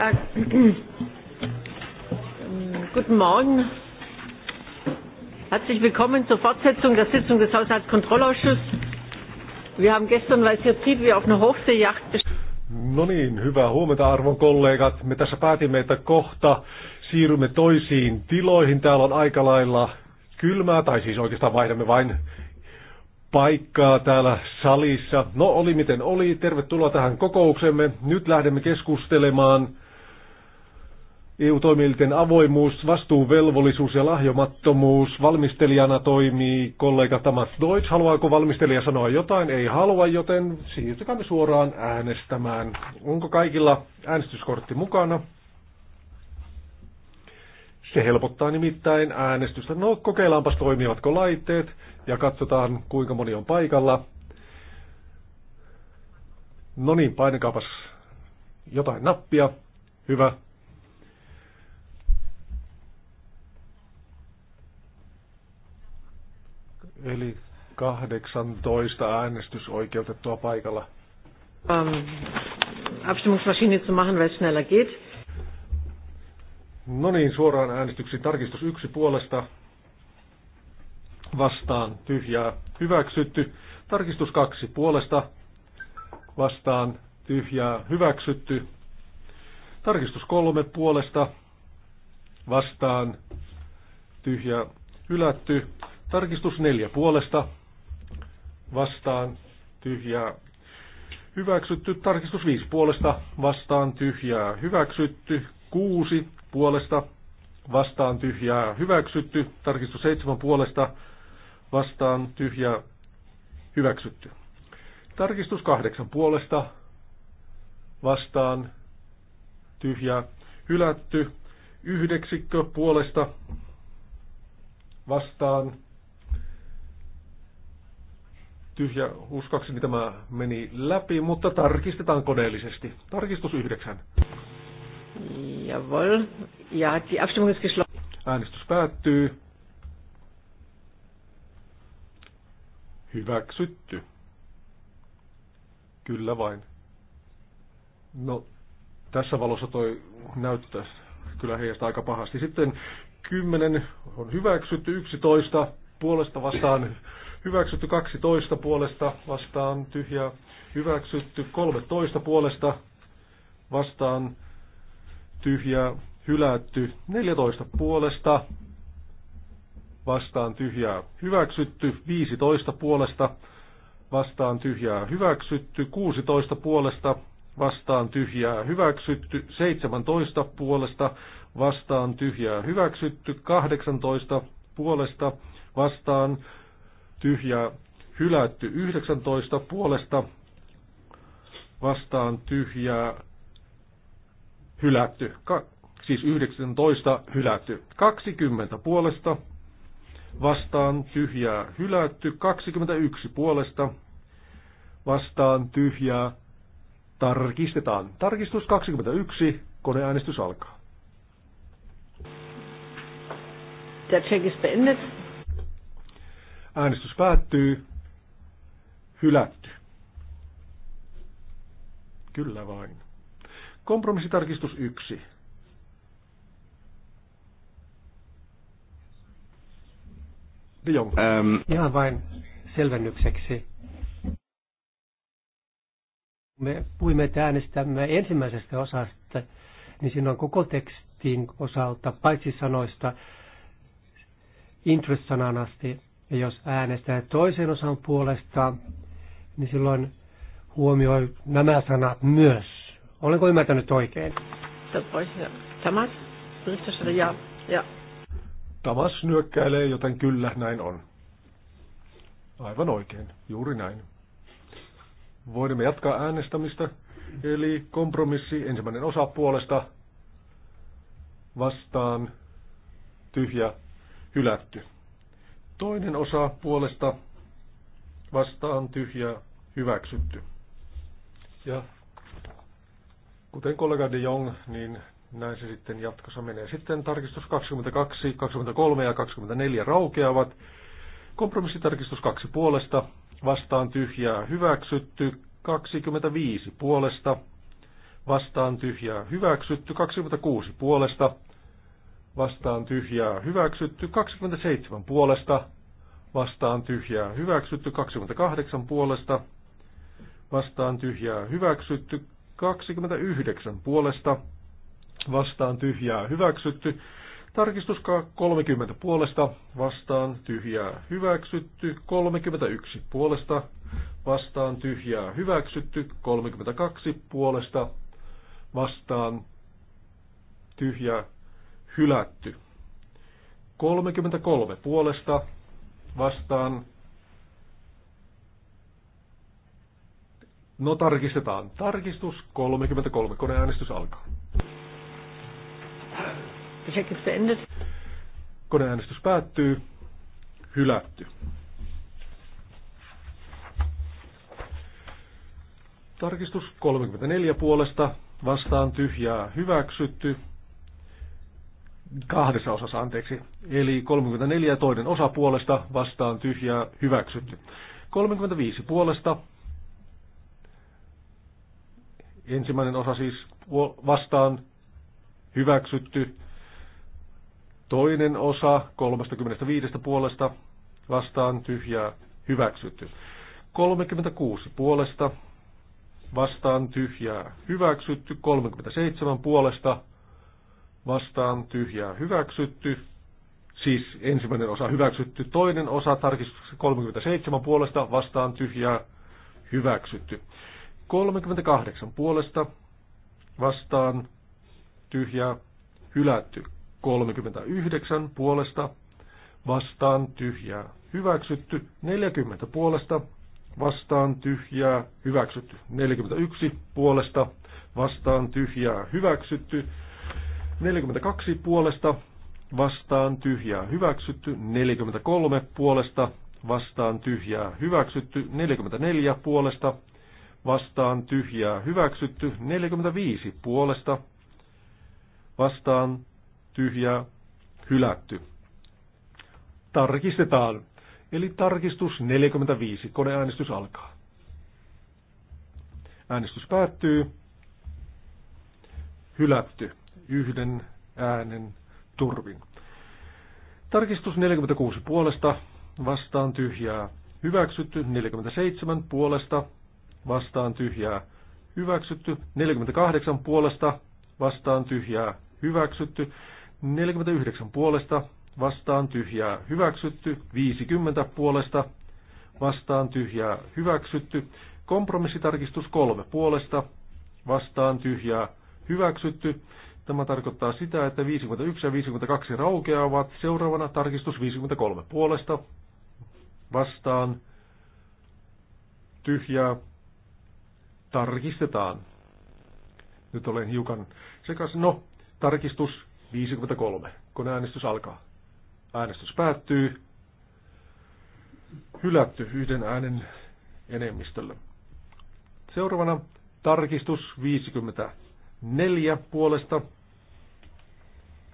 Äh, guten Morgen. Herzlich willkommen zur Fortsetzung der Sitzung des Haushaltskontrollausschusses. Wir haben gestern, weil es hier zieht, wie auf einer Hochseejacht. No niin, hyvää huomenta arvon kollegat. Me tässä päätimme, että kohta siirrymme toisiin tiloihin. Täällä on aika lailla kylmää, tai siis oikeastaan vaihdamme vain paikkaa täällä salissa. No oli miten oli, tervetuloa tähän kokouksemme. Nyt lähdemme keskustelemaan EU-toimielten avoimuus, vastuuvelvollisuus ja lahjomattomuus. Valmistelijana toimii kollega Thomas Deutsch. Haluaako valmistelija sanoa jotain? Ei halua, joten siirtykäämme suoraan äänestämään. Onko kaikilla äänestyskortti mukana? Se helpottaa nimittäin äänestystä. No, kokeillaanpas toimivatko laitteet ja katsotaan kuinka moni on paikalla. No niin, painakaapas jotain nappia. Hyvä, Eli 18 äänestysoikeutettua paikalla. Um, Abstimmungsmaschine zu machen, weil schneller geht. No niin, suoraan äänestyksiin. Tarkistus yksi puolesta vastaan tyhjää hyväksytty. Tarkistus kaksi puolesta vastaan tyhjää hyväksytty. Tarkistus kolme puolesta vastaan tyhjää hylätty. Tarkistus neljä puolesta vastaan tyhjää hyväksytty. Tarkistus viisi puolesta vastaan tyhjää hyväksytty. Kuusi puolesta vastaan tyhjää hyväksytty. Tarkistus seitsemän puolesta vastaan tyhjää hyväksytty. Tarkistus kahdeksan puolesta vastaan tyhjää hylätty. Yhdeksikkö puolesta vastaan tyhjä. Uskoakseni tämä meni läpi, mutta tarkistetaan koneellisesti. Tarkistus yhdeksän. Jawohl. Ja, die Abstimmung ist geschlossen. Äänestys päättyy. Hyväksytty. Kyllä vain. No, tässä valossa toi näyttää kyllä heijastaa aika pahasti. Sitten 10 on hyväksytty, 11 puolesta vastaan Hyväksytty 12 puolesta vastaan tyhjää. Hyväksytty 13 puolesta vastaan tyhjää. Hylätty 14 puolesta vastaan tyhjää. Hyväksytty 15 puolesta vastaan tyhjää. Hyväksytty 16 puolesta vastaan tyhjää. Hyväksytty 17 puolesta vastaan tyhjää. Hyväksytty 18 puolesta vastaan tyhjää hylätty 19 puolesta vastaan tyhjää hylätty, ka, siis 19 hylätty, 20 puolesta vastaan tyhjää hylätty, 21 puolesta vastaan tyhjää tarkistetaan. Tarkistus 21, koneäänestys alkaa. Der Check ist beendet. Äänestys päättyy. Hylätty. Kyllä vain. Kompromissitarkistus 1. Ähm. Ihan vain selvennykseksi. Me puhuimme, että äänestämme ensimmäisestä osasta, niin siinä on koko tekstin osalta, paitsi sanoista interest-sanan asti, ja jos äänestää toisen osan puolesta, niin silloin huomioi nämä sanat myös. Olenko ymmärtänyt oikein? Tamas, ja, ja. Tamas nyökkäilee, joten kyllä näin on. Aivan oikein, juuri näin. Voimme jatkaa äänestämistä, eli kompromissi ensimmäinen osa puolesta vastaan tyhjä hylätty. Toinen osa puolesta vastaan tyhjää hyväksytty. Ja kuten kollega de Jong, niin näin se sitten jatkossa menee. Sitten tarkistus 22, 23 ja 24 raukeavat. Kompromissitarkistus 2 puolesta, vastaan tyhjää hyväksytty 25 puolesta, vastaan tyhjää hyväksytty 26 puolesta, vastaan tyhjää hyväksytty 27 puolesta, vastaan tyhjää hyväksytty 28 puolesta, vastaan tyhjää hyväksytty 29 puolesta, vastaan tyhjää hyväksytty tarkistus 30 puolesta, vastaan tyhjää hyväksytty 31 puolesta, vastaan tyhjää hyväksytty 32 puolesta, vastaan tyhjää hylätty. 33 puolesta vastaan. No tarkistetaan. Tarkistus 33. Koneäänestys alkaa. Koneäänestys päättyy. Hylätty. Tarkistus 34 puolesta vastaan tyhjää hyväksytty kahdessa osassa, anteeksi. Eli 34 toinen osa puolesta vastaan tyhjää hyväksytty. 35 puolesta. Ensimmäinen osa siis vastaan hyväksytty. Toinen osa 35 puolesta vastaan tyhjää hyväksytty. 36 puolesta vastaan tyhjää hyväksytty. 37 puolesta vastaan tyhjää hyväksytty. Siis ensimmäinen osa hyväksytty, toinen osa tarkistus 37 puolesta vastaan tyhjää hyväksytty. 38 puolesta vastaan tyhjää hylätty. 39 puolesta vastaan tyhjää hyväksytty. 40 puolesta vastaan tyhjää hyväksytty. 41 puolesta vastaan tyhjää hyväksytty. 42 puolesta vastaan tyhjää hyväksytty, 43 puolesta vastaan tyhjää hyväksytty, 44 puolesta vastaan tyhjää hyväksytty, 45 puolesta vastaan tyhjää hylätty. Tarkistetaan. Eli tarkistus 45. Koneäänestys alkaa. Äänestys päättyy. Hylätty yhden äänen turvin. Tarkistus 46 puolesta vastaan tyhjää hyväksytty, 47 puolesta vastaan tyhjää hyväksytty, 48 puolesta vastaan tyhjää hyväksytty, 49 puolesta vastaan tyhjää hyväksytty, 50 puolesta vastaan tyhjää hyväksytty, kompromissitarkistus 3 puolesta vastaan tyhjää hyväksytty, Tämä tarkoittaa sitä, että 51 ja 52 raukeavat. Seuraavana tarkistus 53 puolesta vastaan tyhjää tarkistetaan. Nyt olen hiukan sekas. No, tarkistus 53, kun äänestys alkaa. Äänestys päättyy. Hylätty yhden äänen enemmistöllä. Seuraavana tarkistus 50 Neljä puolesta.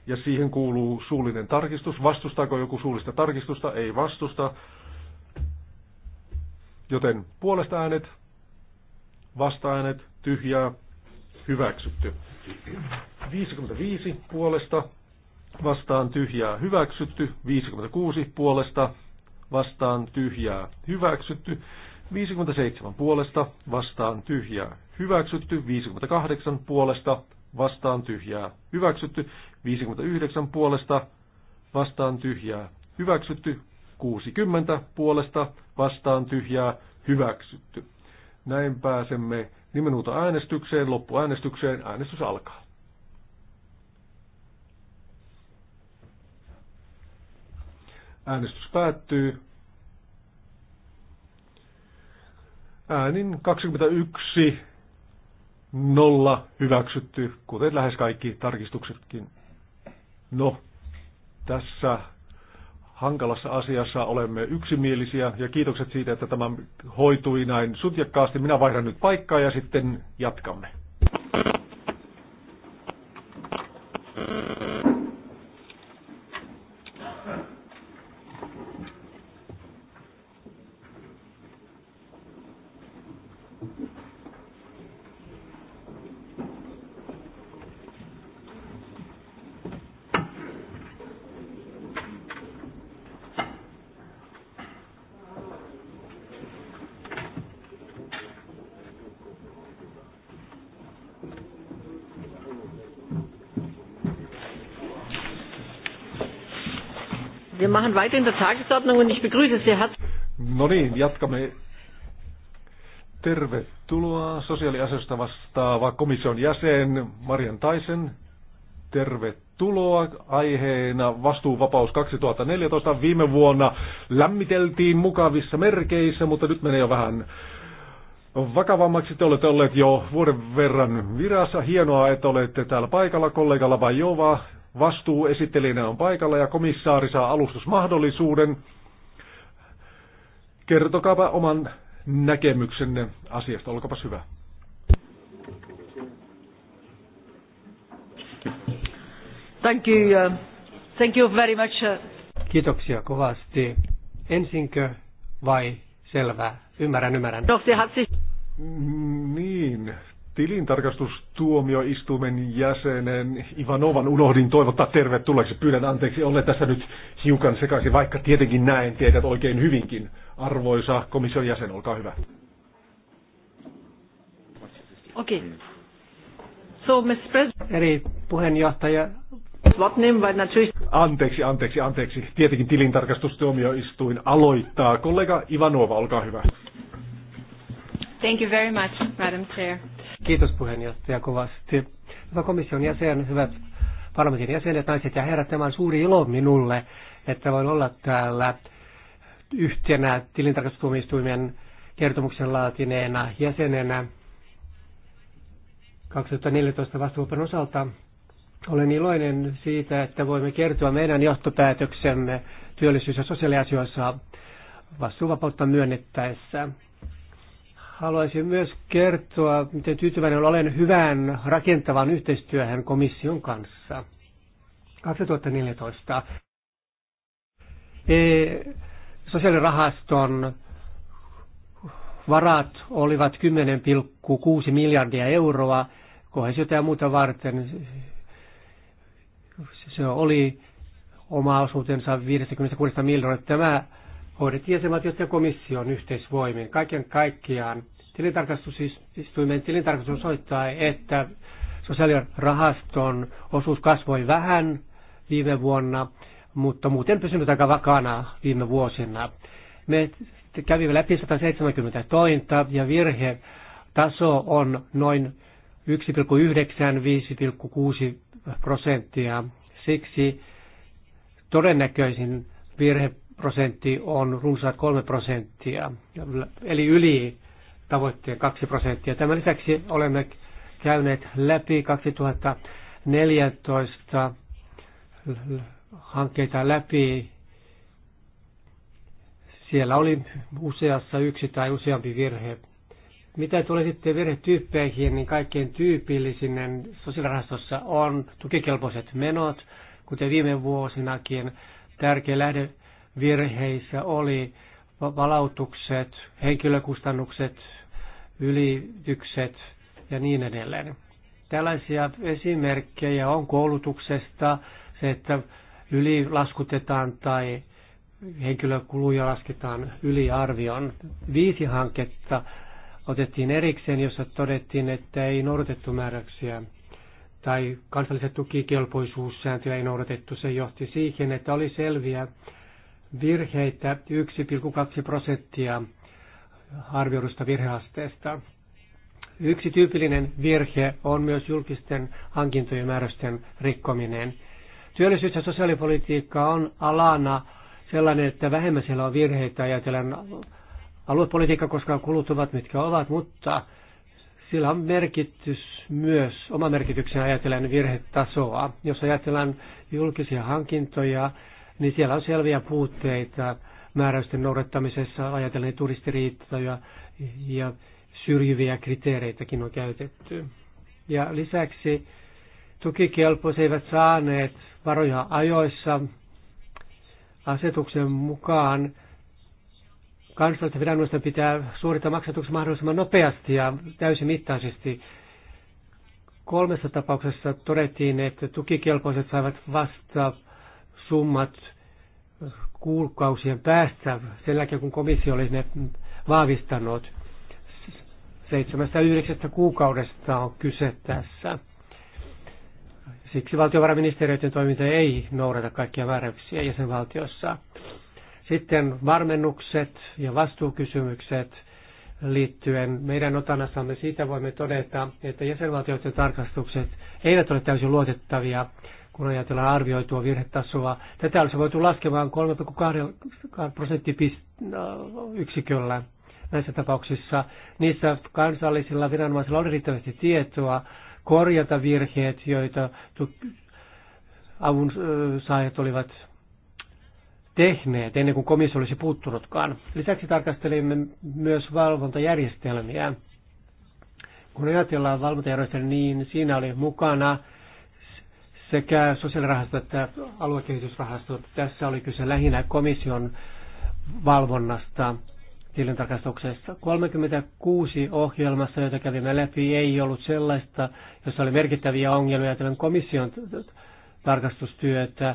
Ja siihen kuuluu suullinen tarkistus. Vastustaako joku suullista tarkistusta? Ei vastusta. Joten puolesta äänet, vasta äänet, tyhjää, hyväksytty. 55 puolesta, vastaan tyhjää, hyväksytty. 56 puolesta, vastaan tyhjää, hyväksytty. 57 puolesta vastaan tyhjää hyväksytty, 58 puolesta vastaan tyhjää hyväksytty, 59 puolesta vastaan tyhjää hyväksytty, 60 puolesta vastaan tyhjää hyväksytty. Näin pääsemme nimenuuta äänestykseen, loppuäänestykseen. Äänestys alkaa. Äänestys päättyy. Äänin 21 nolla hyväksytty, kuten lähes kaikki tarkistuksetkin. No, tässä hankalassa asiassa olemme yksimielisiä ja kiitokset siitä, että tämä hoitui näin sutjakkaasti. Minä vaihdan nyt paikkaa ja sitten jatkamme. weiter in der Tagesordnung und ich begrüße Sie herzlich. No niin, jatkamme. Tervetuloa sosiaaliasioista vastaava komission jäsen Marian Taisen. Tervetuloa aiheena vastuuvapaus 2014. Viime vuonna lämmiteltiin mukavissa merkeissä, mutta nyt menee jo vähän vakavammaksi. Te olette olleet jo vuoden verran virassa. Hienoa, että olette täällä paikalla. Kollega Labajova, Vastuuesittelijänä on paikalla ja komissaari saa alustusmahdollisuuden. Kertokaapa oman näkemyksenne asiasta. Olkapas hyvä. Thank you. Uh, thank you very much. Uh. Kiitoksia kovasti. Ensinkö vai selvä? Ymmärrän, ymmärrän. No, Niin, tilintarkastustuomioistuimen jäsenen Ivanovan unohdin toivottaa tervetulleeksi. Pyydän anteeksi, olen tässä nyt hiukan sekaisin, vaikka tietenkin näen teidät oikein hyvinkin. Arvoisa komission jäsen, olkaa hyvä. Okei. Okay. So, Eri puheenjohtaja. Anteeksi, anteeksi, anteeksi. Tietenkin tilintarkastustuomioistuin aloittaa. Kollega Ivanova, olkaa hyvä. Thank you very much, Madam Chair. Kiitos puheenjohtaja kovasti. Hyvä komission jäsen, hyvät parlamentin jäsenet, naiset ja herrat, tämä on suuri ilo minulle, että voin olla täällä yhtenä tilintarkastustuomioistuimen kertomuksen laatineena jäsenenä 2014 vastuupen osalta. Olen iloinen siitä, että voimme kertoa meidän johtopäätöksemme työllisyys- ja sosiaaliasioissa vastuuvapautta myönnettäessä. Haluaisin myös kertoa, miten tyytyväinen olen hyvään rakentavan yhteistyöhön komission kanssa. 2014 e- sosiaalirahaston varat olivat 10,6 miljardia euroa kohesiota ja muuta varten. Se oli oma osuutensa 56 miljoonaa. Tämä hoidettiin jäsenvaltiot ja komission yhteisvoimin. Kaiken kaikkiaan tilintarkastusistuimen tilintarkastus osoittaa, että sosiaalirahaston osuus kasvoi vähän viime vuonna, mutta muuten pysynyt aika vakaana viime vuosina. Me kävimme läpi 170 tointa ja virhe taso on noin 1,9-5,6 prosenttia. Siksi todennäköisin virhe prosentti on runsaat 3 prosenttia, eli yli tavoitteen 2 prosenttia. Tämän lisäksi olemme käyneet läpi 2014 hankkeita läpi. Siellä oli useassa yksi tai useampi virhe. Mitä tulee sitten virhetyyppeihin, niin kaikkein tyypillisin sosiaalirahastossa on tukikelpoiset menot, kuten viime vuosinakin. Tärkeä lähde virheissä oli palautukset, henkilökustannukset, ylitykset ja niin edelleen. Tällaisia esimerkkejä on koulutuksesta, se, että ylilaskutetaan tai henkilökuluja lasketaan yliarvion. Viisi hanketta otettiin erikseen, jossa todettiin, että ei noudatettu määräyksiä tai kansallisen tukikelpoisuussääntöjä ei noudatettu. Se johti siihen, että oli selviä virheitä 1,2 prosenttia arvioidusta virheasteesta. Yksi tyypillinen virhe on myös julkisten hankintojen määräysten rikkominen. Työllisyys- ja sosiaalipolitiikka on alana sellainen, että vähemmän siellä on virheitä ajatellen aluepolitiikka, koska kulut ovat mitkä ovat, mutta sillä on merkitys myös, oma merkityksen ajatellen virhetasoa. Jos ajatellaan julkisia hankintoja, niin siellä on selviä puutteita määräysten noudattamisessa, ajatellen turistiriittoja ja syrjiviä kriteereitäkin on käytetty. Ja lisäksi tukikelpoiset eivät saaneet varoja ajoissa. Asetuksen mukaan kansallisten viranomaisten pitää suorittaa maksatuksen mahdollisimman nopeasti ja täysin mittaisesti. Kolmessa tapauksessa todettiin, että tukikelpoiset saivat vasta summat kuukausien päästä, sen jälkeen kun komissio oli ne vahvistanut. Seitsemästä yhdeksästä kuukaudesta on kyse tässä. Siksi valtiovarainministeriöiden toiminta ei noudata kaikkia määräyksiä jäsenvaltiossa. Sitten varmennukset ja vastuukysymykset liittyen meidän otanassamme siitä voimme todeta, että jäsenvaltioiden tarkastukset eivät ole täysin luotettavia kun ajatellaan arvioitua virhetasoa. Tätä olisi voitu laskemaan 3,2 prosenttiyksiköllä näissä tapauksissa. Niissä kansallisilla viranomaisilla on riittävästi tietoa korjata virheet, joita avun saajat olivat tehneet ennen kuin komissio olisi puuttunutkaan. Lisäksi tarkastelimme myös valvontajärjestelmiä. Kun ajatellaan valvontajärjestelmiä, niin siinä oli mukana sekä sosiaalirahasto että aluekehitysrahasto. Tässä oli kyse lähinnä komission valvonnasta tilintarkastuksessa. 36 ohjelmassa, joita kävimme läpi, ei ollut sellaista, jossa oli merkittäviä ongelmia tämän komission tarkastustyötä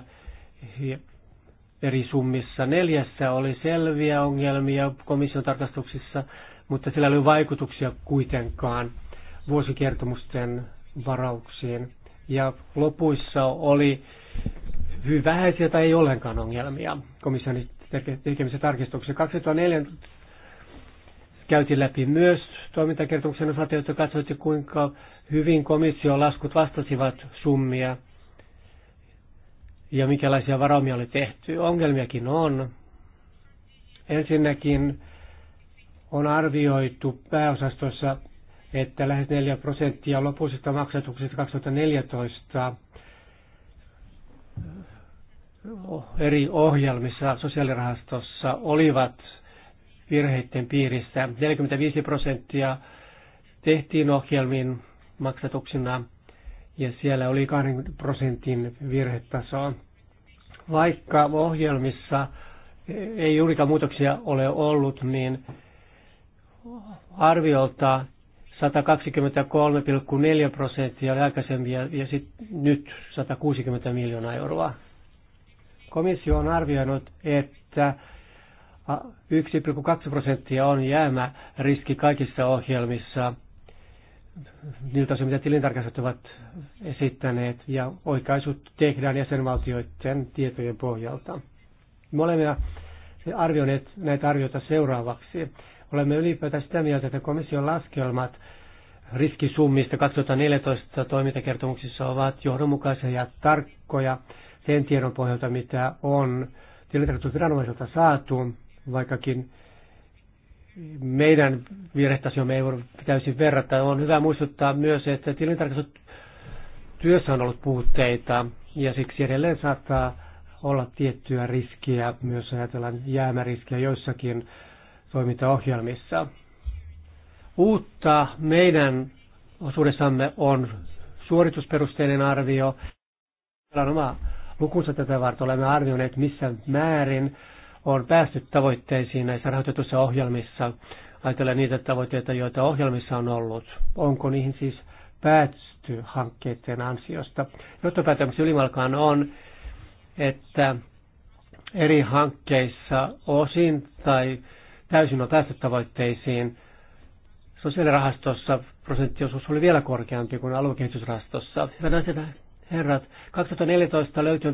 eri summissa. Neljässä oli selviä ongelmia komission tarkastuksissa, mutta sillä oli vaikutuksia kuitenkaan vuosikertomusten varauksiin ja lopuissa oli hyvin vähäisiä tai ei ollenkaan ongelmia komission tekemissä tarkistuksissa. 2004 käytiin läpi myös toimintakertomuksen osalta, jotta katsoitte kuinka hyvin komission laskut vastasivat summia ja minkälaisia varaumia oli tehty. Ongelmiakin on. Ensinnäkin on arvioitu pääosastossa että lähes 4 prosenttia lopuisista maksatuksista 2014 eri ohjelmissa sosiaalirahastossa olivat virheiden piirissä. 45 prosenttia tehtiin ohjelmin maksatuksina ja siellä oli 2 prosentin virhetaso. Vaikka ohjelmissa ei juurikaan muutoksia ole ollut, niin arviolta 123,4 prosenttia oli aikaisemmin ja, ja sit nyt 160 miljoonaa euroa. Komissio on arvioinut, että 1,2 prosenttia on jäämä riski kaikissa ohjelmissa niiltä se mitä tilintarkastajat ovat esittäneet, ja oikaisut tehdään jäsenvaltioiden tietojen pohjalta. Me olemme arvioineet näitä arvioita seuraavaksi. Olemme ylipäätään sitä mieltä, että komission laskelmat riskisummista 2014 toimintakertomuksissa ovat johdonmukaisia ja tarkkoja sen tiedon pohjalta, mitä on tilintarkastusviranomaisilta saatu, vaikkakin meidän virhetasiomme ei voi täysin verrata. On hyvä muistuttaa myös, että tilintarkastus työssä on ollut puutteita ja siksi edelleen saattaa olla tiettyä riskiä, myös ajatellaan jäämäriskiä joissakin toimintaohjelmissa. Uutta meidän osuudessamme on suoritusperusteinen arvio. Meillä on oma lukunsa tätä varten. Olemme arvioineet, missä määrin on päästy tavoitteisiin näissä rahoitetuissa ohjelmissa. Ajatellaan niitä tavoitteita, joita ohjelmissa on ollut. Onko niihin siis päästy hankkeiden ansiosta? Johtopäätöksen ylimalkaan on, että eri hankkeissa osin tai täysin on tavoitteisiin. Sosiaalirahastossa prosenttiosuus oli vielä korkeampi kuin aluekehitysrahastossa. Hyvät naiset herrat, 2014 löytyy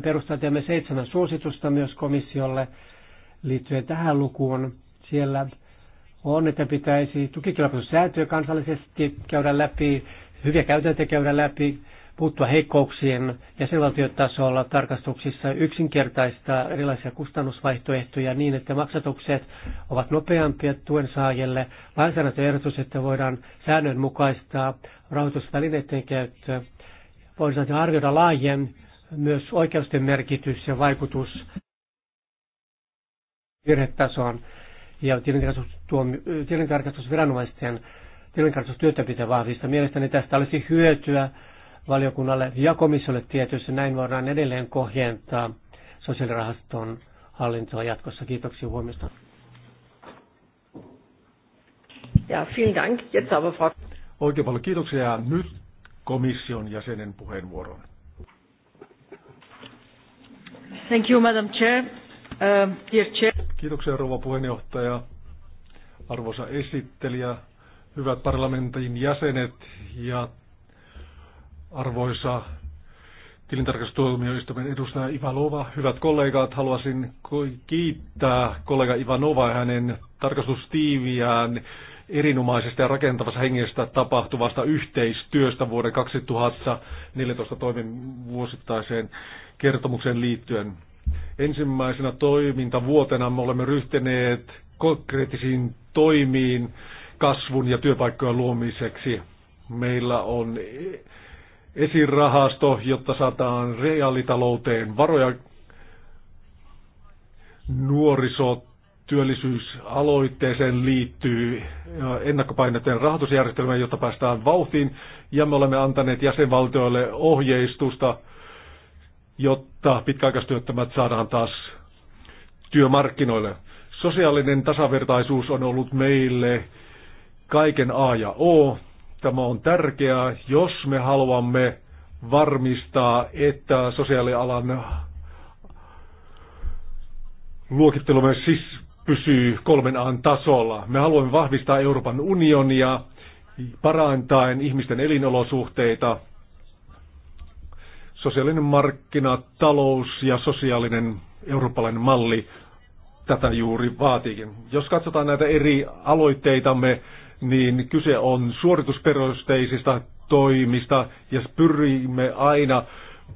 me seitsemän suositusta myös komissiolle liittyen tähän lukuun. Siellä on, että pitäisi tukikelpoisuussäätöä kansallisesti käydä läpi, hyviä käytäntöjä käydä läpi, puuttua heikkouksien jäsenvaltiotasolla tarkastuksissa yksinkertaista erilaisia kustannusvaihtoehtoja niin, että maksatukset ovat nopeampia tuen saajille. Lainsäädäntöehdotus, että voidaan säännönmukaistaa rahoitusvälineiden käyttö. Voidaan arvioida laajen myös oikeusten merkitys ja vaikutus virhetasoon ja tilintarkastusviranomaisten tilintarkastustyötä pitää vahvistaa. Mielestäni tästä olisi hyötyä valiokunnalle ja komissiolle tietysti. Näin voidaan edelleen kohjentaa sosiaalirahaston hallintoa jatkossa. Kiitoksia huomiosta. Ja, vielen Dank. Jetzt aber Frau... Oikein paljon kiitoksia. Ja nyt komission jäsenen puheenvuoroon. Thank you, Madam Chair. Uh, dear Chair. Kiitoksia, rouva puheenjohtaja. Arvoisa esittelijä, hyvät parlamentin jäsenet ja Arvoisa tilintarkastustuomioistuimen edustaja Ivanova, hyvät kollegat, haluaisin kiittää kollega Ivanovaa hänen tarkastustiiviään erinomaisesta ja rakentavasta hengestä tapahtuvasta yhteistyöstä vuoden 2014 toimin vuosittaiseen kertomukseen liittyen. Ensimmäisenä toimintavuotena me olemme ryhtyneet konkreettisiin toimiin kasvun ja työpaikkojen luomiseksi. Meillä on esirahasto, jotta saadaan reaalitalouteen varoja nuoriso työllisyysaloitteeseen liittyy äh, ennakkopainotteinen rahoitusjärjestelmä, jotta päästään vauhtiin, ja me olemme antaneet jäsenvaltioille ohjeistusta, jotta pitkäaikaistyöttömät saadaan taas työmarkkinoille. Sosiaalinen tasavertaisuus on ollut meille kaiken A ja O. Tämä on tärkeää, jos me haluamme varmistaa, että sosiaalialan luokittelumme siis pysyy kolmen an tasolla. Me haluamme vahvistaa Euroopan unionia parantaen ihmisten elinolosuhteita. Sosiaalinen markkina, talous ja sosiaalinen eurooppalainen malli tätä juuri vaatiikin. Jos katsotaan näitä eri aloitteitamme, niin kyse on suoritusperusteisista toimista ja pyrimme aina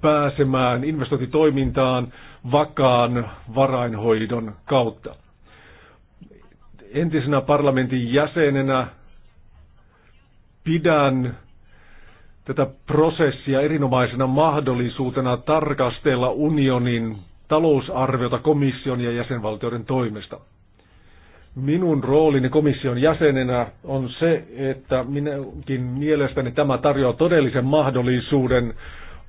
pääsemään investointitoimintaan vakaan varainhoidon kautta. Entisenä parlamentin jäsenenä pidän tätä prosessia erinomaisena mahdollisuutena tarkastella unionin talousarviota komission ja jäsenvaltioiden toimesta. Minun roolini komission jäsenenä on se, että minäkin mielestäni tämä tarjoaa todellisen mahdollisuuden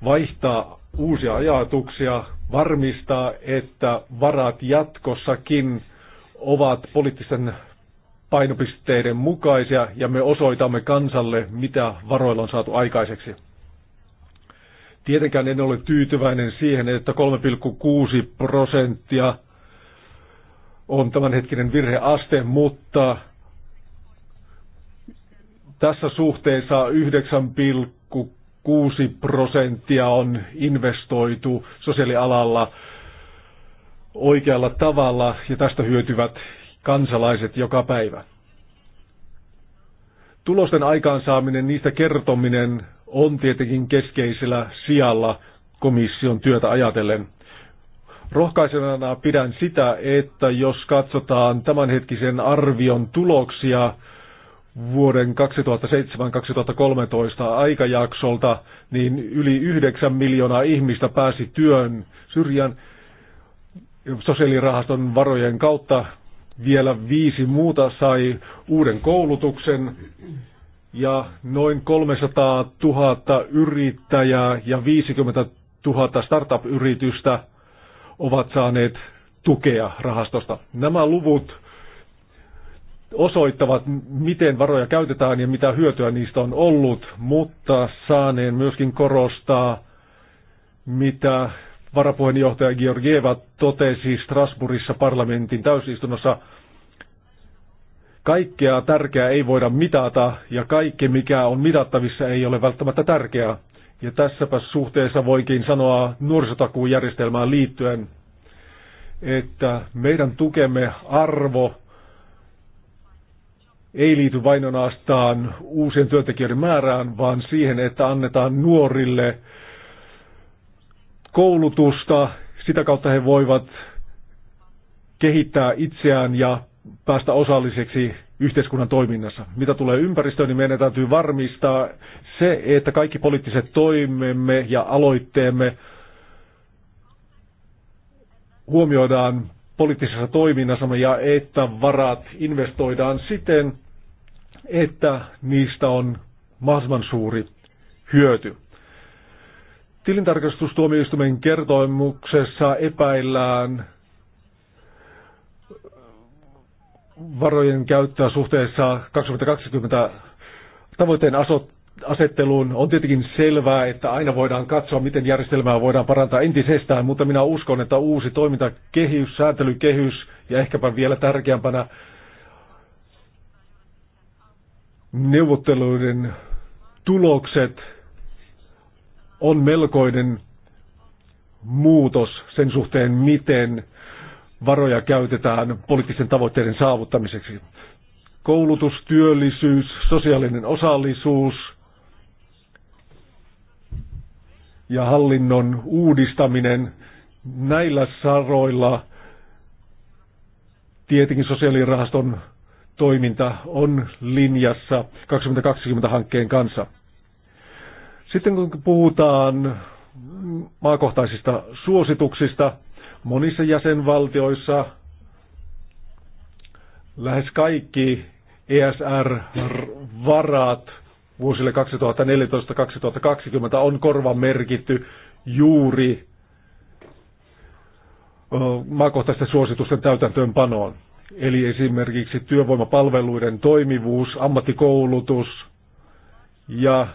vaihtaa uusia ajatuksia, varmistaa, että varat jatkossakin ovat poliittisten painopisteiden mukaisia ja me osoitamme kansalle, mitä varoilla on saatu aikaiseksi. Tietenkään en ole tyytyväinen siihen, että 3,6 prosenttia on tämänhetkinen virheaste, mutta tässä suhteessa 9,6 prosenttia on investoitu sosiaalialalla oikealla tavalla ja tästä hyötyvät kansalaiset joka päivä. Tulosten aikaansaaminen, niistä kertominen on tietenkin keskeisellä sijalla komission työtä ajatellen. Rohkaisena pidän sitä, että jos katsotaan tämänhetkisen arvion tuloksia vuoden 2007-2013 aikajaksolta, niin yli 9 miljoonaa ihmistä pääsi työn syrjään sosiaalirahaston varojen kautta. Vielä viisi muuta sai uuden koulutuksen ja noin 300 000 yrittäjää ja 50 000 startup-yritystä – ovat saaneet tukea rahastosta. Nämä luvut osoittavat, miten varoja käytetään ja mitä hyötyä niistä on ollut, mutta saaneen myöskin korostaa, mitä varapuheenjohtaja Georgieva totesi Strasbourgissa parlamentin täysistunnossa. Kaikkea tärkeää ei voida mitata ja kaikki mikä on mitattavissa ei ole välttämättä tärkeää. Ja tässäpä suhteessa voikin sanoa nuorisotakuujärjestelmään liittyen, että meidän tukemme arvo ei liity vain ainoastaan uusien työntekijöiden määrään, vaan siihen, että annetaan nuorille koulutusta. Sitä kautta he voivat kehittää itseään ja päästä osalliseksi yhteiskunnan toiminnassa. Mitä tulee ympäristöön, niin meidän täytyy varmistaa, se, että kaikki poliittiset toimemme ja aloitteemme huomioidaan poliittisessa toiminnassa ja että varat investoidaan siten, että niistä on mahdollisimman suuri hyöty. Tilintarkastustuomioistuimen kertoimuksessa epäillään varojen käyttöä suhteessa 2020 tavoitteen asetteluun. On tietenkin selvää, että aina voidaan katsoa, miten järjestelmää voidaan parantaa entisestään, mutta minä uskon, että uusi toimintakehys, sääntelykehys ja ehkäpä vielä tärkeämpänä neuvotteluiden tulokset on melkoinen muutos sen suhteen, miten varoja käytetään poliittisten tavoitteiden saavuttamiseksi koulutus, työllisyys, sosiaalinen osallisuus, ja hallinnon uudistaminen näillä saroilla tietenkin sosiaalirahaston toiminta on linjassa 2020-hankkeen kanssa. Sitten kun puhutaan maakohtaisista suosituksista, monissa jäsenvaltioissa lähes kaikki ESR-varat vuosille 2014-2020 on korva merkitty juuri maakohtaisten suositusten täytäntöönpanoon. Eli esimerkiksi työvoimapalveluiden toimivuus, ammattikoulutus ja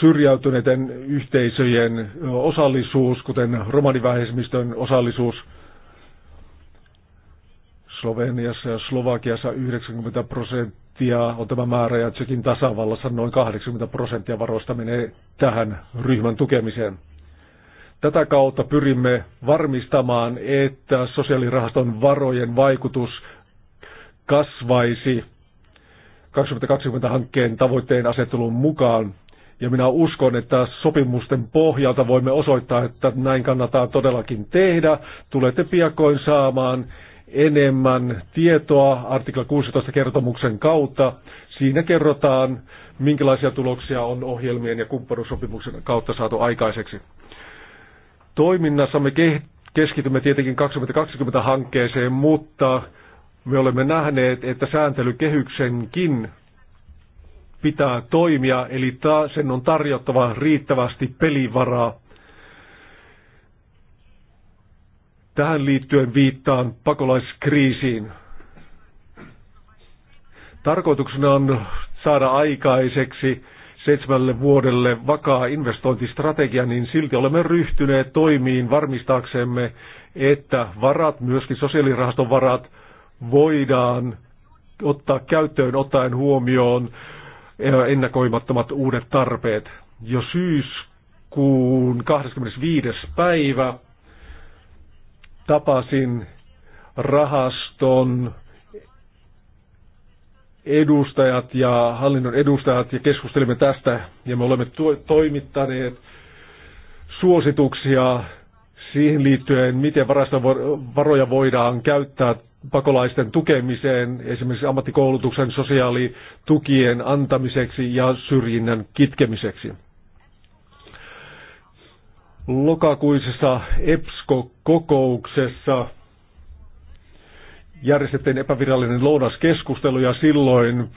syrjäytyneiden yhteisöjen osallisuus, kuten romanivähemmistön osallisuus Sloveniassa ja Slovakiassa 90 prosenttia prosenttia on tämä määrä ja Tsekin tasavallassa noin 80 prosenttia varoista menee tähän ryhmän tukemiseen. Tätä kautta pyrimme varmistamaan, että sosiaalirahaston varojen vaikutus kasvaisi 2020-hankkeen tavoitteen asettelun mukaan. Ja minä uskon, että sopimusten pohjalta voimme osoittaa, että näin kannattaa todellakin tehdä. Tulette piakoin saamaan enemmän tietoa artikla 16 kertomuksen kautta. Siinä kerrotaan, minkälaisia tuloksia on ohjelmien ja kumppanuussopimuksen kautta saatu aikaiseksi. Toiminnassamme keskitymme tietenkin 2020-hankkeeseen, mutta me olemme nähneet, että sääntelykehyksenkin pitää toimia, eli sen on tarjottava riittävästi pelivaraa Tähän liittyen viittaan pakolaiskriisiin. Tarkoituksena on saada aikaiseksi seitsemälle vuodelle vakaa investointistrategia, niin silti olemme ryhtyneet toimiin varmistaaksemme, että varat, myöskin sosiaalirahaston varat, voidaan ottaa käyttöön ottaen huomioon ennakoimattomat uudet tarpeet. Jo syyskuun 25. päivä Tapasin rahaston edustajat ja hallinnon edustajat ja keskustelimme tästä ja me olemme to- toimittaneet suosituksia siihen liittyen, miten varoja voidaan käyttää pakolaisten tukemiseen, esimerkiksi ammattikoulutuksen sosiaalitukien antamiseksi ja syrjinnän kitkemiseksi lokakuisessa EPSCO-kokouksessa järjestettiin epävirallinen lounaskeskustelu ja silloin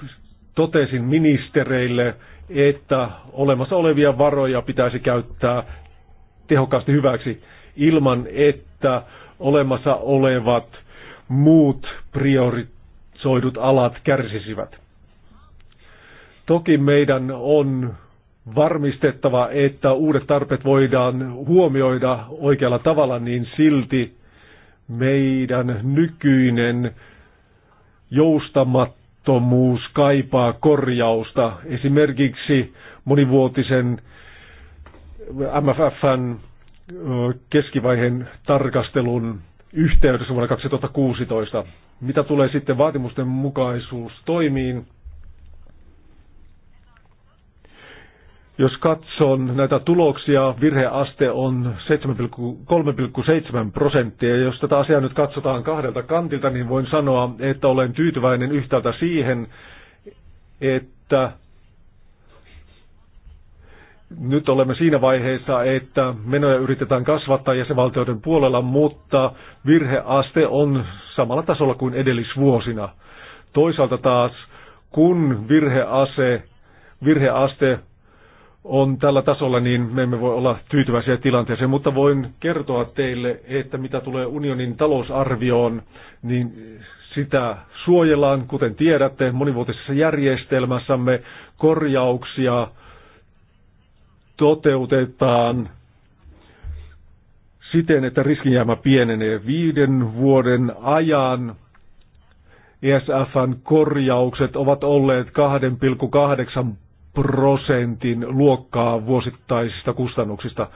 totesin ministereille, että olemassa olevia varoja pitäisi käyttää tehokkaasti hyväksi ilman, että olemassa olevat muut priorisoidut alat kärsisivät. Toki meidän on varmistettava, että uudet tarpeet voidaan huomioida oikealla tavalla, niin silti meidän nykyinen joustamattomuus kaipaa korjausta. Esimerkiksi monivuotisen MFFn keskivaiheen tarkastelun yhteydessä vuonna 2016. Mitä tulee sitten vaatimusten mukaisuus toimiin? Jos katson näitä tuloksia, virheaste on 3,7 prosenttia. Jos tätä asiaa nyt katsotaan kahdelta kantilta, niin voin sanoa, että olen tyytyväinen yhtäältä siihen, että nyt olemme siinä vaiheessa, että menoja yritetään kasvattaa jäsenvaltioiden puolella, mutta virheaste on samalla tasolla kuin edellisvuosina. Toisaalta taas, kun virheaste virheaste on tällä tasolla, niin me emme voi olla tyytyväisiä tilanteeseen, mutta voin kertoa teille, että mitä tulee unionin talousarvioon, niin sitä suojellaan, kuten tiedätte, monivuotisessa järjestelmässämme korjauksia toteutetaan siten, että riskinjäämä pienenee viiden vuoden ajan. ESFn korjaukset ovat olleet 2,8 prosentin luokkaa vuosittaisista kustannuksista.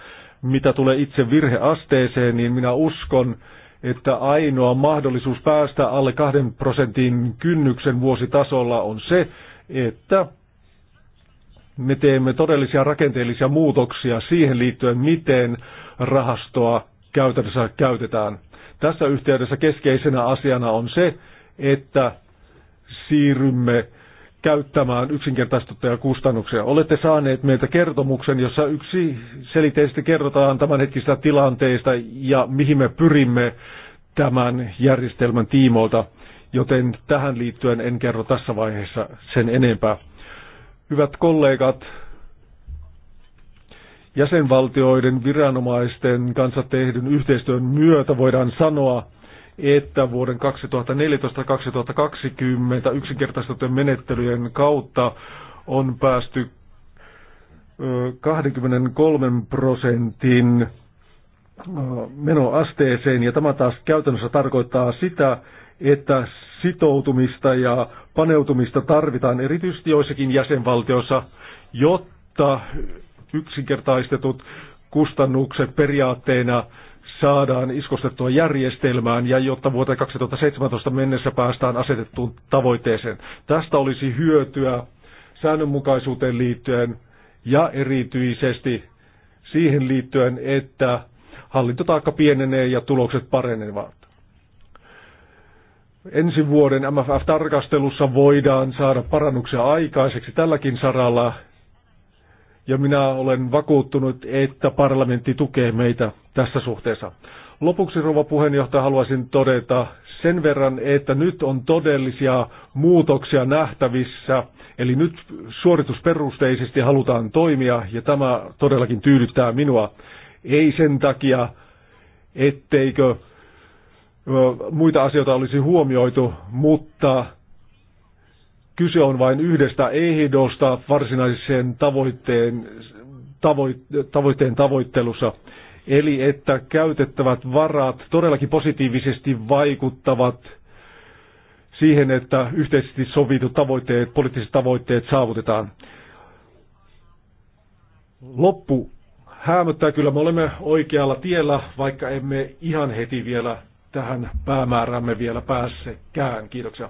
Mitä tulee itse virheasteeseen, niin minä uskon, että ainoa mahdollisuus päästä alle kahden prosentin kynnyksen vuositasolla on se, että me teemme todellisia rakenteellisia muutoksia siihen liittyen, miten rahastoa käytännössä käytetään. Tässä yhteydessä keskeisenä asiana on se, että siirrymme käyttämään yksinkertaistuttuja kustannuksia. Olette saaneet meiltä kertomuksen, jossa yksi selitteisesti kerrotaan tämänhetkistä tilanteista ja mihin me pyrimme tämän järjestelmän tiimoilta, joten tähän liittyen en kerro tässä vaiheessa sen enempää. Hyvät kollegat, jäsenvaltioiden viranomaisten kanssa tehdyn yhteistyön myötä voidaan sanoa, että vuoden 2014-2020 yksinkertaistettujen menettelyjen kautta on päästy 23 prosentin menoasteeseen, ja tämä taas käytännössä tarkoittaa sitä, että sitoutumista ja paneutumista tarvitaan erityisesti joissakin jäsenvaltioissa, jotta yksinkertaistetut kustannukset periaatteena saadaan iskostettua järjestelmään ja jotta vuoteen 2017 mennessä päästään asetettuun tavoitteeseen. Tästä olisi hyötyä säännönmukaisuuteen liittyen ja erityisesti siihen liittyen, että hallintotaakka pienenee ja tulokset parenevat. Ensi vuoden MFF-tarkastelussa voidaan saada parannuksia aikaiseksi tälläkin saralla ja minä olen vakuuttunut, että parlamentti tukee meitä tässä suhteessa. Lopuksi, rouva puheenjohtaja, haluaisin todeta sen verran, että nyt on todellisia muutoksia nähtävissä, eli nyt suoritusperusteisesti halutaan toimia, ja tämä todellakin tyydyttää minua. Ei sen takia, etteikö muita asioita olisi huomioitu, mutta Kyse on vain yhdestä ehdosta varsinaisen tavoitteen, tavoit, tavoitteen tavoittelussa. Eli että käytettävät varat todellakin positiivisesti vaikuttavat siihen, että yhteisesti sovitut tavoitteet, poliittiset tavoitteet saavutetaan. Loppu hämöttää kyllä, me olemme oikealla tiellä, vaikka emme ihan heti vielä tähän päämäärämme vielä päässekään. Kiitoksia.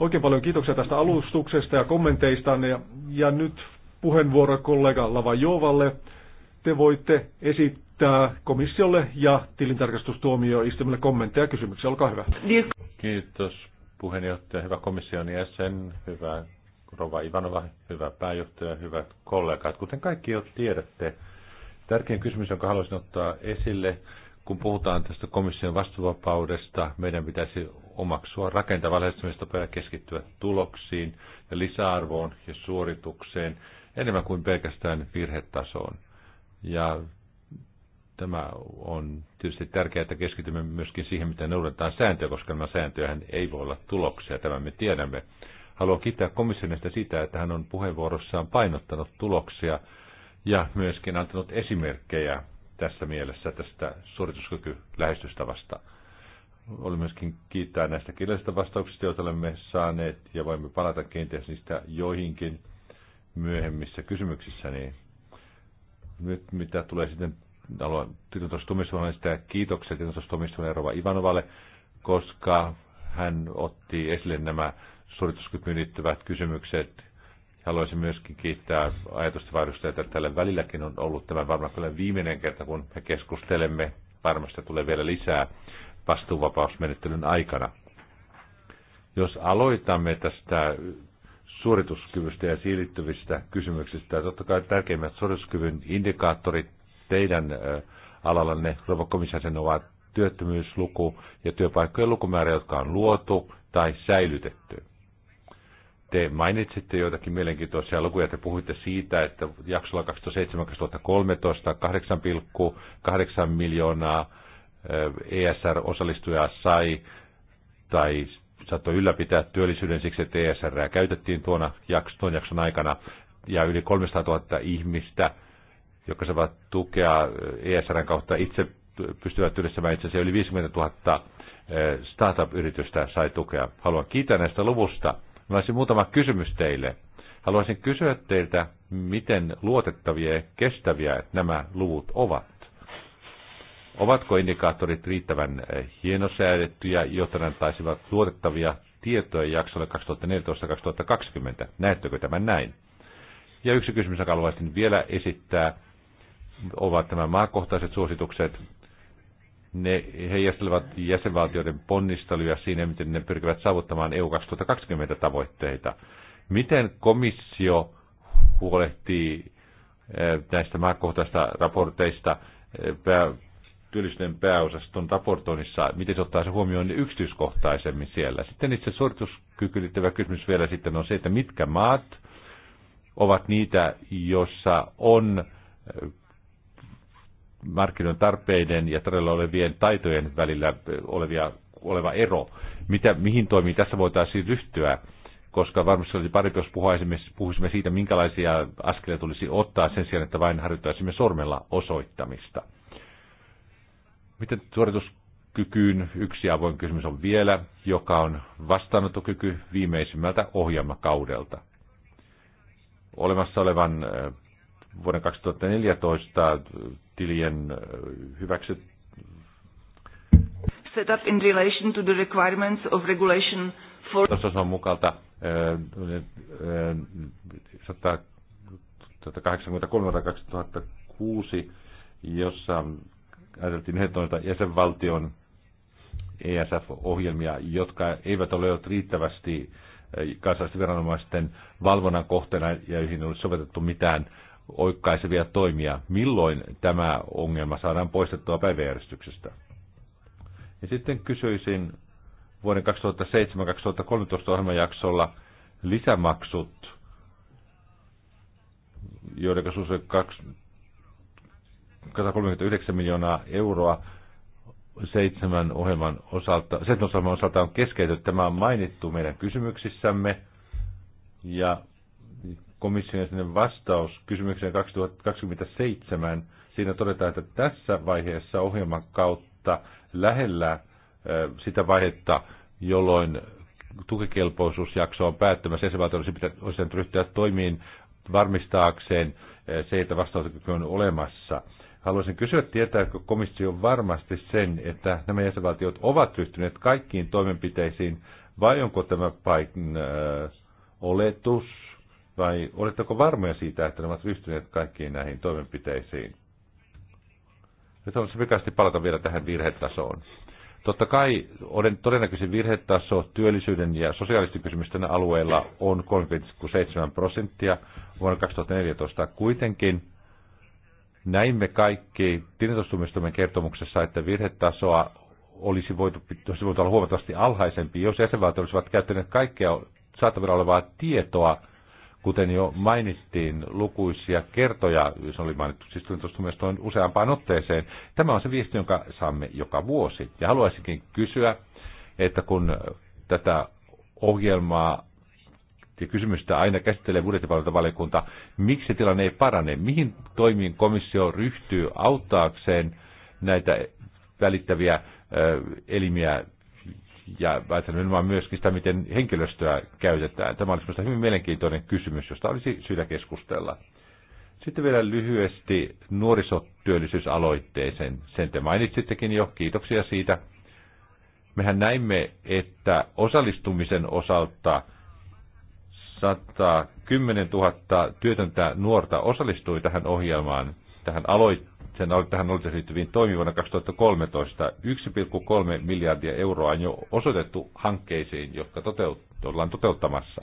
Oikein paljon kiitoksia tästä alustuksesta ja kommenteista. Ja, ja nyt puheenvuoro kollega Lavajovalle. Te voitte esittää komissiolle ja tilintarkastustuomioistuimelle kommentteja ja kysymyksiä. Olkaa hyvä. Kiitos puheenjohtaja, hyvä komission jäsen, hyvä Rova Ivanova, hyvä pääjohtaja, hyvät kollegat. Kuten kaikki jo tiedätte, tärkein kysymys, jonka haluaisin ottaa esille, kun puhutaan tästä komission vastuvapaudesta, meidän pitäisi omaksua rakentava lähestymistapa ja keskittyä tuloksiin ja lisäarvoon ja suoritukseen enemmän kuin pelkästään virhetasoon. Ja tämä on tietysti tärkeää, että keskitymme myöskin siihen, miten noudatetaan sääntöjä, koska nämä sääntöjähän ei voi olla tuloksia, tämä me tiedämme. Haluan kiittää komissionista siitä, että hän on puheenvuorossaan painottanut tuloksia ja myöskin antanut esimerkkejä tässä mielessä tästä suorituskykylähestystavasta. Oli myöskin kiittää näistä kirjallisista vastauksista, joita olemme saaneet, ja voimme palata kenties niistä joihinkin myöhemmissä kysymyksissäni. Niin nyt mitä tulee sitten, haluan tilintostumisvuonna sitä kiitokset tilintostumisvuonna Rova Ivanovalle, koska hän otti esille nämä suorituskykyyn liittyvät kysymykset Haluaisin myöskin kiittää ajatusta vaihdosta, että tällä välilläkin on ollut tämä varmaan kyllä viimeinen kerta, kun me keskustelemme. Varmasti tulee vielä lisää vastuuvapausmenettelyn aikana. Jos aloitamme tästä suorituskyvystä ja siirryttävistä kysymyksistä, totta kai tärkeimmät suorituskyvyn indikaattorit teidän alallanne, rouva komissaisen, ovat työttömyysluku ja työpaikkojen lukumäärä, jotka on luotu tai säilytetty. Te mainitsitte joitakin mielenkiintoisia lukuja. Te puhuitte siitä, että jaksolla 2007-2013 8,8 miljoonaa ESR-osallistujaa sai tai saattoi ylläpitää työllisyyden siksi, että ESR käytettiin tuona jakson, tuon jakson aikana ja yli 300 000 ihmistä, jotka saavat tukea ESRn kautta itse pystyvät työllistämään itse asiassa yli 50 000 startup-yritystä sai tukea. Haluan kiittää näistä luvusta olisin muutama kysymys teille. Haluaisin kysyä teiltä, miten luotettavia ja kestäviä nämä luvut ovat. Ovatko indikaattorit riittävän eh, hienosäädettyjä, jotta ne taisivat luotettavia tietoja jaksolle 2014-2020? Näettekö tämän näin? Ja yksi kysymys, jonka haluaisin vielä esittää, ovat nämä maakohtaiset suositukset ne heijastelevat jäsenvaltioiden ponnisteluja siinä, miten ne pyrkivät saavuttamaan EU 2020 tavoitteita. Miten komissio huolehtii eh, näistä maakohtaisista raporteista eh, työllisyyden pääosaston raportoinnissa, miten se ottaa se huomioon yksityiskohtaisemmin siellä. Sitten itse suorituskyky liittyvä kysymys vielä sitten on se, että mitkä maat ovat niitä, joissa on eh, markkinoiden tarpeiden ja todella olevien taitojen välillä olevia, oleva ero. Mitä, mihin toimiin tässä voitaisiin ryhtyä? Koska varmasti olisi parempi, jos puhuisimme siitä, minkälaisia askelia tulisi ottaa sen sijaan, että vain harjoittaisimme sormella osoittamista. Miten suorituskykyyn yksi avoin kysymys on vielä, joka on vastaanottokyky viimeisimmältä ohjelmakaudelta. Olemassa olevan vuoden 2014 tilien hyväksyt set up in relation to the requirements of regulation for... Tuossa on mukalta 183-2006, jossa ajateltiin 14 jäsenvaltion ESF-ohjelmia, jotka eivät ole olleet riittävästi kansallisten viranomaisten valvonnan kohteena ja joihin ei ole sovitettu mitään oikkaisevia toimia. Milloin tämä ongelma saadaan poistettua päiväjärjestyksestä? Ja sitten kysyisin vuoden 2007-2013 ohjelmajaksolla lisämaksut, joiden kasvu oli 239 miljoonaa euroa seitsemän ohjelman osalta, seitsemän ohjelman osalta on keskeytetty. Tämä on mainittu meidän kysymyksissämme. Ja komission sinne vastaus kysymykseen 2027. Siinä todetaan, että tässä vaiheessa ohjelman kautta lähellä sitä vaihetta, jolloin tukikelpoisuusjakso on päättymässä. Jäsenvaltio olisi pitänyt ryhtyä toimiin varmistaakseen se, että vastaanottokyky on olemassa. Haluaisin kysyä, tietääkö komissio varmasti sen, että nämä jäsenvaltiot ovat ryhtyneet kaikkiin toimenpiteisiin, vai onko tämä paikin äh, oletus vai oletteko varmoja siitä, että ne ovat ryhtyneet kaikkiin näihin toimenpiteisiin? Nyt on pikaisesti palata vielä tähän virhetasoon. Totta kai todennäköisin virhetaso työllisyyden ja sosiaalisten kysymysten alueella on 3,7 prosenttia vuonna 2014. Kuitenkin näimme kaikki tilintostumistumien kertomuksessa, että virhetasoa olisi voitu, olisi voitu olla huomattavasti alhaisempi, jos jäsenvaltiot olisivat käyttäneet kaikkea saatavilla olevaa tietoa Kuten jo mainittiin lukuisia kertoja, se oli mainittu siis tuosta myös tuon useampaan otteeseen, tämä on se viesti, jonka saamme joka vuosi. Ja haluaisinkin kysyä, että kun tätä ohjelmaa ja kysymystä aina käsittelee budjettivalvontavaliokunta, miksi tilanne ei parane, mihin toimiin komissio ryhtyy auttaakseen näitä välittäviä elimiä ja ajattelin nimenomaan myöskin sitä, miten henkilöstöä käytetään. Tämä olisi minusta hyvin mielenkiintoinen kysymys, josta olisi syytä keskustella. Sitten vielä lyhyesti nuorisotyöllisyysaloitteeseen. Sen te mainitsittekin jo, kiitoksia siitä. Mehän näimme, että osallistumisen osalta 110 000 työtöntä nuorta osallistui tähän ohjelmaan, tähän aloitteeseen sen tähän olisi toimi toimivana 2013. 1,3 miljardia euroa on jo osoitettu hankkeisiin, jotka toteut- ollaan toteuttamassa.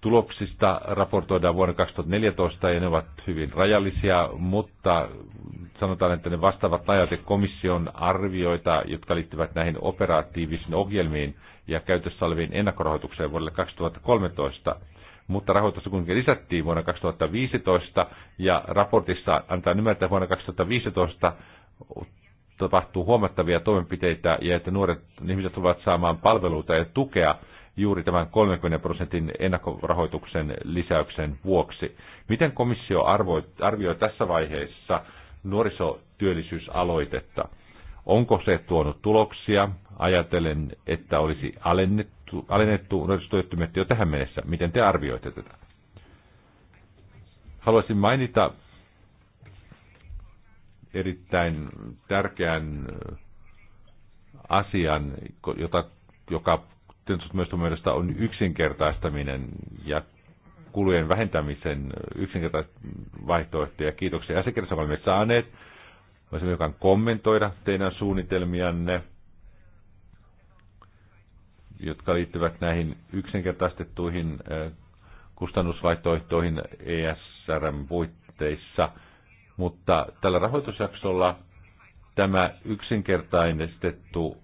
Tuloksista raportoidaan vuonna 2014 ja ne ovat hyvin rajallisia, mutta sanotaan, että ne vastaavat laajalti komission arvioita, jotka liittyvät näihin operatiivisiin ohjelmiin ja käytössä oleviin ennakkorahoitukseen vuodelle 2013 mutta rahoitusta kuitenkin lisättiin vuonna 2015 ja raportissa antaa ymmärtää, että vuonna 2015 tapahtuu huomattavia toimenpiteitä ja että nuoret ihmiset tulevat saamaan palveluita ja tukea juuri tämän 30 prosentin ennakkorahoituksen lisäyksen vuoksi. Miten komissio arvoi, arvioi tässä vaiheessa nuorisotyöllisyysaloitetta? Onko se tuonut tuloksia? Ajatellen, että olisi alennettu alennettu, alennettu nuorisotyöttömyyttä jo tähän mennessä. Miten te arvioitte tätä? Haluaisin mainita erittäin tärkeän äh, asian, jota, joka myös mielestä on yksinkertaistaminen ja kulujen vähentämisen äh, yksinkertaista vaihtoehtoja. Kiitoksia. Ja se kertaa olemme saaneet. Voisimme kommentoida teidän suunnitelmianne jotka liittyvät näihin yksinkertaistettuihin kustannusvaihtoehtoihin esrm puitteissa. Mutta tällä rahoitusjaksolla tämä yksinkertaistettu,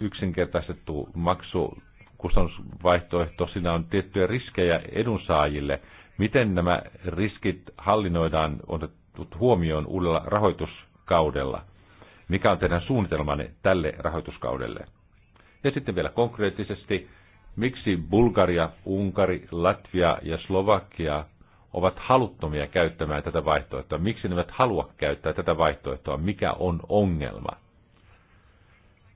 yksinkertaistettu maksu kustannusvaihtoehto, siinä on tiettyjä riskejä edunsaajille. Miten nämä riskit hallinnoidaan otettu huomioon uudella rahoituskaudella? Mikä on teidän suunnitelmanne tälle rahoituskaudelle? Ja sitten vielä konkreettisesti, miksi Bulgaria, Unkari, Latvia ja Slovakia ovat haluttomia käyttämään tätä vaihtoehtoa? Miksi ne eivät halua käyttää tätä vaihtoehtoa? Mikä on ongelma?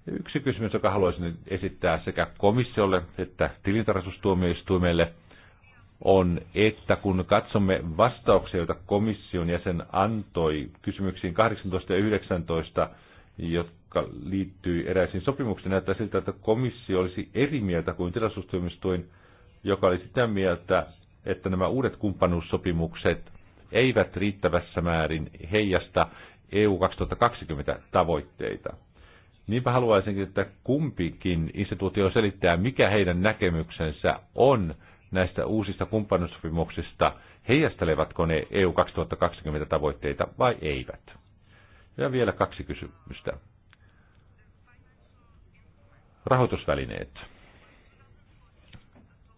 Yksi kysymys, joka haluaisin esittää sekä komissiolle että tilintarkastustuomioistuimelle, on, että kun katsomme vastauksia, joita komission jäsen antoi kysymyksiin 18 ja 19, jotka liittyy eräisiin sopimuksiin. Näyttää siltä, että komissio olisi eri mieltä kuin tilastustoimistoin, joka oli sitä mieltä, että nämä uudet kumppanuussopimukset eivät riittävässä määrin heijasta EU 2020 tavoitteita. Niinpä haluaisinkin, että kumpikin instituutio selittää, mikä heidän näkemyksensä on näistä uusista kumppanuussopimuksista, heijastelevatko ne EU 2020 tavoitteita vai eivät. Ja vielä kaksi kysymystä. Rahoitusvälineet.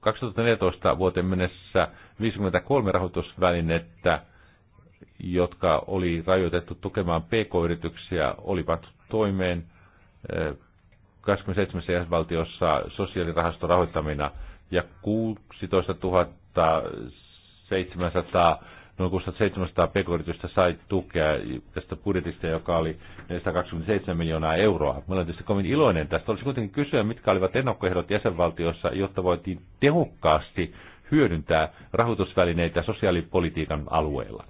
2014 vuoteen mennessä 53 rahoitusvälinettä, jotka oli rajoitettu tukemaan pk-yrityksiä, olivat toimeen 27 eh, jäsenvaltiossa sosiaalirahaston rahoittamina ja 16 700 noin 6700 pk-yritystä sai tukea tästä budjetista, joka oli 127 miljoonaa euroa. Mä olen tietysti kovin iloinen tästä. Olisi kuitenkin kysyä, mitkä olivat ennakkoehdot jäsenvaltiossa, jotta voitiin tehokkaasti hyödyntää rahoitusvälineitä sosiaalipolitiikan alueella.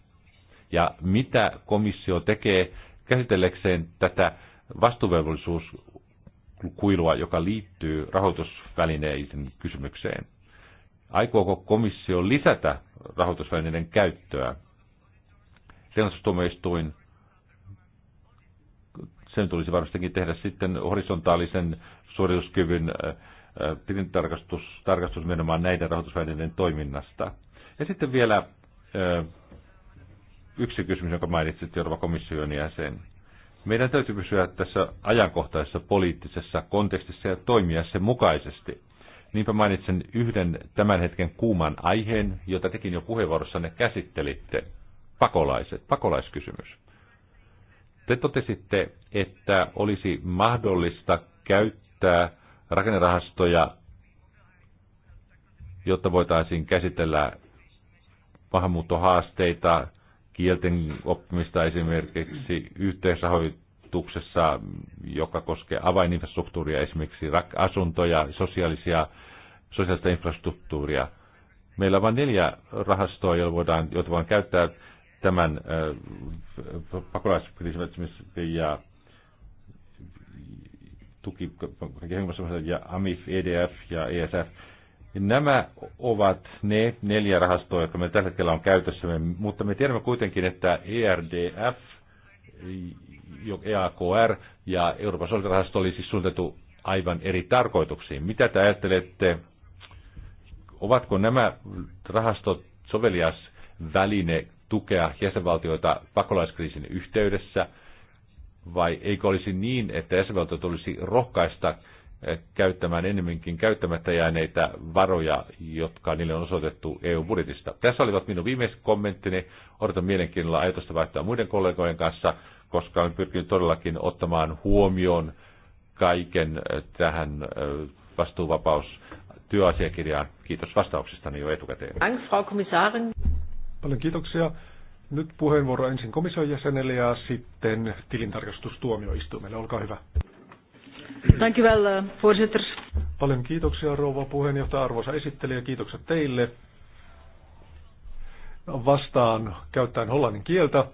Ja mitä komissio tekee käsitellekseen tätä vastuuvelvollisuuskuilua, joka liittyy rahoitusvälineiden kysymykseen? Aikooko komissio lisätä rahoitusvälineiden käyttöä. Tilastustuomioistuin, sen tulisi varmastikin tehdä sitten horisontaalisen suorituskyvyn tilintarkastus, tarkastus nimenomaan näiden rahoitusvälineiden toiminnasta. Ja sitten vielä yksi kysymys, jonka mainitsit, Jorva komission jäsen. Meidän täytyy pysyä tässä ajankohtaisessa poliittisessa kontekstissa ja toimia sen mukaisesti. Niinpä mainitsen yhden tämän hetken kuuman aiheen, jota tekin jo puheenvuorossanne käsittelitte. Pakolaiset, pakolaiskysymys. Te totesitte, että olisi mahdollista käyttää rakennerahastoja, jotta voitaisiin käsitellä maahanmuuttohaasteita, kielten oppimista esimerkiksi, yhteisrahoitusta, ehdotuksessa, joka koskee avaininfrastruktuuria, esimerkiksi asuntoja, sosiaalisia, sosiaalista infrastruktuuria. Meillä on vain neljä rahastoa, joilla voidaan, joita voidaan käyttää tämän äh, pakolaiskriisin ja tuki, ja AMIF, EDF ja ESF. Nämä ovat ne neljä rahastoa, jotka me tällä hetkellä on käytössämme, mutta me tiedämme kuitenkin, että ERDF – EAKR ja Euroopan solidarisuusrahasto oli siis suunniteltu aivan eri tarkoituksiin. Mitä te ajattelette, ovatko nämä rahastot sovelias väline tukea jäsenvaltioita pakolaiskriisin yhteydessä, vai eikö olisi niin, että jäsenvaltiot tulisi rohkaista Eh, käyttämään enemmänkin käyttämättä jääneitä varoja, jotka niille on osoitettu EU-budjetista. Tässä olivat minun viimeiset kommenttini. Odotan mielenkiinnolla ajatusta vaihtaa muiden kollegojen kanssa, koska olen pyrkinyt todellakin ottamaan huomioon kaiken eh, tähän eh, vastuuvapaus työasiakirjaan. Kiitos vastauksestani jo etukäteen. Paljon kiitoksia. Nyt puheenvuoro ensin komission jäsenelle ja sitten tilintarkastustuomioistuimelle. Olkaa hyvä. Thank you well, uh, voorzitter. Paljon kiitoksia rouva puheenjohtaja, arvoisa esittelijä, kiitokset teille. Vastaan käyttäen hollannin kieltä.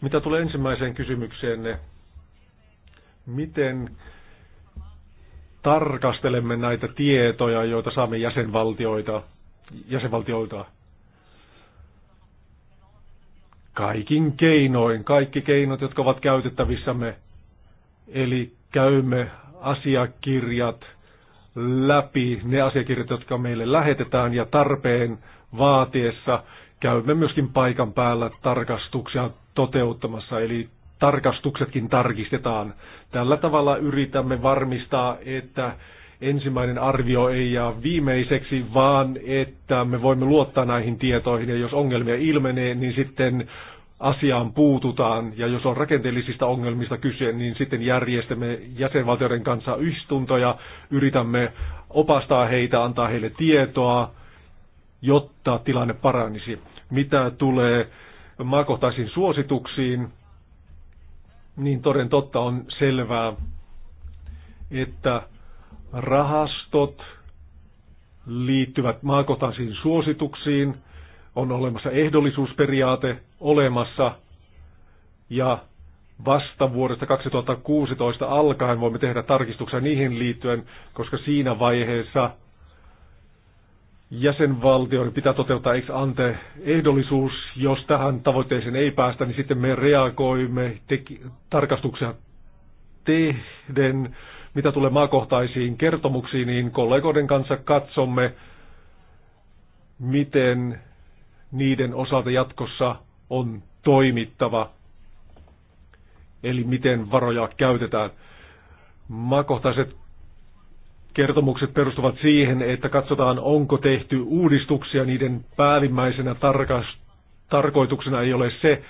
Mitä tulee ensimmäiseen kysymykseenne, miten tarkastelemme näitä tietoja, joita saamme jäsenvaltioita, jäsenvaltioita kaikin keinoin, kaikki keinot, jotka ovat käytettävissämme, eli käymme asiakirjat läpi, ne asiakirjat, jotka meille lähetetään ja tarpeen vaatiessa käymme myöskin paikan päällä tarkastuksia toteuttamassa, eli tarkastuksetkin tarkistetaan. Tällä tavalla yritämme varmistaa, että ensimmäinen arvio ei jää viimeiseksi, vaan että me voimme luottaa näihin tietoihin ja jos ongelmia ilmenee, niin sitten asiaan puututaan. Ja jos on rakenteellisista ongelmista kyse, niin sitten järjestämme jäsenvaltioiden kanssa istuntoja, yritämme opastaa heitä, antaa heille tietoa, jotta tilanne paranisi. Mitä tulee maakohtaisiin suosituksiin, niin toden totta on selvää, että rahastot liittyvät maakohtaisiin suosituksiin – on olemassa ehdollisuusperiaate olemassa ja vasta vuodesta 2016 alkaen voimme tehdä tarkistuksia niihin liittyen, koska siinä vaiheessa jäsenvaltio pitää toteuttaa ex ante ehdollisuus. Jos tähän tavoitteeseen ei päästä, niin sitten me reagoimme teki, tarkastuksia tehden. Mitä tulee maakohtaisiin kertomuksiin, niin kollegoiden kanssa katsomme, miten niiden osalta jatkossa on toimittava, eli miten varoja käytetään. Makohtaiset kertomukset perustuvat siihen, että katsotaan, onko tehty uudistuksia. Niiden päällimmäisenä tarkas, tarkoituksena ei ole se,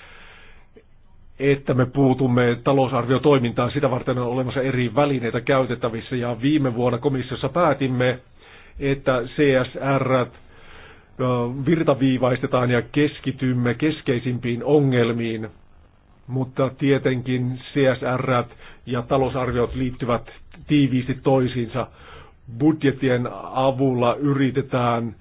että me puutumme talousarviotoimintaan. Sitä varten on olemassa eri välineitä käytettävissä. Ja viime vuonna komissiossa päätimme, että CSR virtaviivaistetaan ja keskitymme keskeisimpiin ongelmiin, mutta tietenkin CSR ja talousarviot liittyvät tiiviisti toisiinsa. budjettien avulla yritetään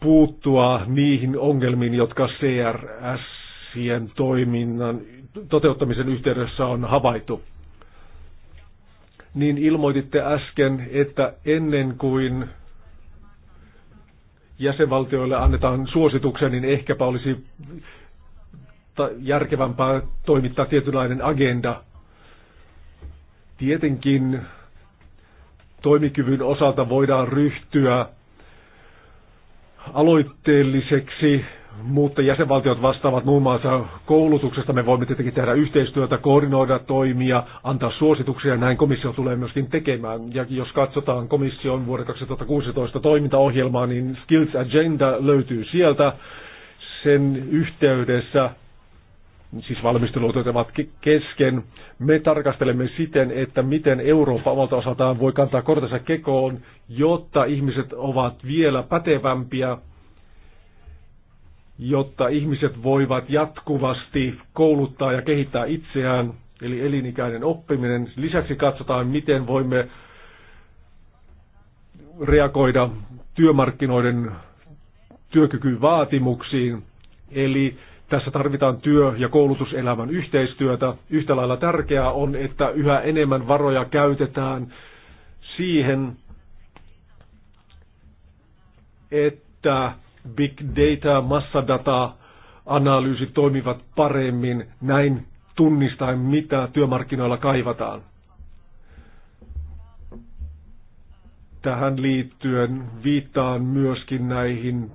puuttua niihin ongelmiin, jotka CRSien toiminnan toteuttamisen yhteydessä on havaittu. Niin ilmoititte äsken, että ennen kuin jäsenvaltioille annetaan suosituksia, niin ehkäpä olisi järkevämpää toimittaa tietynlainen agenda. Tietenkin toimikyvyn osalta voidaan ryhtyä aloitteelliseksi mutta jäsenvaltiot vastaavat muun muassa koulutuksesta. Me voimme tietenkin tehdä yhteistyötä, koordinoida toimia, antaa suosituksia. Näin komissio tulee myöskin tekemään. Ja jos katsotaan komission vuoden 2016 toimintaohjelmaa, niin Skills Agenda löytyy sieltä. Sen yhteydessä, siis valmistelut ovat kesken, me tarkastelemme siten, että miten Eurooppa omalta osaltaan voi kantaa kortensa kekoon, jotta ihmiset ovat vielä pätevämpiä jotta ihmiset voivat jatkuvasti kouluttaa ja kehittää itseään, eli elinikäinen oppiminen. Lisäksi katsotaan, miten voimme reagoida työmarkkinoiden työkykyvaatimuksiin, eli tässä tarvitaan työ- ja koulutuselämän yhteistyötä. Yhtä lailla tärkeää on, että yhä enemmän varoja käytetään siihen, että big data, massadata, analyysit toimivat paremmin, näin tunnistaen mitä työmarkkinoilla kaivataan. Tähän liittyen viittaan myöskin näihin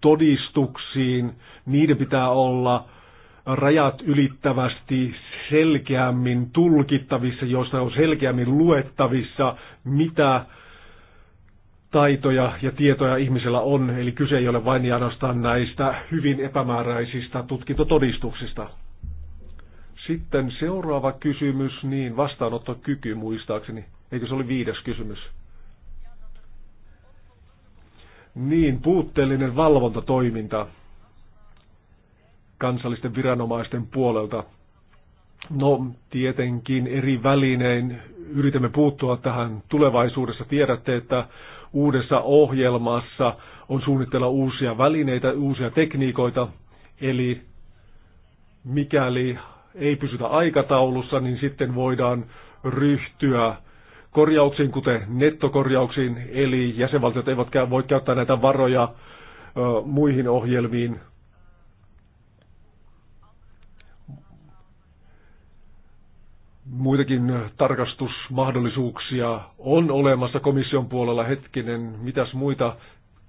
todistuksiin. Niiden pitää olla rajat ylittävästi selkeämmin tulkittavissa, joista on selkeämmin luettavissa, mitä taitoja ja tietoja ihmisellä on, eli kyse ei ole vain ja ainoastaan näistä hyvin epämääräisistä tutkintotodistuksista. Sitten seuraava kysymys, niin vastaanottokyky muistaakseni. Eikö se oli viides kysymys? Niin, puutteellinen valvontatoiminta kansallisten viranomaisten puolelta. No, tietenkin eri välinein yritämme puuttua tähän tulevaisuudessa. Tiedätte, että uudessa ohjelmassa on suunnitella uusia välineitä, uusia tekniikoita, eli mikäli ei pysytä aikataulussa, niin sitten voidaan ryhtyä korjauksiin, kuten nettokorjauksiin, eli jäsenvaltiot eivät voi käyttää näitä varoja muihin ohjelmiin, Muitakin äh, tarkastusmahdollisuuksia on olemassa komission puolella hetkinen. Mitäs muita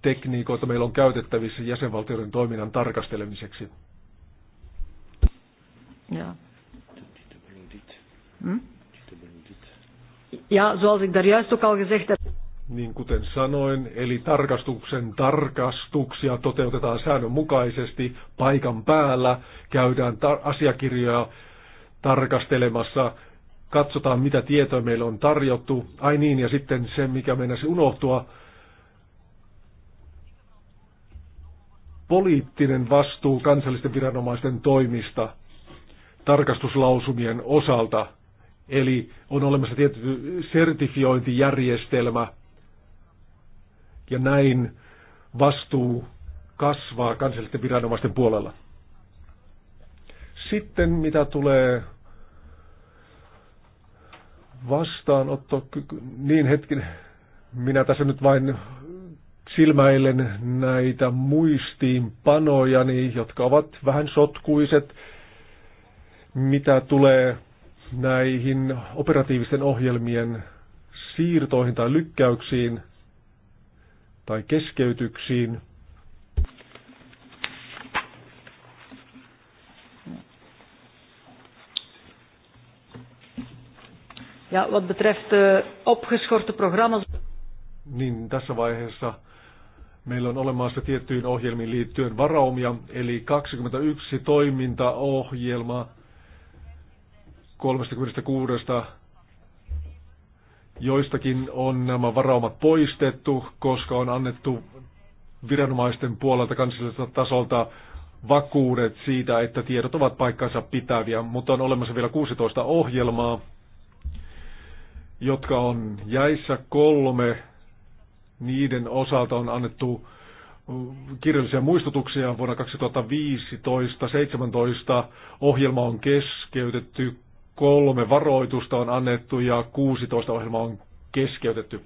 tekniikoita meillä on käytettävissä jäsenvaltioiden toiminnan tarkastelemiseksi? Ja, hmm? ja zoals ik daar juist ook al gezegd heb. Niin kuten sanoin, eli tarkastuksen tarkastuksia toteutetaan säännönmukaisesti paikan päällä, käydään ta- asiakirjoja tarkastelemassa katsotaan mitä tietoa meillä on tarjottu. Ai niin, ja sitten se, mikä meinasi unohtua, poliittinen vastuu kansallisten viranomaisten toimista tarkastuslausumien osalta. Eli on olemassa tietty sertifiointijärjestelmä, ja näin vastuu kasvaa kansallisten viranomaisten puolella. Sitten mitä tulee vastaanotto, niin hetki minä tässä nyt vain silmäilen näitä muistiinpanojani, jotka ovat vähän sotkuiset, mitä tulee näihin operatiivisten ohjelmien siirtoihin tai lykkäyksiin tai keskeytyksiin – Ja wat betreft eh, opgeschorte programma's... Niin tässä vaiheessa meillä on olemassa tiettyyn ohjelmiin liittyen varaumia, eli 21 toimintaohjelma 36 joistakin on nämä varaumat poistettu, koska on annettu viranomaisten puolelta kansalliselta tasolta vakuudet siitä, että tiedot ovat paikkansa pitäviä, mutta on olemassa vielä 16 ohjelmaa, jotka on jäissä kolme, niiden osalta on annettu uh, kirjallisia muistutuksia vuonna 2015-2017. Ohjelma on keskeytetty, kolme varoitusta on annettu ja 16 ohjelma on keskeytetty.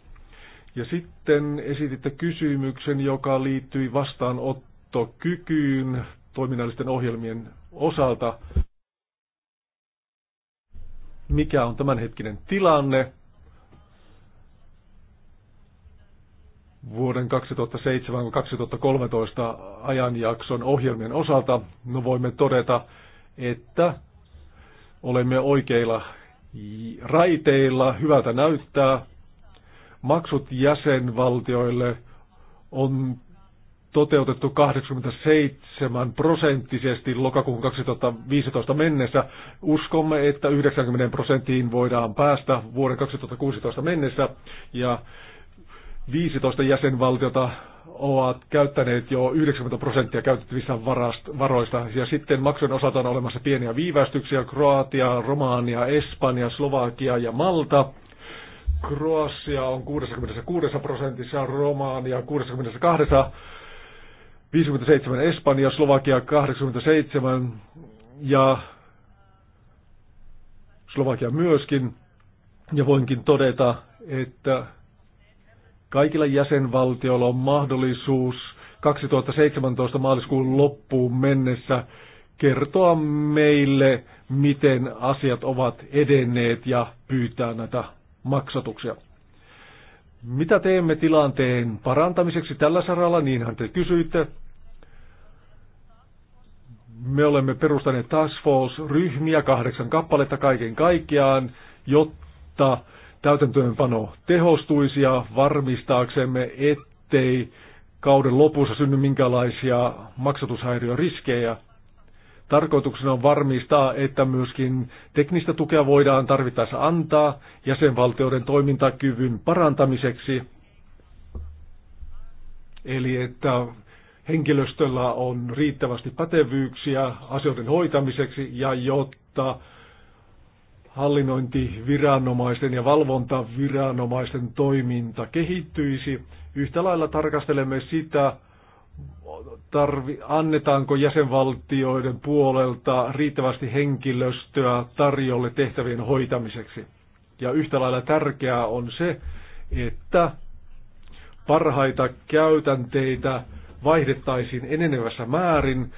Ja sitten esititte kysymyksen, joka liittyi vastaanottokykyyn toiminnallisten ohjelmien osalta. Mikä on tämänhetkinen tilanne? vuoden 2007-2013 ajanjakson ohjelmien osalta, no voimme todeta, että olemme oikeilla raiteilla, hyvältä näyttää. Maksut jäsenvaltioille on toteutettu 87 prosenttisesti lokakuun 2015 mennessä. Uskomme, että 90 prosenttiin voidaan päästä vuoden 2016 mennessä ja 15 jäsenvaltiota ovat käyttäneet jo 90 prosenttia käytettävissä varoista. Ja sitten maksujen osalta on olemassa pieniä viivästyksiä. Kroatia, Romaania, Espanja, Slovakia ja Malta. Kroatia on 66 prosentissa, Romaania 62, 57 Espanja, Slovakia 87 ja Slovakia myöskin. Ja voinkin todeta, että Kaikilla jäsenvaltioilla on mahdollisuus 2017 maaliskuun loppuun mennessä kertoa meille, miten asiat ovat edenneet ja pyytää näitä maksatuksia. Mitä teemme tilanteen parantamiseksi tällä saralla, niinhän te kysyitte. Me olemme perustaneet task force-ryhmiä, kahdeksan kappaletta kaiken kaikkiaan, jotta täytäntöönpano tehostuisi ja varmistaaksemme, ettei kauden lopussa synny minkälaisia maksatushäiriöriskejä. Tarkoituksena on varmistaa, että myöskin teknistä tukea voidaan tarvittaessa antaa jäsenvaltioiden toimintakyvyn parantamiseksi, eli että henkilöstöllä on riittävästi pätevyyksiä asioiden hoitamiseksi ja jotta hallinnointiviranomaisten ja valvontaviranomaisten toiminta kehittyisi. Yhtä lailla tarkastelemme sitä, tarvi, annetaanko jäsenvaltioiden puolelta riittävästi henkilöstöä tarjolle tehtävien hoitamiseksi. Ja yhtä lailla tärkeää on se, että parhaita käytänteitä vaihdettaisiin enenevässä määrin.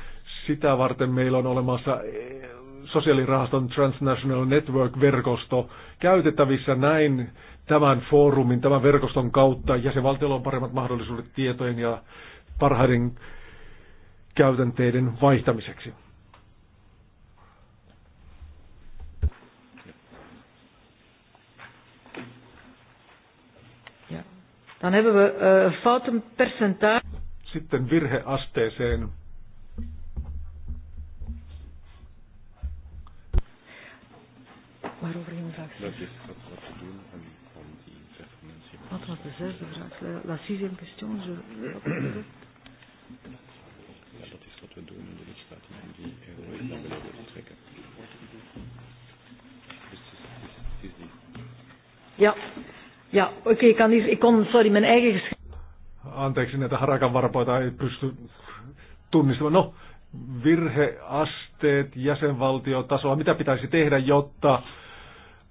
Sitä varten meillä on olemassa sosiaalirahaston Transnational Network-verkosto käytettävissä näin tämän foorumin, tämän verkoston kautta. Jäsenvaltiolla on paremmat mahdollisuudet tietojen ja parhaiden käytänteiden vaihtamiseksi. Eh, Sitten virheasteeseen waarover ging de vraag? Dat is dat wat te doen aan, aan die Wat was de zesde vraag? La sixième question, je... Ja, dat is wat we doen in de om die naar beneden te trekken. Ja, ja oké, okay, ik kan hier, ik kon, sorry, mijn eigen Anteeksi, näitä varpoita ei pysty tunnistamaan. No, virheasteet jäsenvaltiotasoa, mitä pitäisi tehdä, jotta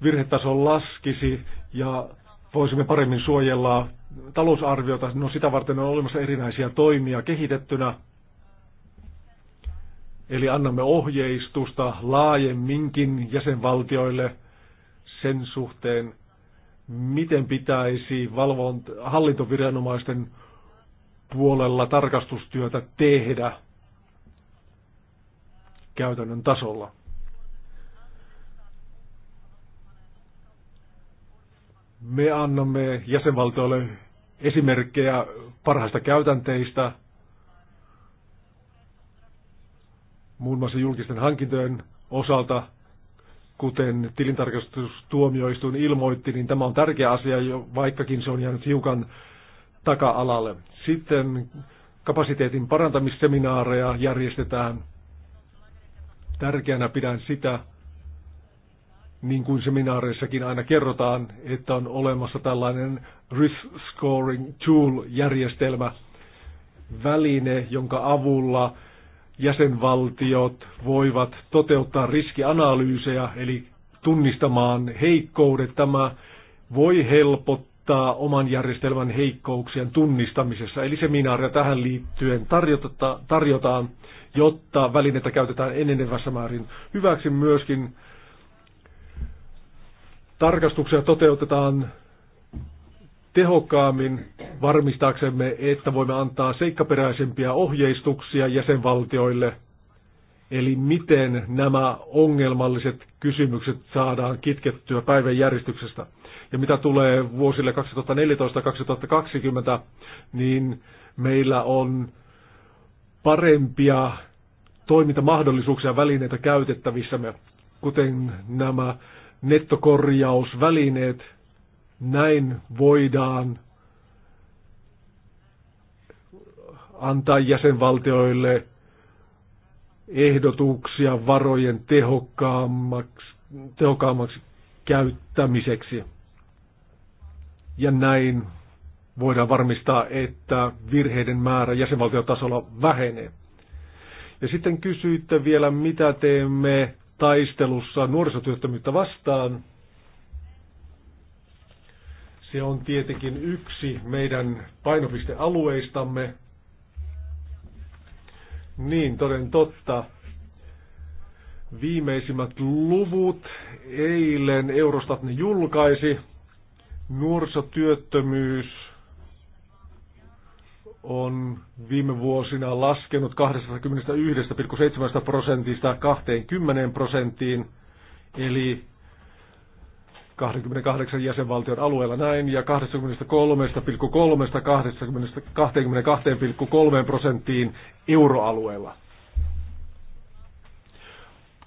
virhetaso laskisi ja voisimme paremmin suojella talousarviota. No sitä varten on olemassa erinäisiä toimia kehitettynä. Eli annamme ohjeistusta laajemminkin jäsenvaltioille sen suhteen, miten pitäisi valvont- hallintoviranomaisten puolella tarkastustyötä tehdä käytännön tasolla. Me annamme jäsenvaltioille esimerkkejä parhaista käytänteistä, muun muassa julkisten hankintojen osalta, kuten tilintarkastustuomioistuin ilmoitti, niin tämä on tärkeä asia, vaikkakin se on jäänyt hiukan taka-alalle. Sitten kapasiteetin parantamisseminaareja järjestetään. Tärkeänä pidän sitä, niin kuin seminaareissakin aina kerrotaan, että on olemassa tällainen risk scoring tool-järjestelmä, väline, jonka avulla jäsenvaltiot voivat toteuttaa riskianalyysejä, eli tunnistamaan heikkoudet. Tämä voi helpottaa oman järjestelmän heikkouksien tunnistamisessa. Eli seminaaria tähän liittyen tarjota, tarjotaan, jotta välinettä käytetään enenevässä määrin hyväksi myöskin Tarkastuksia toteutetaan tehokkaammin varmistaaksemme, että voimme antaa seikkaperäisempiä ohjeistuksia jäsenvaltioille, eli miten nämä ongelmalliset kysymykset saadaan kitkettyä päivän järjestyksestä. Ja mitä tulee vuosille 2014-2020, niin meillä on parempia toimintamahdollisuuksia välineitä käytettävissämme, kuten nämä nettokorjausvälineet. Näin voidaan antaa jäsenvaltioille ehdotuksia varojen tehokkaammaksi, tehokkaammaksi käyttämiseksi. Ja näin voidaan varmistaa, että virheiden määrä jäsenvaltiotasolla vähenee. Ja sitten kysyitte vielä, mitä teemme taistelussa nuorisotyöttömyyttä vastaan. Se on tietenkin yksi meidän painopistealueistamme. Niin, toden totta. Viimeisimmät luvut eilen Eurostat ne julkaisi. Nuorisotyöttömyys on viime vuosina laskenut 21,7 prosentista 20 prosenttiin, eli 28 jäsenvaltion alueella näin, ja 23,3-22,3 prosenttiin euroalueella.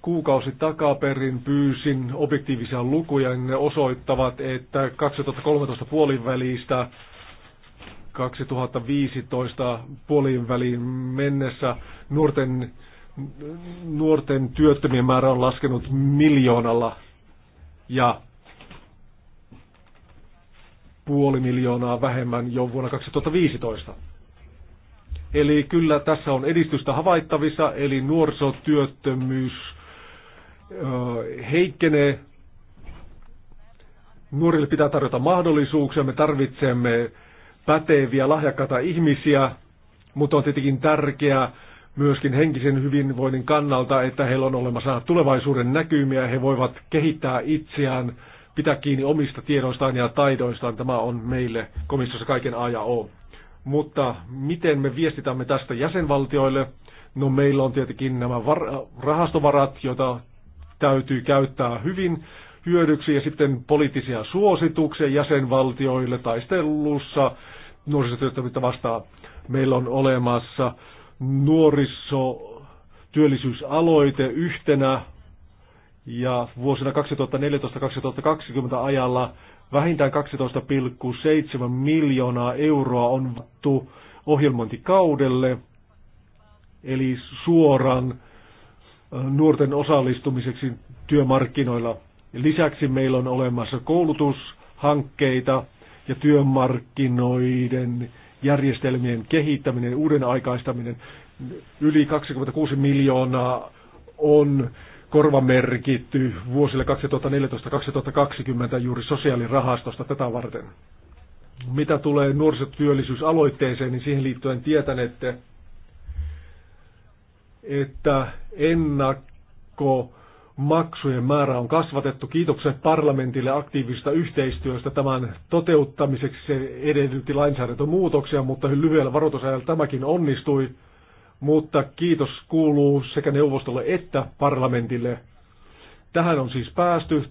Kuukausi takaperin pyysin objektiivisia lukuja, ja ne osoittavat, että 2013 puolivälistä välistä 2015 puolin väliin mennessä nuorten, nuorten työttömien määrä on laskenut miljoonalla ja puoli miljoonaa vähemmän jo vuonna 2015. Eli kyllä tässä on edistystä havaittavissa, eli nuorisotyöttömyys heikkenee. Nuorille pitää tarjota mahdollisuuksia, me tarvitsemme päteviä, lahjakkaita ihmisiä, mutta on tietenkin tärkeää myöskin henkisen hyvinvoinnin kannalta, että heillä on olemassa tulevaisuuden näkymiä, he voivat kehittää itseään, pitää kiinni omista tiedoistaan ja taidoistaan. Tämä on meille komissiossa kaiken A ja O. Mutta miten me viestitämme tästä jäsenvaltioille? No meillä on tietenkin nämä rahastovarat, joita täytyy käyttää hyvin hyödyksi ja sitten poliittisia suosituksia jäsenvaltioille taistelussa nuorisotyöttömyyttä vastaan. Meillä on olemassa nuorisotyöllisyysaloite yhtenä ja vuosina 2014-2020 ajalla vähintään 12,7 miljoonaa euroa on vattu ohjelmointikaudelle, eli suoran nuorten osallistumiseksi työmarkkinoilla. Lisäksi meillä on olemassa koulutushankkeita, ja työmarkkinoiden järjestelmien kehittäminen, uuden aikaistaminen. Yli 26 miljoonaa on korvamerkitty vuosille 2014-2020 juuri sosiaalirahastosta tätä varten. Mitä tulee nuorisotyöllisyysaloitteeseen, niin siihen liittyen tietän, että ennakko maksujen määrä on kasvatettu. Kiitokset parlamentille aktiivisesta yhteistyöstä tämän toteuttamiseksi. Se edellytti lainsäädäntömuutoksia, mutta lyhyellä varoitusajalla tämäkin onnistui. Mutta kiitos kuuluu sekä neuvostolle että parlamentille. Tähän on siis päästy.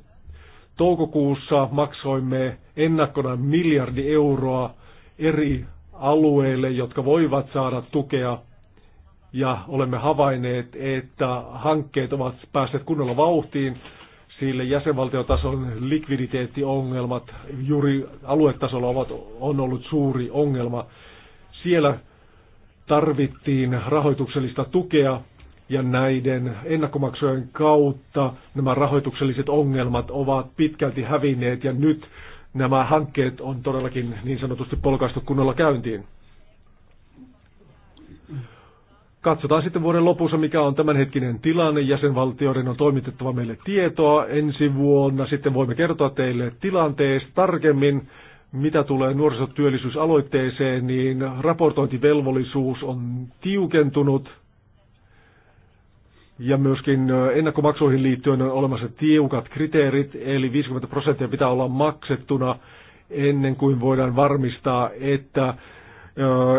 Toukokuussa maksoimme ennakkona miljardi euroa eri alueille, jotka voivat saada tukea ja olemme havainneet, että hankkeet ovat päässeet kunnolla vauhtiin, sille jäsenvaltiotason likviditeettiongelmat juuri aluetasolla ovat, on ollut suuri ongelma. Siellä tarvittiin rahoituksellista tukea ja näiden ennakkomaksujen kautta nämä rahoitukselliset ongelmat ovat pitkälti hävinneet ja nyt nämä hankkeet on todellakin niin sanotusti polkaistu kunnolla käyntiin. Katsotaan sitten vuoden lopussa, mikä on tämänhetkinen tilanne. Jäsenvaltioiden on toimitettava meille tietoa ensi vuonna. Sitten voimme kertoa teille tilanteesta tarkemmin. Mitä tulee nuorisotyöllisyysaloitteeseen, niin raportointivelvollisuus on tiukentunut. Ja myöskin ennakkomaksuihin liittyen on olemassa tiukat kriteerit, eli 50 prosenttia pitää olla maksettuna ennen kuin voidaan varmistaa, että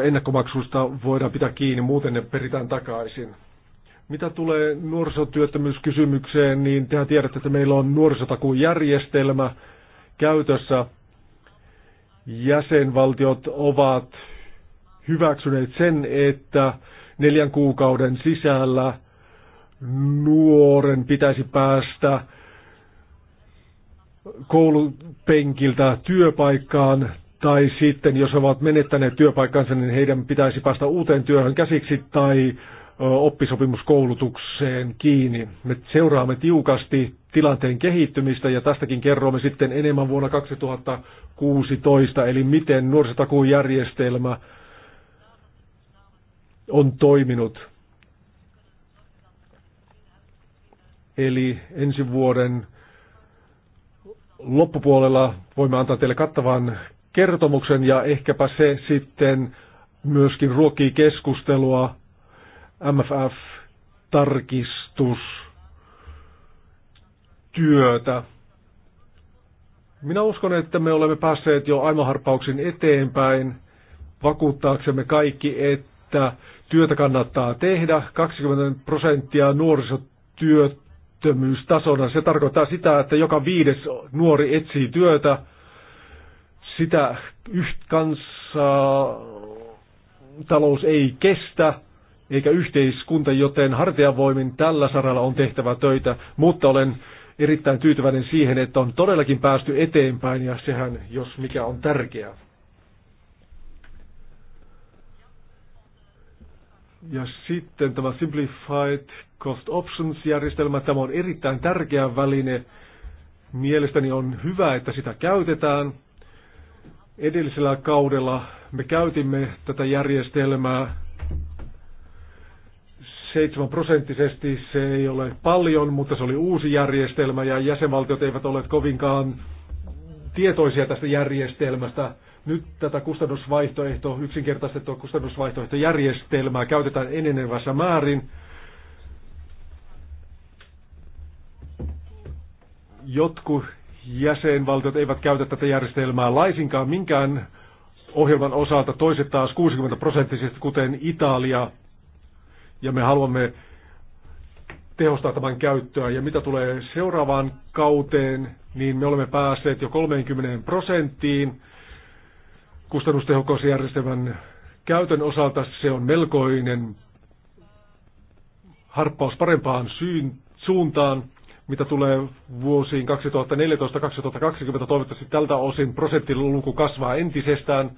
ennakkomaksusta voidaan pitää kiinni, muuten ne peritään takaisin. Mitä tulee nuorisotyöttömyyskysymykseen, niin tehän tiedätte, että meillä on nuorisotakuujärjestelmä käytössä. Jäsenvaltiot ovat hyväksyneet sen, että neljän kuukauden sisällä nuoren pitäisi päästä koulupenkiltä työpaikkaan tai sitten jos he ovat menettäneet työpaikkansa, niin heidän pitäisi päästä uuteen työhön käsiksi tai oppisopimuskoulutukseen kiinni. Me seuraamme tiukasti tilanteen kehittymistä ja tästäkin kerromme sitten enemmän vuonna 2016, eli miten nuorisotakuujärjestelmä on toiminut. Eli ensi vuoden loppupuolella voimme antaa teille kattavan kertomuksen ja ehkäpä se sitten myöskin ruokii keskustelua MFF-tarkistus työtä. Minä uskon, että me olemme päässeet jo aimoharppauksin eteenpäin vakuuttaaksemme kaikki, että työtä kannattaa tehdä. 20 prosenttia nuorisotyöttömyystasona. Se tarkoittaa sitä, että joka viides nuori etsii työtä sitä yht kanssa talous ei kestä, eikä yhteiskunta, joten hartiavoimin tällä saralla on tehtävä töitä, mutta olen erittäin tyytyväinen siihen, että on todellakin päästy eteenpäin ja sehän, jos mikä, on tärkeää. Ja sitten tämä Simplified Cost Options-järjestelmä, tämä on erittäin tärkeä väline. Mielestäni on hyvä, että sitä käytetään – Edellisellä kaudella me käytimme tätä järjestelmää 7 prosenttisesti. Se ei ole paljon, mutta se oli uusi järjestelmä ja jäsenvaltiot eivät ole kovinkaan tietoisia tästä järjestelmästä. Nyt tätä kustannusvaihtoehto, yksinkertaistettua kustannusvaihtoehtojärjestelmää käytetään enenevässä määrin. Jotkut jäsenvaltiot eivät käytä tätä järjestelmää laisinkaan minkään ohjelman osalta, toiset taas 60 prosenttisesti, kuten Italia, ja me haluamme tehostaa tämän käyttöä. Ja mitä tulee seuraavaan kauteen, niin me olemme päässeet jo 30 prosenttiin kustannustehokkuusjärjestelmän käytön osalta. Se on melkoinen harppaus parempaan syyn, suuntaan mitä tulee vuosiin 2014-2020, toivottavasti tältä osin prosenttiluku kasvaa entisestään.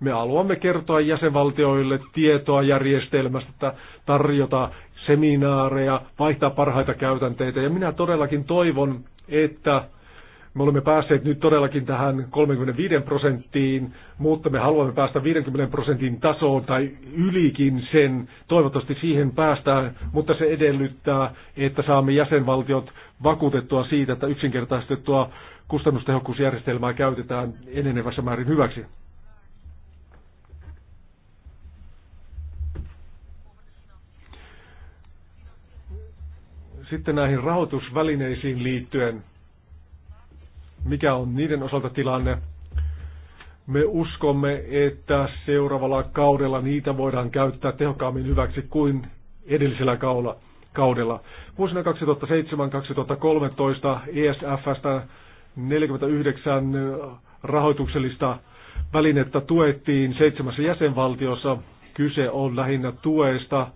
Me haluamme kertoa jäsenvaltioille tietoa järjestelmästä, että tarjota seminaareja, vaihtaa parhaita käytänteitä. Ja minä todellakin toivon, että me olemme päässeet nyt todellakin tähän 35 prosenttiin, mutta me haluamme päästä 50 prosentin tasoon tai ylikin sen. Toivottavasti siihen päästään, mutta se edellyttää, että saamme jäsenvaltiot vakuutettua siitä, että yksinkertaistettua kustannustehokkuusjärjestelmää käytetään enenevässä määrin hyväksi. Sitten näihin rahoitusvälineisiin liittyen mikä on niiden osalta tilanne. Me uskomme, että seuraavalla kaudella niitä voidaan käyttää tehokkaammin hyväksi kuin edellisellä kaudella. kaudella. Vuosina 2007-2013 ESFstä 49 rahoituksellista välinettä tuettiin seitsemässä jäsenvaltiossa. Kyse on lähinnä tuesta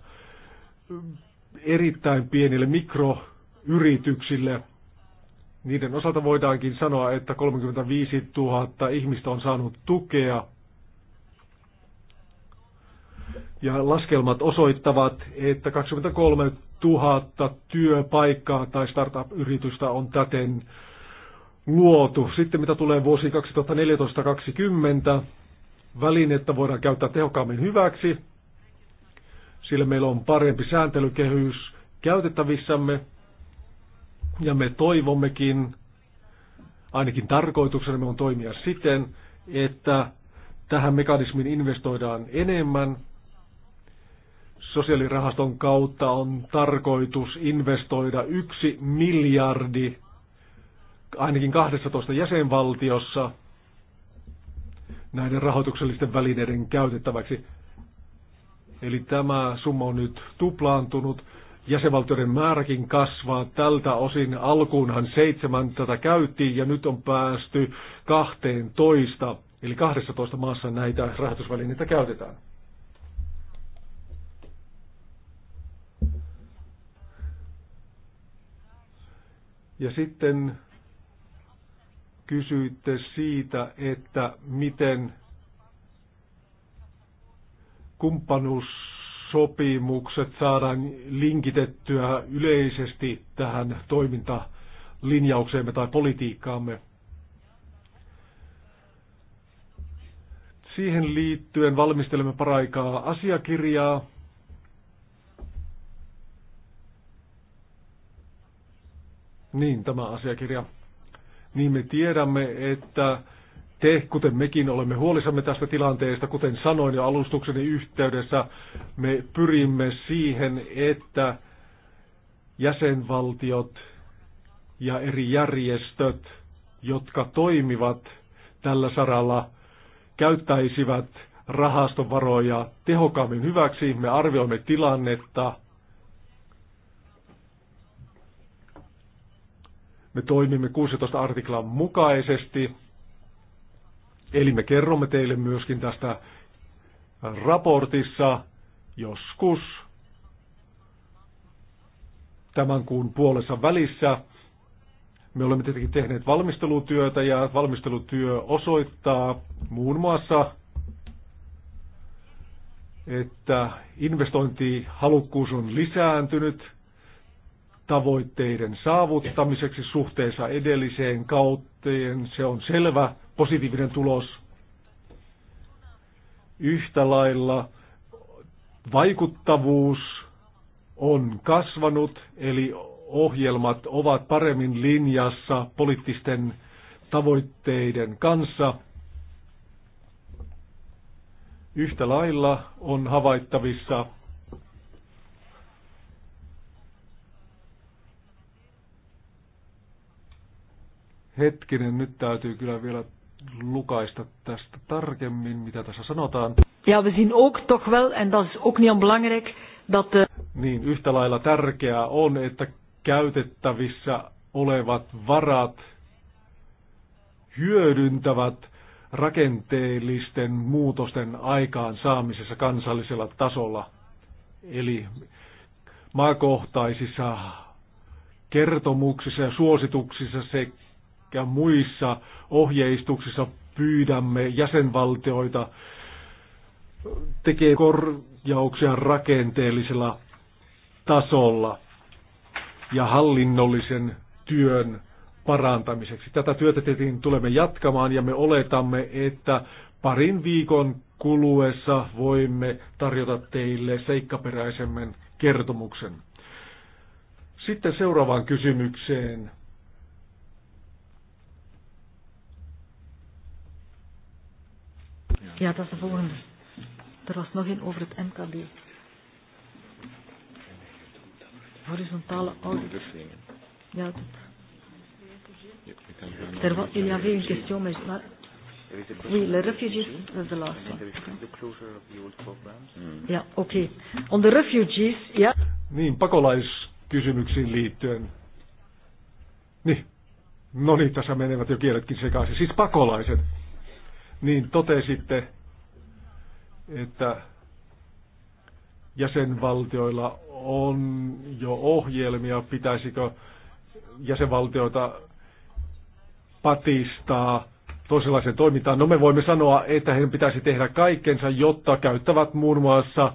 erittäin pienille mikroyrityksille – niiden osalta voidaankin sanoa, että 35 000 ihmistä on saanut tukea. Ja laskelmat osoittavat, että 23 000 työpaikkaa tai startup-yritystä on täten luotu. Sitten mitä tulee vuosi 2014-2020, välinettä voidaan käyttää tehokkaammin hyväksi, sillä meillä on parempi sääntelykehys käytettävissämme. Ja me toivommekin, ainakin tarkoituksena on toimia siten, että tähän mekanismiin investoidaan enemmän. Sosiaalirahaston kautta on tarkoitus investoida yksi miljardi ainakin 12 jäsenvaltiossa näiden rahoituksellisten välineiden käytettäväksi. Eli tämä summa on nyt tuplaantunut jäsenvaltioiden määräkin kasvaa. Tältä osin alkuunhan seitsemän tätä käytiin ja nyt on päästy 12, eli 12 maassa näitä rahoitusvälineitä käytetään. Ja sitten kysyitte siitä, että miten kumppanuus sopimukset saadaan linkitettyä yleisesti tähän toimintalinjaukseemme tai politiikkaamme. Siihen liittyen valmistelemme paraikaa asiakirjaa, Niin, tämä asiakirja. Niin me tiedämme, että te, kuten mekin, olemme huolissamme tästä tilanteesta. Kuten sanoin jo alustukseni yhteydessä, me pyrimme siihen, että jäsenvaltiot ja eri järjestöt, jotka toimivat tällä saralla, käyttäisivät rahastovaroja tehokkaammin hyväksi. Me arvioimme tilannetta. Me toimimme 16 artiklan mukaisesti Eli me kerromme teille myöskin tästä raportissa joskus tämän kuun puolessa välissä. Me olemme tietenkin tehneet valmistelutyötä ja valmistelutyö osoittaa muun muassa, että investointihalukkuus on lisääntynyt – tavoitteiden saavuttamiseksi suhteessa edelliseen kautteen, se on selvä positiivinen tulos. Yhtä lailla vaikuttavuus on kasvanut, eli ohjelmat ovat paremmin linjassa poliittisten tavoitteiden kanssa. Yhtä lailla on havaittavissa Hetkinen, nyt täytyy kyllä vielä lukaista tästä tarkemmin, mitä tässä sanotaan. Ja we zien ook toch wel, en dat is ook niet onbelangrijk, dat... De... Eh, niin, yhtä lailla tärkeää on, että käytettävissä olevat varat hyödyntävät rakenteellisten muutosten aikaan saamisessa kansallisella tasolla. Eli maakohtaisissa kertomuksissa ja suosituksissa se ja muissa ohjeistuksissa pyydämme jäsenvaltioita tekee korjauksia rakenteellisella tasolla ja hallinnollisen työn parantamiseksi. Tätä työtä tietenkin tulemme jatkamaan ja me oletamme, että parin viikon kuluessa voimme tarjota teille seikkaperäisemmän kertomuksen. Sitten seuraavaan kysymykseen. Ja, dat is de volgende. Er was nog een over het MKB. Horizontale audit. Ja, dat. Er was, il y avait une question, mais je Oui, le refugees dat is de laatste. Hmm. Ja, oké. Okay. On the refugees, ja. Yeah. Niin, pakolaiskysymyksiin liittyen. Niin. No niin, tässä menevät jo kieletkin sekaisin. Siis pakolaiset niin totesitte, että jäsenvaltioilla on jo ohjelmia, pitäisikö jäsenvaltioita patistaa toisenlaiseen toimintaan. No me voimme sanoa, että heidän pitäisi tehdä kaikkensa, jotta käyttävät muun muassa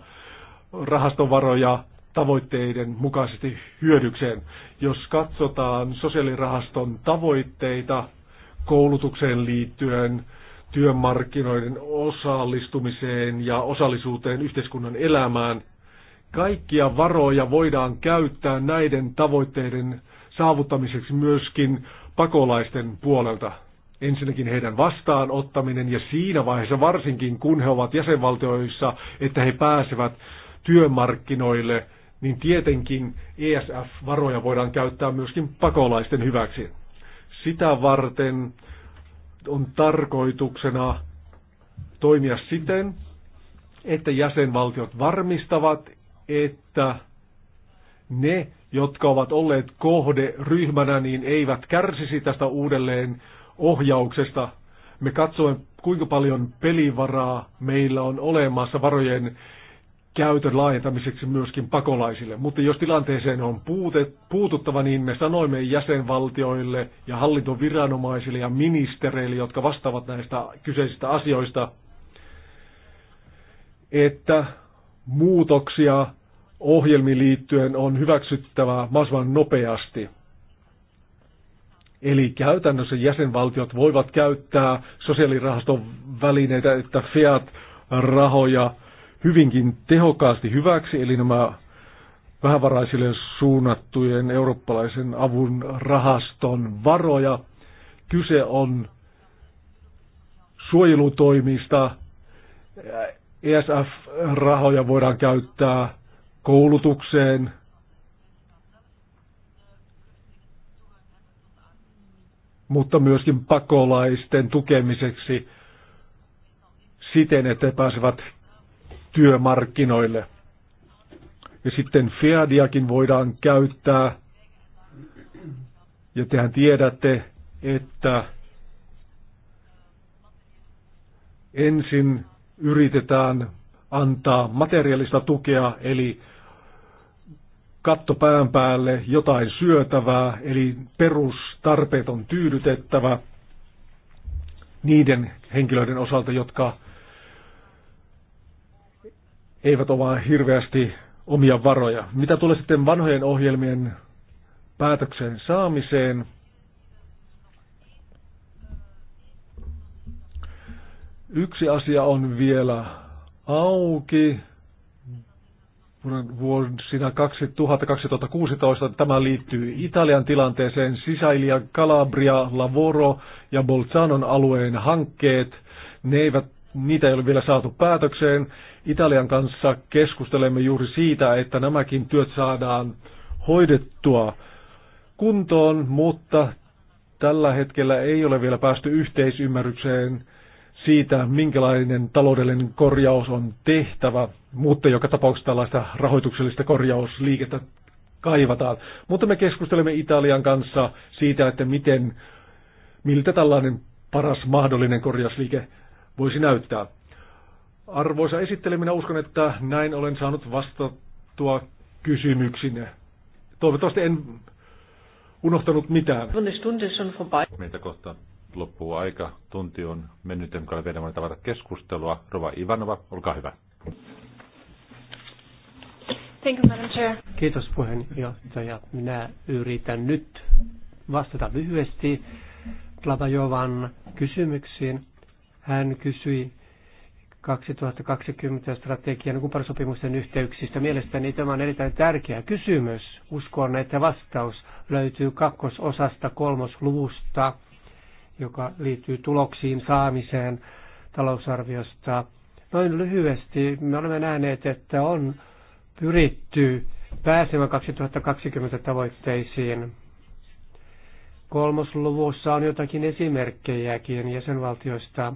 rahastovaroja tavoitteiden mukaisesti hyödykseen. Jos katsotaan sosiaalirahaston tavoitteita koulutukseen liittyen, työmarkkinoiden osallistumiseen ja osallisuuteen yhteiskunnan elämään. Kaikkia varoja voidaan käyttää näiden tavoitteiden saavuttamiseksi myöskin pakolaisten puolelta. Ensinnäkin heidän vastaanottaminen ja siinä vaiheessa varsinkin kun he ovat jäsenvaltioissa, että he pääsevät työmarkkinoille, niin tietenkin ESF-varoja voidaan käyttää myöskin pakolaisten hyväksi. Sitä varten on tarkoituksena toimia siten, että jäsenvaltiot varmistavat, että ne, jotka ovat olleet kohderyhmänä, niin eivät kärsisi tästä uudelleen ohjauksesta. Me katsomme, kuinka paljon pelivaraa meillä on olemassa varojen käytön laajentamiseksi myöskin pakolaisille. Mutta jos tilanteeseen on puute, puututtava, niin me sanoimme jäsenvaltioille ja hallintoviranomaisille ja ministereille, jotka vastaavat näistä kyseisistä asioista, että muutoksia ohjelmiin liittyen on hyväksyttävä mahdollisimman nopeasti. Eli käytännössä jäsenvaltiot voivat käyttää sosiaalirahaston välineitä, että fiat-rahoja, hyvinkin tehokkaasti hyväksi, eli nämä vähävaraisille suunnattujen eurooppalaisen avun rahaston varoja. Kyse on suojelutoimista. ESF-rahoja voidaan käyttää koulutukseen, mutta myöskin pakolaisten tukemiseksi siten, että he pääsevät työmarkkinoille. Ja sitten FEADiakin voidaan käyttää. Ja tehän tiedätte, että ensin yritetään antaa materiaalista tukea, eli katto pään päälle, jotain syötävää, eli perustarpeet on tyydytettävä niiden henkilöiden osalta, jotka eivät omaa hirveästi omia varoja. Mitä tulee sitten vanhojen ohjelmien päätöksen saamiseen, yksi asia on vielä auki vuosina 2000-2016. Tämä liittyy Italian tilanteeseen. Sisäilijä Calabria, Lavoro ja Bolzanon alueen hankkeet, ne eivät niitä ei ole vielä saatu päätökseen. Italian kanssa keskustelemme juuri siitä, että nämäkin työt saadaan hoidettua kuntoon, mutta tällä hetkellä ei ole vielä päästy yhteisymmärrykseen siitä, minkälainen taloudellinen korjaus on tehtävä, mutta joka tapauksessa tällaista rahoituksellista korjausliikettä kaivataan. Mutta me keskustelemme Italian kanssa siitä, että miten, miltä tällainen paras mahdollinen korjausliike voisi näyttää. Arvoisa esittely, minä uskon, että näin olen saanut vastattua kysymyksinne. Toivottavasti en unohtanut mitään. Meitä kohta loppuu aika. Tunti on mennyt, enkä ole vielä tavata keskustelua. Rova Ivanova, olkaa hyvä. Thank you, Madam Chair. Kiitos puheenjohtaja. Minä yritän nyt vastata lyhyesti Glabajovan kysymyksiin. Hän kysyi 2020 strategian kumppanusopimusten yhteyksistä. Mielestäni tämä on erittäin tärkeä kysymys. Uskon, että vastaus löytyy kakkososasta kolmosluvusta, joka liittyy tuloksiin saamiseen talousarviosta. Noin lyhyesti me olemme nähneet, että on pyritty pääsemään 2020 tavoitteisiin. Kolmosluvussa on jotakin esimerkkejäkin jäsenvaltioista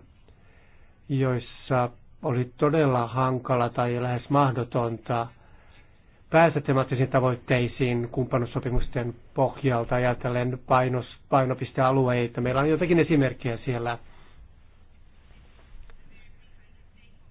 joissa oli todella hankala tai lähes mahdotonta päästä temaattisiin tavoitteisiin kumppanussopimusten pohjalta ajatellen painos, painopistealueita. Meillä on jotakin esimerkkejä siellä.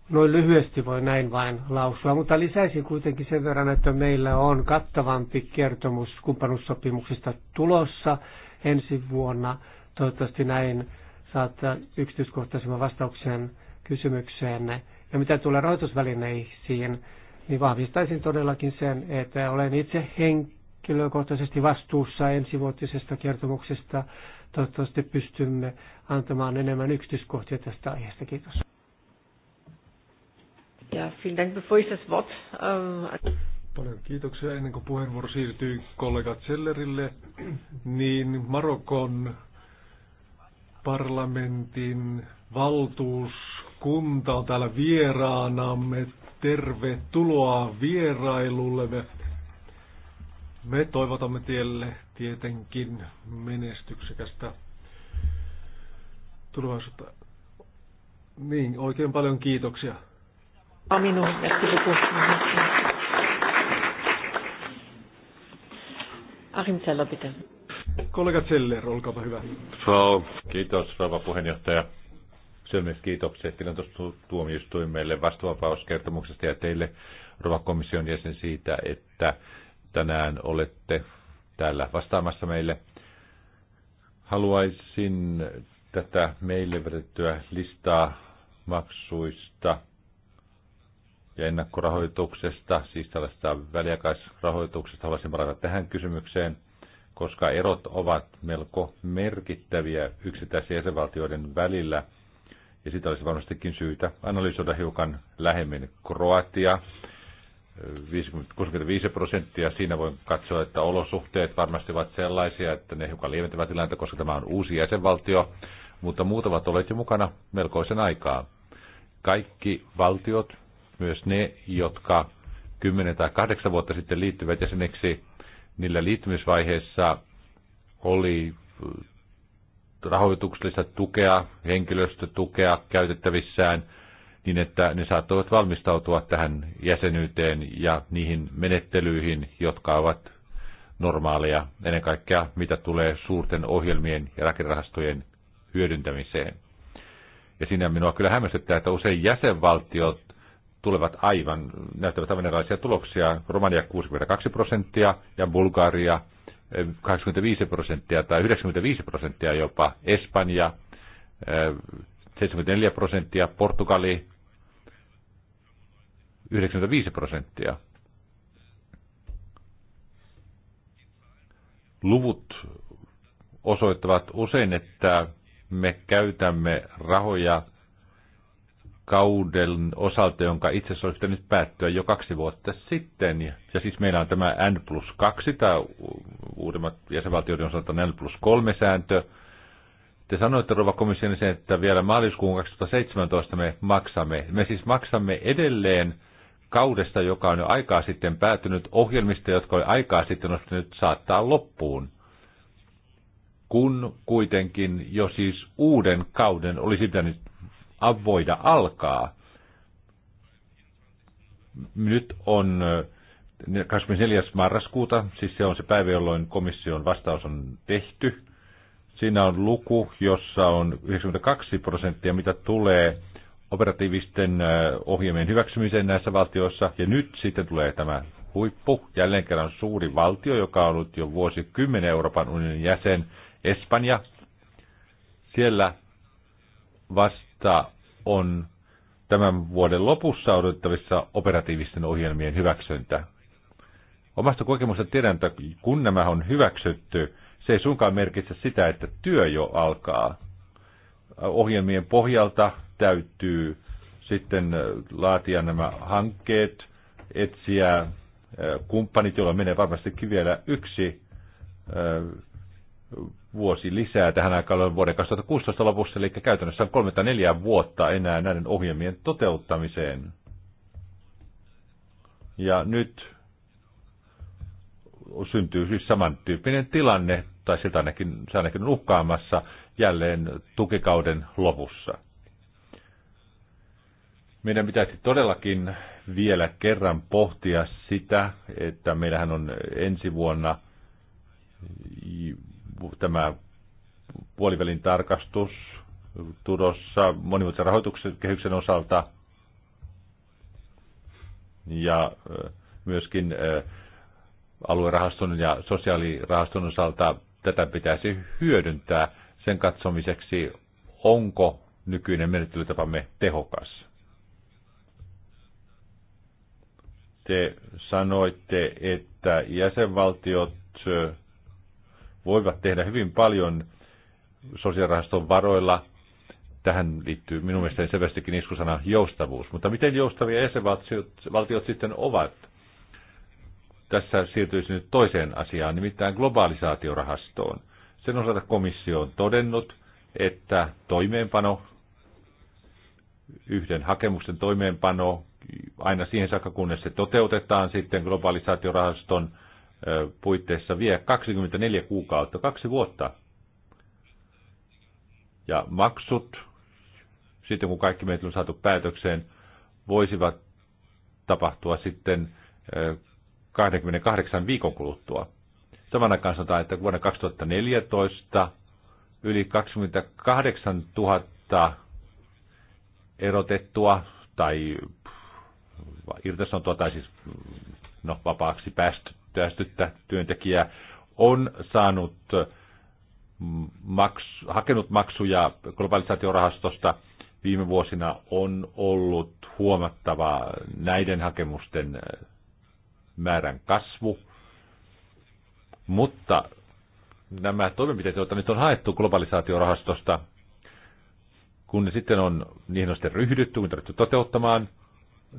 Noin lyhyesti voi näin vain lausua, mutta lisäisin kuitenkin sen verran, että meillä on kattavampi kertomus kumppanussopimuksista tulossa ensi vuonna. Toivottavasti näin saattaa yksityiskohtaisemman vastauksen Kysymykseen, Ja mitä tulee rahoitusvälineisiin, niin vahvistaisin todellakin sen, että olen itse henkilökohtaisesti vastuussa ensivuotisesta kertomuksesta. Toivottavasti pystymme antamaan enemmän yksityiskohtia tästä aiheesta. Kiitos. Ja, vielen Dank, bevor ich das Wort, ähm, Paljon kiitoksia. Ennen kuin puheenvuoro siirtyy kollega Zellerille, niin Marokon parlamentin valtuus Kunta on täällä vieraanamme. Tervetuloa vierailulle. Me Me toivotamme tielle tietenkin menestyksekästä tulevaisuutta. Niin, oikein paljon kiitoksia. Minun, Achim Zeller, bitte. Kollega Zeller, olkaapa hyvä. Frau, kiitos rouva puheenjohtaja. Sydämiset kiitokset meille vastuvapauskertomuksesta ja teille, Rova komission jäsen, siitä, että tänään olette täällä vastaamassa meille. Haluaisin tätä meille vedettyä listaa maksuista ja ennakkorahoituksesta, siis tällaista väliaikaisrahoituksesta, haluaisin palata tähän kysymykseen, koska erot ovat melko merkittäviä yksittäisiä jäsenvaltioiden välillä – ja sitä olisi varmastikin syytä analysoida hiukan lähemmin Kroatia. 65 prosenttia. Siinä voin katsoa, että olosuhteet varmasti ovat sellaisia, että ne hiukan lieventävät tilannetta, koska tämä on uusi jäsenvaltio, mutta muut ovat olleet jo mukana melkoisen aikaa. Kaikki valtiot, myös ne, jotka 10 tai 8 vuotta sitten liittyvät jäseneksi, niillä liittymisvaiheessa oli rahoituksellista tukea, henkilöstötukea käytettävissään, niin että ne saattavat valmistautua tähän jäsenyyteen ja niihin menettelyihin, jotka ovat normaaleja, ennen kaikkea mitä tulee suurten ohjelmien ja rakennerahastojen hyödyntämiseen. Ja siinä minua kyllä hämmästyttää, että usein jäsenvaltiot tulevat aivan, näyttävät aivan erilaisia tuloksia. Romania 62 prosenttia ja Bulgaria 85 prosenttia tai 95 prosenttia jopa Espanja, 74 eh, prosenttia Portugali, 95 prosenttia. Luvut osoittavat usein, että me käytämme rahoja kauden osalta, jonka itse asiassa olisi pitänyt päättyä jo kaksi vuotta sitten. Ja siis meillä on tämä N plus 2, tai uudemmat jäsenvaltioiden osalta N plus 3 sääntö. Te sanoitte, Rova komission, sen, että vielä maaliskuun 2017 me maksamme. Me siis maksamme edelleen kaudesta, joka on jo aikaa sitten päätynyt, ohjelmista, jotka oli aikaa sitten nyt saattaa loppuun kun kuitenkin jo siis uuden kauden olisi pitänyt voida alkaa. Nyt on 24. Äh, marraskuuta, siis se on se päivä, jolloin komission vastaus on tehty. Siinä on luku, jossa on 92 prosenttia, mitä tulee operatiivisten äh, ohjelmien hyväksymiseen näissä valtioissa. Ja nyt sitten tulee tämä huippu, jälleen kerran suuri valtio, joka on ollut jo vuosi 10 Euroopan unionin jäsen, Espanja. Siellä vas- mutta on tämän vuoden lopussa odotettavissa operatiivisten ohjelmien hyväksyntä. Omasta kokemusta tiedän, että kun nämä on hyväksytty, se ei suinkaan merkitse sitä, että työ jo alkaa. Ohjelmien pohjalta täytyy sitten laatia nämä hankkeet, etsiä kumppanit, joilla menee varmastikin vielä yksi vuosi lisää tähän aikaan vuoden 2016 lopussa, eli käytännössä on kolme tai neljä vuotta enää näiden ohjelmien toteuttamiseen. Ja nyt syntyy siis samantyyppinen tilanne, tai sitä ainakin, se ainakin on uhkaamassa jälleen tukikauden lopussa. Meidän pitäisi todellakin vielä kerran pohtia sitä, että meillähän on ensi vuonna tämä puolivälin tarkastus tulossa monimuotoisen rahoituksen kehyksen osalta ja myöskin aluerahaston ja sosiaalirahaston osalta tätä pitäisi hyödyntää sen katsomiseksi, onko nykyinen menettelytapamme tehokas. Te sanoitte, että jäsenvaltiot voivat tehdä hyvin paljon sosiaalirahaston varoilla. Tähän liittyy minun mielestäni selvästikin iskusana joustavuus. Mutta miten joustavia jäsenvaltiot sitten ovat? Tässä siirtyisi nyt toiseen asiaan, nimittäin globalisaatiorahastoon. Sen osalta komissio on todennut, että toimeenpano, yhden hakemuksen toimeenpano, aina siihen saakka kunnes se toteutetaan sitten globalisaatiorahaston puitteissa vie 24 kuukautta, kaksi vuotta. Ja maksut, sitten kun kaikki meitä on saatu päätökseen, voisivat tapahtua sitten 28 viikon kuluttua. Samana kanssa sanotaan, että vuonna 2014 yli 28 000 erotettua tai irtisanottua tai siis no, vapaaksi päästy, täystyttä työntekijää on saanut mm, maks, hakenut maksuja globalisaatiorahastosta viime vuosina on ollut huomattava näiden hakemusten äh, määrän kasvu, mutta nämä toimenpiteet, joita nyt on haettu globalisaatiorahastosta, kun ne sitten on, niihin on sitten ryhdytty, kun on toteuttamaan –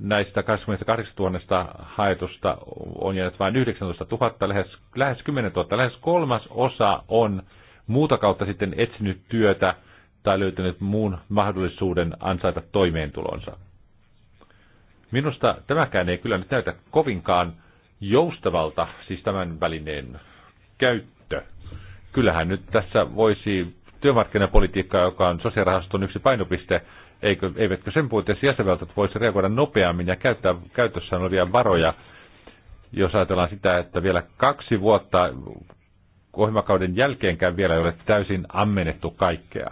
näistä 28 000 haetusta on jäänyt vain 19 000, lähes, lähes 10 000, lähes kolmas osa on muuta kautta sitten etsinyt työtä tai löytänyt muun mahdollisuuden ansaita toimeentulonsa. Minusta tämäkään ei kyllä nyt näytä kovinkaan joustavalta, siis tämän välineen käyttö. Kyllähän nyt tässä voisi työmarkkinapolitiikka, joka on sosiaalirahaston yksi painopiste, Eikö, eivätkö sen puitteissa jäsenvaltiot voisi reagoida nopeammin ja käyttää käytössään olevia varoja, jos ajatellaan sitä, että vielä kaksi vuotta ohjelmakauden jälkeenkään vielä ei ole täysin ammennettu kaikkea.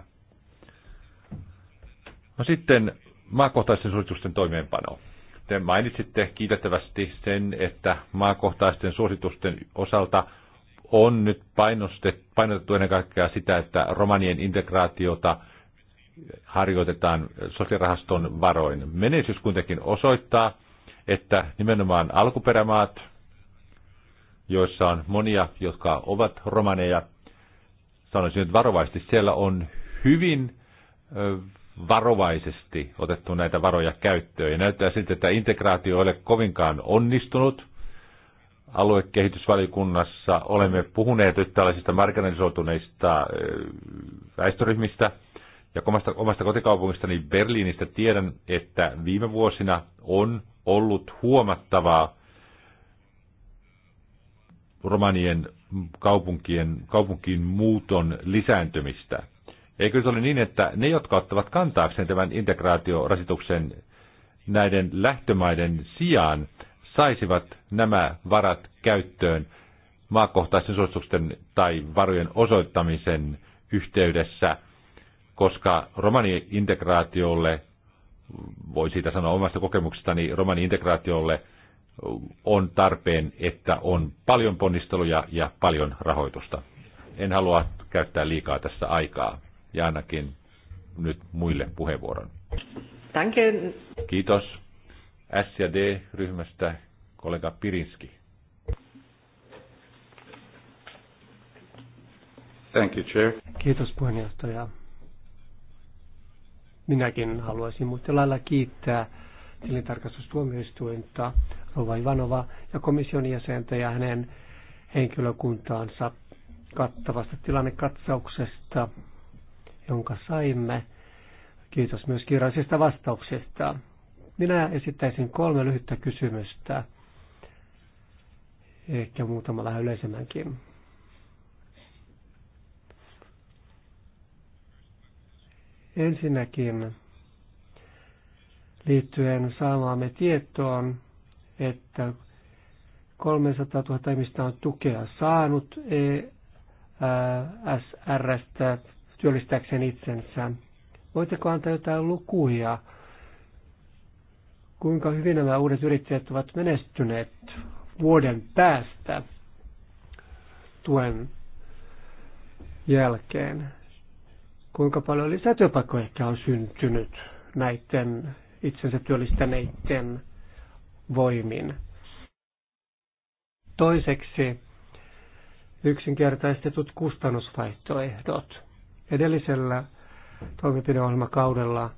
No sitten maakohtaisten suositusten toimeenpano. Te mainitsitte kiitettävästi sen, että maakohtaisten suositusten osalta on nyt painotettu ennen kaikkea sitä, että romanien integraatiota – harjoitetaan sosiaalirahaston varoin. Menestys kuitenkin osoittaa, että nimenomaan alkuperämaat, joissa on monia, jotka ovat romaneja, sanoisin nyt varovaisesti, siellä on hyvin varovaisesti otettu näitä varoja käyttöön. Ja näyttää siltä, että integraatio ei ole kovinkaan onnistunut. Aluekehitysvaliokunnassa olemme puhuneet nyt tällaisista marginalisoituneista väestöryhmistä – ja omasta, omasta kotikaupungistani Berliinistä tiedän, että viime vuosina on ollut huomattavaa romanien kaupunkien, kaupunkiin muuton lisääntymistä. Eikö se ole niin, että ne, jotka ottavat kantaakseen tämän integraatiorasituksen näiden lähtömaiden sijaan, saisivat nämä varat käyttöön maakohtaisten suositusten tai varojen osoittamisen yhteydessä – koska romani-integraatiolle, voi siitä sanoa omasta kokemuksestani, romani-integraatiolle on tarpeen, että on paljon ponnisteluja ja paljon rahoitusta. En halua käyttää liikaa tässä aikaa ja ainakin nyt muille puheenvuoron. Danke. Kiitos. S- ja D-ryhmästä kollega Pirinski. Thank you, Chair. Kiitos puheenjohtaja. Minäkin haluaisin muuten lailla kiittää tilintarkastustuomioistuinta Rova Ivanova ja komission jäsentä ja hänen henkilökuntaansa kattavasta tilannekatsauksesta, jonka saimme. Kiitos myös kirjallisista vastauksista. Minä esittäisin kolme lyhyttä kysymystä, ehkä muutamalla yleisemmänkin. Ensinnäkin liittyen saamaamme tietoon, että 300 000 ihmistä on tukea saanut ESRstä työllistääkseen itsensä. Voitteko antaa jotain lukuja, kuinka hyvin nämä uudet yrittäjät ovat menestyneet vuoden päästä tuen jälkeen? kuinka paljon lisätyöpaikkoja ehkä on syntynyt näiden itsensä työllistäneiden voimin. Toiseksi yksinkertaistetut kustannusvaihtoehdot. Edellisellä toimenpideohjelmakaudella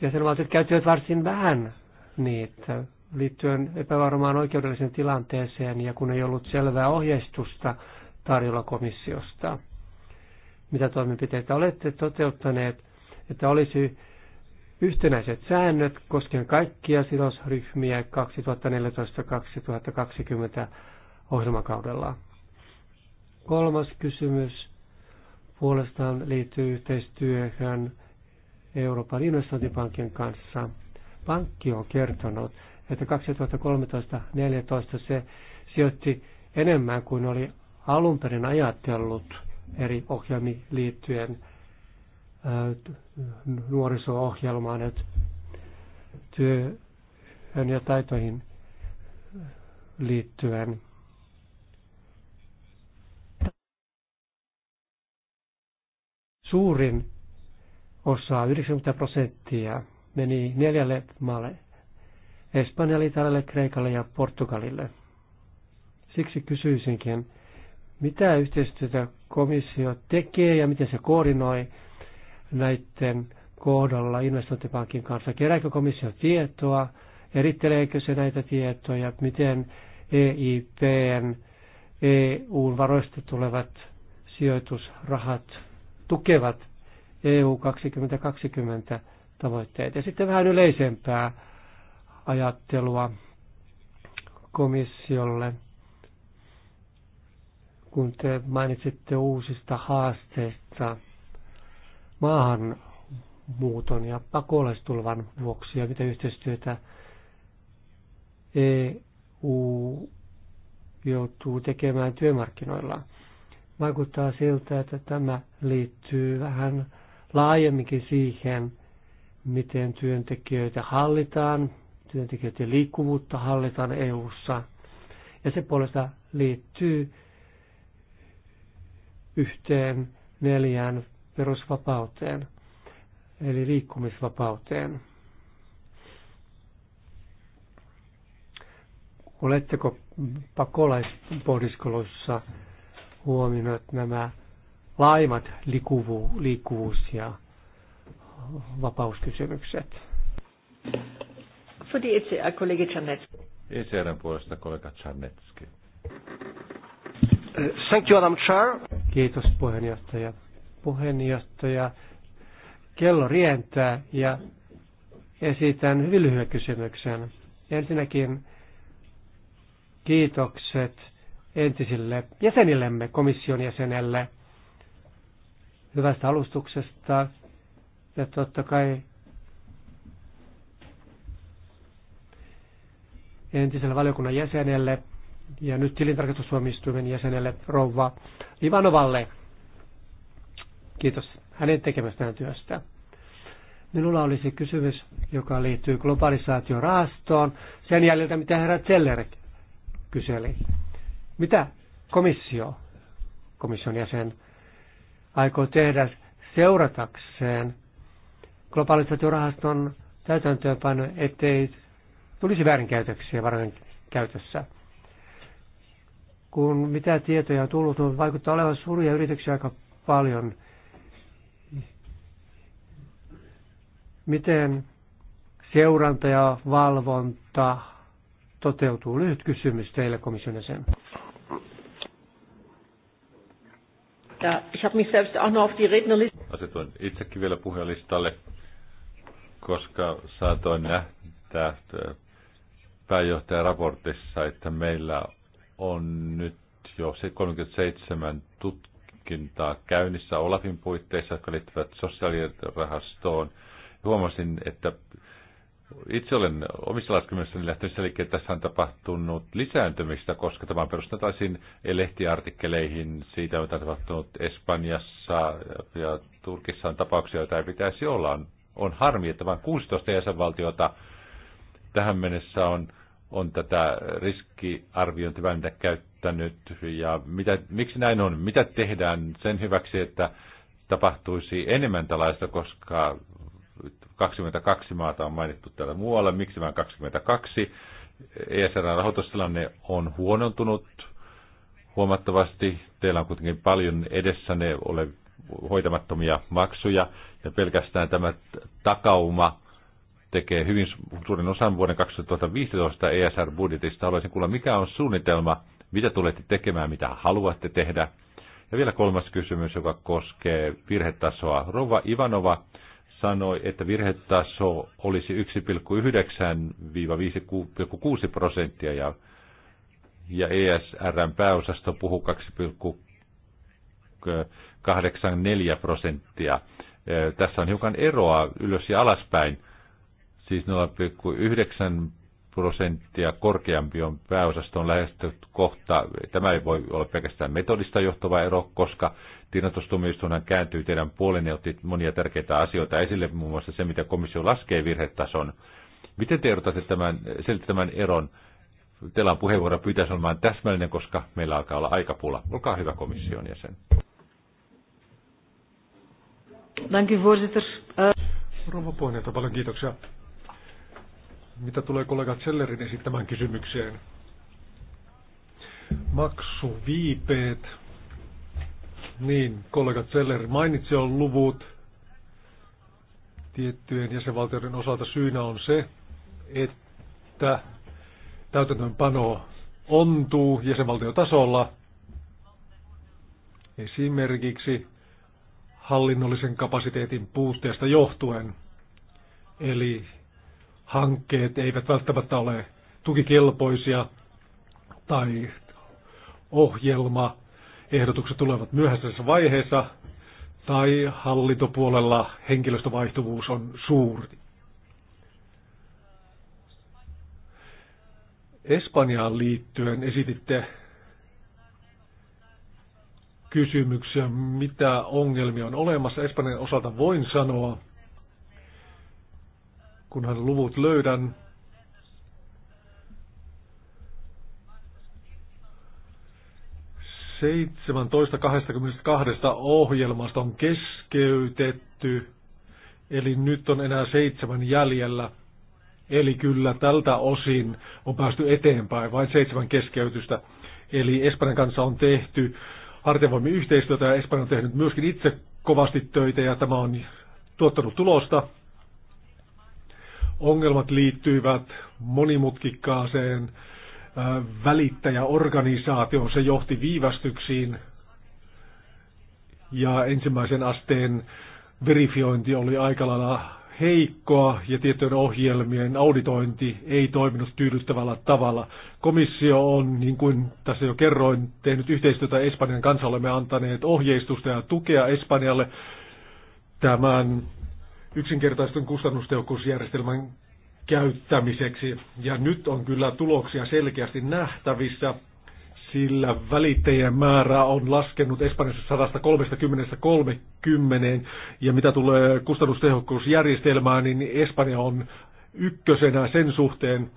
jäsenvaltiot käyttivät varsin vähän niitä liittyen epävarmaan oikeudelliseen tilanteeseen ja kun ei ollut selvää ohjeistusta tarjolla komissiosta – mitä toimenpiteitä olette toteuttaneet, että olisi yhtenäiset säännöt koskien kaikkia sidosryhmiä 2014-2020 ohjelmakaudella. Kolmas kysymys puolestaan liittyy yhteistyöhön Euroopan investointipankin kanssa. Pankki on kertonut, että 2013-2014 se sijoitti enemmän kuin oli alun perin ajatellut eri ohjelmiin liittyen äh, nuoriso-ohjelmaan, työhön ja taitoihin liittyen. Suurin osa, 90 prosenttia, meni neljälle maalle, Espanjalle, Italialle, Kreikalle ja Portugalille. Siksi kysyisinkin, mitä yhteistyötä komissio tekee ja miten se koordinoi näiden kohdalla investointipankin kanssa. Kerääkö komissio tietoa, eritteleekö se näitä tietoja, miten EIPn EUn varoista tulevat sijoitusrahat tukevat EU 2020 tavoitteet. Ja sitten vähän yleisempää ajattelua komissiolle kun te mainitsitte uusista haasteista maahanmuuton ja pakolaistulvan vuoksi ja mitä yhteistyötä EU joutuu tekemään työmarkkinoilla. Vaikuttaa siltä, että tämä liittyy vähän laajemminkin siihen, miten työntekijöitä hallitaan, työntekijöiden liikkuvuutta hallitaan EU:ssa. Ja se puolesta liittyy yhteen neljään perusvapauteen, eli liikkumisvapauteen. Oletteko pakolaispohdiskelussa huomioineet nämä laimat liikkuvuus ja vapauskysymykset? Fordi itse kollega Czarnecki. ECRn puolesta kollega Czarnecki. Thank you, Madam Chair. Kiitos puheenjohtaja. Puheenjohtaja, kello rientää ja esitän hyvin lyhyen kysymyksen. Ensinnäkin kiitokset entisille jäsenillemme, komission jäsenelle, hyvästä alustuksesta ja totta kai entiselle valiokunnan jäsenelle ja nyt tilintarkastustuomioistuimen jäsenelle rouva Ivanovalle. Kiitos hänen tekemästään työstä. Minulla olisi kysymys, joka liittyy globalisaatiorahastoon, sen jäljiltä mitä herra Zeller kyseli. Mitä komissio, komission jäsen, aikoo tehdä seuratakseen globalisaatiorahaston täytäntöönpano, ettei tulisi väärinkäytöksiä varojen käytössä? kun mitä tietoja on tullut, on vaikuttaa olevan suuria yrityksiä aika paljon. Miten seuranta ja valvonta toteutuu? Lyhyt kysymys teille komission jäsen. Asetuin itsekin vielä puhelistalle, koska saatoin nähdä äh, pääjohtajan raportissa, että meillä on nyt jo 37 tutkintaa käynnissä Olafin puitteissa, jotka liittyvät sosiaalirahastoon. Huomasin, että itse olen omissa laskelmissani lähtenyt selkeä, että tässä on tapahtunut lisääntymistä, koska tämä perustetaisiin lehtiartikkeleihin siitä, mitä on tapahtunut Espanjassa ja Turkissa on tapauksia, joita ei pitäisi olla. On, on harmi, että vain 16 jäsenvaltiota tähän mennessä on on tätä riskiarviointivälintä käyttänyt ja mitä, miksi näin on? Mitä tehdään sen hyväksi, että tapahtuisi enemmän tällaista, koska 22 maata on mainittu täällä muualla, miksi vain 22? ESR-rahoitustilanne on huonontunut huomattavasti. Teillä on kuitenkin paljon edessäne, ole hoitamattomia maksuja ja pelkästään tämä takauma tekee hyvin suurin osan vuoden 2015 ESR-budjetista. Haluaisin kuulla, mikä on suunnitelma, mitä tulette tekemään, mitä haluatte tehdä. Ja vielä kolmas kysymys, joka koskee virhetasoa. Rova Ivanova sanoi, että virhetaso olisi 1,9-5,6 prosenttia ja, ja ESRn pääosasto puhuu 2,84 prosenttia. Tässä on hiukan eroa ylös ja alaspäin siis 0,9 prosenttia korkeampi on pääosaston lähestynyt kohta. Tämä ei voi olla pelkästään metodista johtuva ero, koska tiedotustuomioistuinhan kääntyy teidän puolen ja otti monia tärkeitä asioita esille, muun muassa se, mitä komissio laskee virhetason. Miten te erotatte tämän, tämän eron? Teillä on puheenvuoro, pyytäisi olemaan täsmällinen, koska meillä alkaa olla aikapula. Olkaa hyvä komission jäsen. Dank voorzitter. Rouva puheenjohtaja, paljon kiitoksia mitä tulee kollega Zellerin esittämään kysymykseen. Maksuviipeet. Niin, kollega Zeller mainitsi on luvut tiettyjen jäsenvaltioiden osalta syynä on se, että täytäntöönpano ontuu jäsenvaltiotasolla. Esimerkiksi hallinnollisen kapasiteetin puutteesta johtuen. Eli hankkeet eivät välttämättä ole tukikelpoisia tai ohjelma ehdotukset tulevat myöhäisessä vaiheessa tai hallintopuolella henkilöstövaihtuvuus on suuri. Espanjaan liittyen esititte kysymyksiä, mitä ongelmia on olemassa. Espanjan osalta voin sanoa, kunhan luvut löydän. Seitsemäntoista kahdesta ohjelmasta on keskeytetty, eli nyt on enää seitsemän jäljellä. Eli kyllä tältä osin on päästy eteenpäin, vain seitsemän keskeytystä. Eli Espanjan kanssa on tehty hartiavoimin yhteistyötä ja Espanja on tehnyt myöskin itse kovasti töitä ja tämä on tuottanut tulosta. Ongelmat liittyivät monimutkikkaaseen välittäjäorganisaatioon. Se johti viivästyksiin ja ensimmäisen asteen verifiointi oli aika lailla heikkoa ja tietojen ohjelmien auditointi ei toiminut tyydyttävällä tavalla. Komissio on, niin kuin tässä jo kerroin, tehnyt yhteistyötä Espanjan kanssa. Olemme antaneet ohjeistusta ja tukea Espanjalle tämän yksinkertaisten kustannustehokkuusjärjestelmän käyttämiseksi. Ja nyt on kyllä tuloksia selkeästi nähtävissä, sillä välittäjien määrä on laskenut Espanjassa 130-30, ja mitä tulee kustannustehokkuusjärjestelmään, niin Espanja on ykkösenä sen suhteen,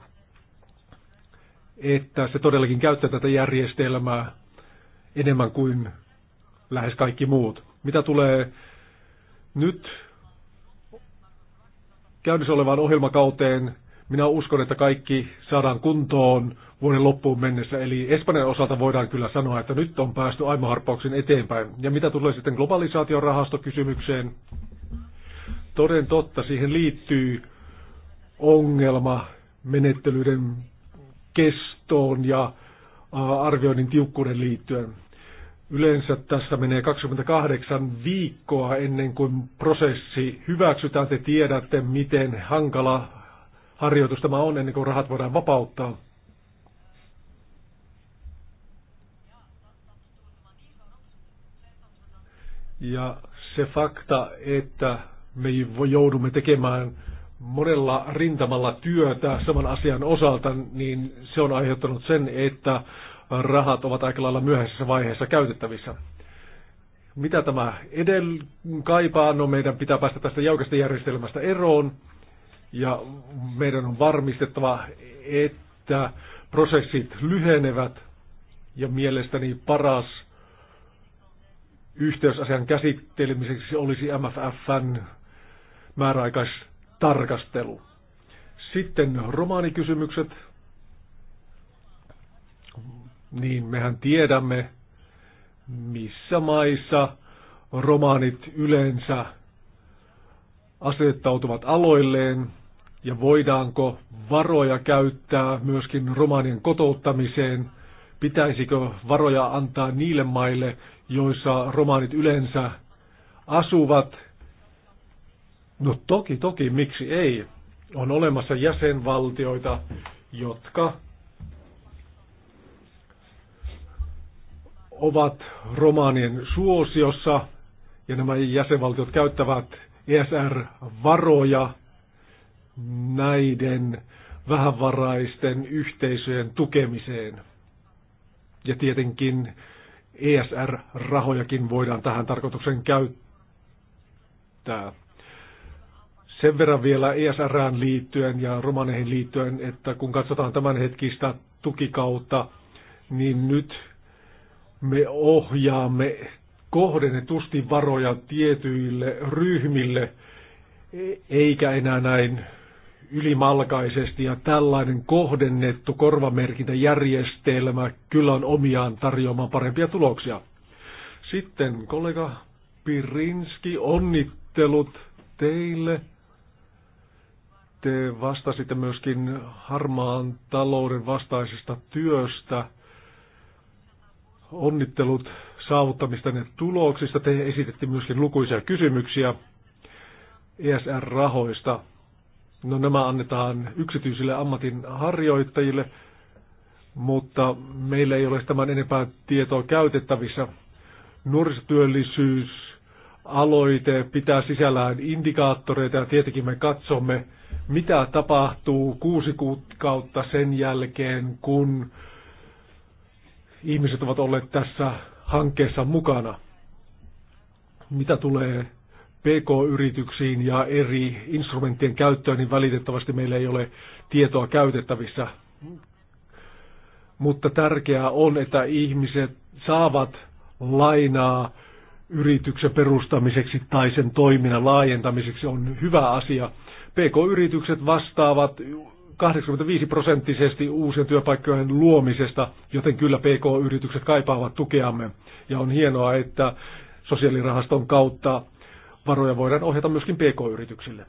että se todellakin käyttää tätä järjestelmää enemmän kuin lähes kaikki muut. Mitä tulee nyt käynnissä olevaan ohjelmakauteen minä uskon, että kaikki saadaan kuntoon vuoden loppuun mennessä. Eli Espanjan osalta voidaan kyllä sanoa, että nyt on päästy aimoharppauksen eteenpäin. Ja mitä tulee sitten globalisaation rahastokysymykseen, toden totta siihen liittyy ongelma menettelyiden kestoon ja arvioinnin tiukkuuden liittyen. Yleensä tässä menee 28 viikkoa ennen kuin prosessi hyväksytään. Te tiedätte, miten hankala harjoitus tämä on ennen kuin rahat voidaan vapauttaa. Ja se fakta, että me joudumme tekemään monella rintamalla työtä saman asian osalta, niin se on aiheuttanut sen, että rahat ovat aika lailla myöhäisessä vaiheessa käytettävissä. Mitä tämä edel kaipaa? No meidän pitää päästä tästä jäykästä järjestelmästä eroon ja meidän on varmistettava, että prosessit lyhenevät ja mielestäni paras yhteysasian käsittelemiseksi olisi MFFn määräaikaistarkastelu. Sitten romaanikysymykset niin mehän tiedämme, missä maissa romaanit yleensä asettautuvat aloilleen ja voidaanko varoja käyttää myöskin romaanien kotouttamiseen, pitäisikö varoja antaa niille maille, joissa romaanit yleensä asuvat. No toki, toki, miksi ei? On olemassa jäsenvaltioita, jotka ovat romaanien suosiossa ja nämä jäsenvaltiot käyttävät ESR-varoja näiden vähävaraisten yhteisöjen tukemiseen. Ja tietenkin ESR-rahojakin voidaan tähän tarkoituksen käyttää. Sen verran vielä ESRään liittyen ja romaneihin liittyen, että kun katsotaan tämänhetkistä tukikautta, niin nyt me ohjaamme kohdennetusti varoja tietyille ryhmille, eikä enää näin ylimalkaisesti ja tällainen kohdennettu korvamerkintäjärjestelmä kyllä on omiaan tarjoamaan parempia tuloksia. Sitten kollega Pirinski, onnittelut teille. Te vastasitte myöskin harmaan talouden vastaisesta työstä onnittelut ne tuloksista. Te esitettiin myöskin lukuisia kysymyksiä ESR-rahoista. No nämä annetaan yksityisille ammatin harjoittajille, mutta meillä ei ole tämän enempää tietoa käytettävissä. Nuorisotyöllisyys aloite pitää sisällään indikaattoreita ja tietenkin me katsomme, mitä tapahtuu kuusi kuukautta sen jälkeen, kun ihmiset ovat olleet tässä hankkeessa mukana. Mitä tulee PK-yrityksiin ja eri instrumenttien käyttöön, niin valitettavasti meillä ei ole tietoa käytettävissä. Mutta tärkeää on, että ihmiset saavat lainaa yrityksen perustamiseksi tai sen toiminnan laajentamiseksi on hyvä asia. PK-yritykset vastaavat 85 prosenttisesti uusien työpaikkojen luomisesta, joten kyllä PK-yritykset kaipaavat tukeamme. Ja on hienoa, että sosiaalirahaston kautta varoja voidaan ohjata myöskin PK-yrityksille.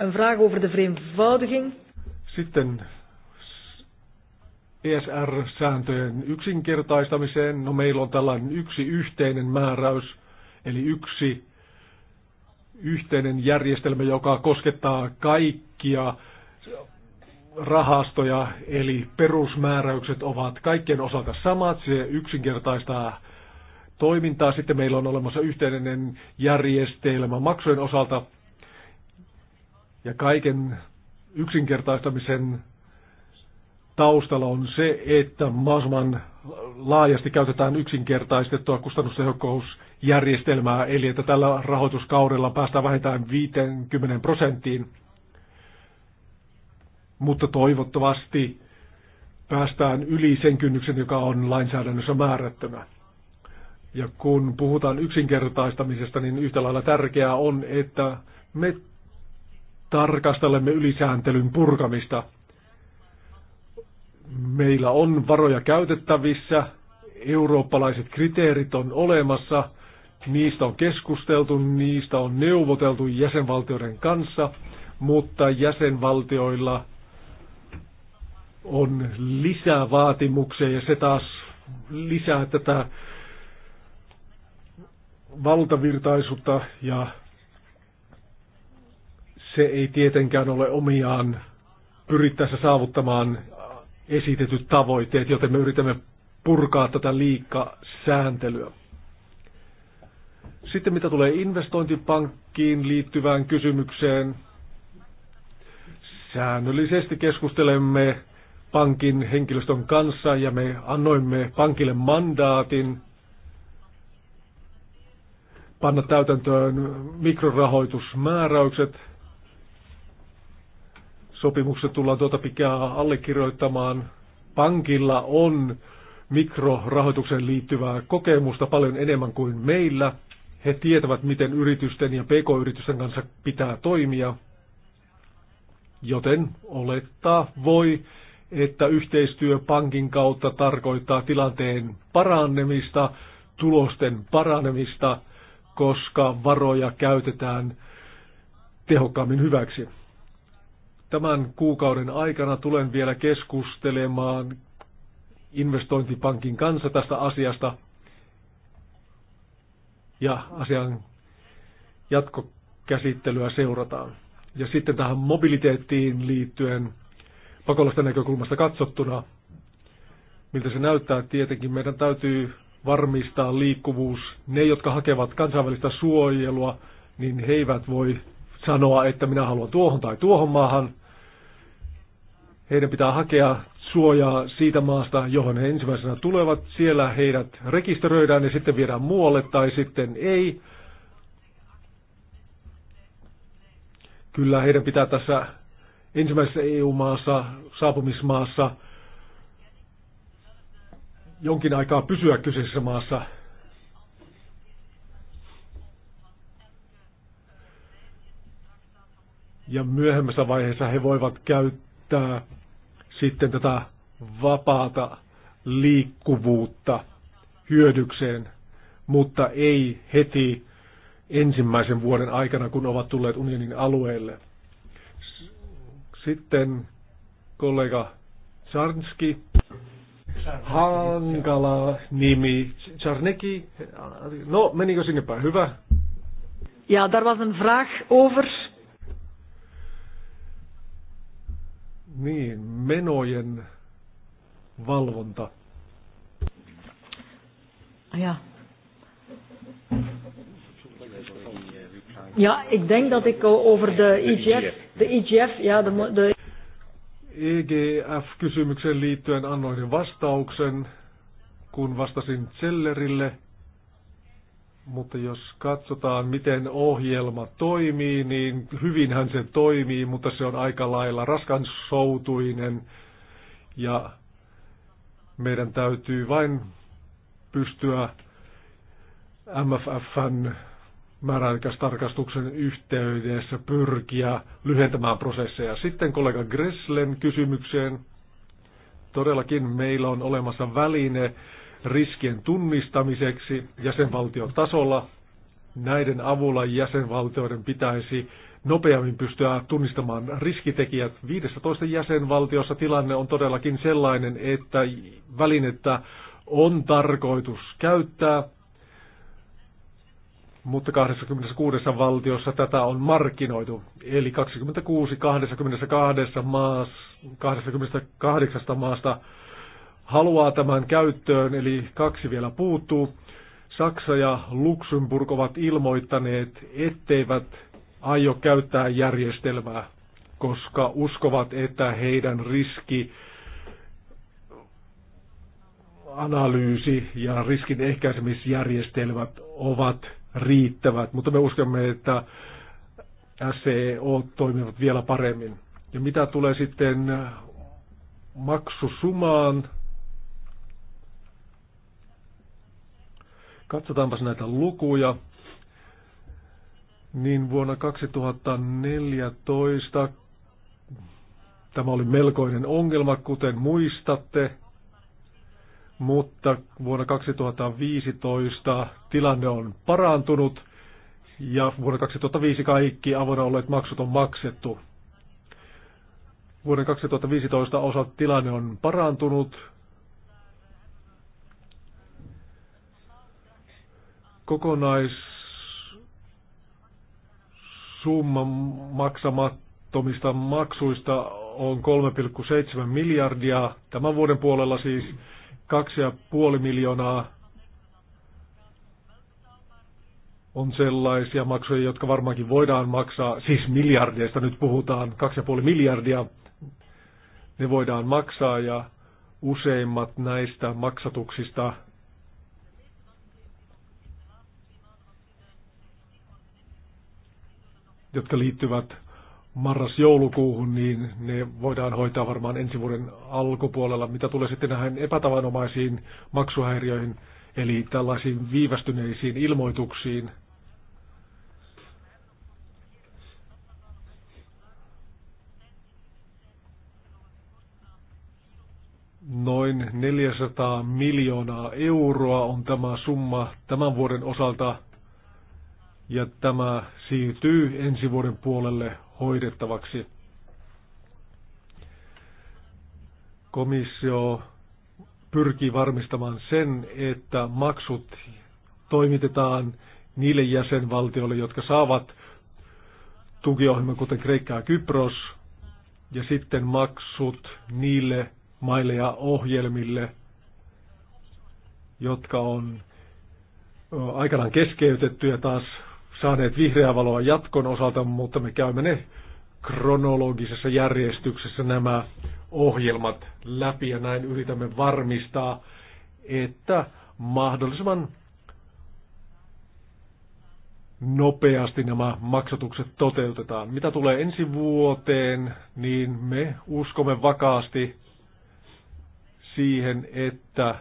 Een vraag over de vereenvoudiging. Sitten ESR-sääntöjen yksinkertaistamiseen. No meillä on tällainen yksi yhteinen määräys, eli yksi yhteinen järjestelmä, joka koskettaa kaikkia rahastoja, eli perusmääräykset ovat kaikkien osalta samat, se yksinkertaistaa toimintaa. Sitten meillä on olemassa yhteinen järjestelmä maksujen osalta ja kaiken yksinkertaistamisen taustalla on se, että mahdollisimman laajasti käytetään yksinkertaistettua kustannustehokkuusjärjestelmää, eli että tällä rahoituskaudella päästään vähintään 50 prosenttiin, mutta toivottavasti päästään yli sen kynnyksen, joka on lainsäädännössä määrättömä. Ja kun puhutaan yksinkertaistamisesta, niin yhtä lailla tärkeää on, että me tarkastelemme ylisääntelyn purkamista – meillä on varoja käytettävissä, eurooppalaiset kriteerit on olemassa, niistä on keskusteltu, niistä on neuvoteltu jäsenvaltioiden kanssa, mutta jäsenvaltioilla on lisää vaatimuksia ja se taas lisää tätä valtavirtaisuutta ja se ei tietenkään ole omiaan pyrittäessä saavuttamaan esitetyt tavoitteet, joten me yritämme purkaa tätä liikkasääntelyä. Sitten mitä tulee investointipankkiin liittyvään kysymykseen, säännöllisesti keskustelemme pankin henkilöstön kanssa ja me annoimme pankille mandaatin panna täytäntöön mikrorahoitusmääräykset – sopimukset tullaan tuota pikkiä allekirjoittamaan. Pankilla on mikrorahoitukseen liittyvää kokemusta paljon enemmän kuin meillä. He tietävät, miten yritysten ja pk-yritysten kanssa pitää toimia, joten olettaa voi, että yhteistyö pankin kautta tarkoittaa tilanteen parannemista, tulosten parannemista, koska varoja käytetään tehokkaammin hyväksi. Tämän kuukauden aikana tulen vielä keskustelemaan investointipankin kanssa tästä asiasta ja asian jatkokäsittelyä seurataan. Ja sitten tähän mobiliteettiin liittyen pakolaisten näkökulmasta katsottuna, miltä se näyttää, tietenkin meidän täytyy varmistaa liikkuvuus. Ne, jotka hakevat kansainvälistä suojelua, niin he eivät voi sanoa, että minä haluan tuohon tai tuohon maahan. Heidän pitää hakea suojaa siitä maasta, johon he ensimmäisenä tulevat. Siellä heidät rekisteröidään ja sitten viedään muualle tai sitten ei. Kyllä heidän pitää tässä ensimmäisessä EU-maassa, saapumismaassa, jonkin aikaa pysyä kyseisessä maassa – Ja myöhemmässä vaiheessa he voivat käyttää sitten tätä vapaata liikkuvuutta hyödykseen, mutta ei heti ensimmäisen vuoden aikana, kun ovat tulleet unionin alueelle. Sitten kollega Czarnski, hankala nimi, Czarneki, no menikö sinne päin, hyvä. Ja, daar was een vraag over Niin, menojen valvonta. Ja. Ja, ik denk dat ik over de EGF, de EGF, ja, de, de... EGF-kysymykseen liittyen annoin vastauksen, kun vastasin Zellerille. Mutta jos katsotaan, miten ohjelma toimii, niin hyvinhän se toimii, mutta se on aika lailla raskansoutuinen. Ja meidän täytyy vain pystyä MFFn määräaikaistarkastuksen yhteydessä pyrkiä lyhentämään prosesseja. Sitten kollega Gresslen kysymykseen. Todellakin meillä on olemassa väline, riskien tunnistamiseksi jäsenvaltion tasolla. Näiden avulla jäsenvaltioiden pitäisi nopeammin pystyä tunnistamaan riskitekijät. 15 jäsenvaltiossa tilanne on todellakin sellainen, että välinettä on tarkoitus käyttää, mutta 26 valtiossa tätä on markkinoitu. Eli 26, 22 maassa, 28 maasta haluaa tämän käyttöön, eli kaksi vielä puuttuu. Saksa ja Luxemburg ovat ilmoittaneet, etteivät aio käyttää järjestelmää, koska uskovat, että heidän riski analyysi ja riskin ehkäisemisjärjestelmät ovat riittävät, mutta me uskomme, että SEO toimivat vielä paremmin. Ja mitä tulee sitten maksusumaan, Katsotaanpas näitä lukuja. Niin vuonna 2014 tämä oli melkoinen ongelma, kuten muistatte, mutta vuonna 2015 tilanne on parantunut ja vuonna 2005 kaikki avoinna olleet maksut on maksettu. Vuoden 2015 osalta tilanne on parantunut Kokonaissumma maksamattomista maksuista on 3,7 miljardia. Tämän vuoden puolella siis 2,5 miljoonaa on sellaisia maksuja, jotka varmaankin voidaan maksaa, siis miljardeista nyt puhutaan, 2,5 miljardia, ne voidaan maksaa ja useimmat näistä maksatuksista jotka liittyvät marras-joulukuuhun, niin ne voidaan hoitaa varmaan ensi vuoden alkupuolella. Mitä tulee sitten näihin epätavanomaisiin maksuhäiriöihin, eli tällaisiin viivästyneisiin ilmoituksiin, noin 400 miljoonaa euroa on tämä summa tämän vuoden osalta ja tämä siirtyy ensi vuoden puolelle hoidettavaksi. Komissio pyrkii varmistamaan sen, että maksut toimitetaan niille jäsenvaltioille, jotka saavat tukiohjelman, kuten Kreikka ja Kypros, ja sitten maksut niille maille ja ohjelmille, jotka on aikanaan keskeytetty ja taas saaneet vihreää valoa jatkon osalta, mutta me käymme ne kronologisessa järjestyksessä nämä ohjelmat läpi ja näin yritämme varmistaa, että mahdollisimman nopeasti nämä maksatukset toteutetaan. Mitä tulee ensi vuoteen, niin me uskomme vakaasti siihen, että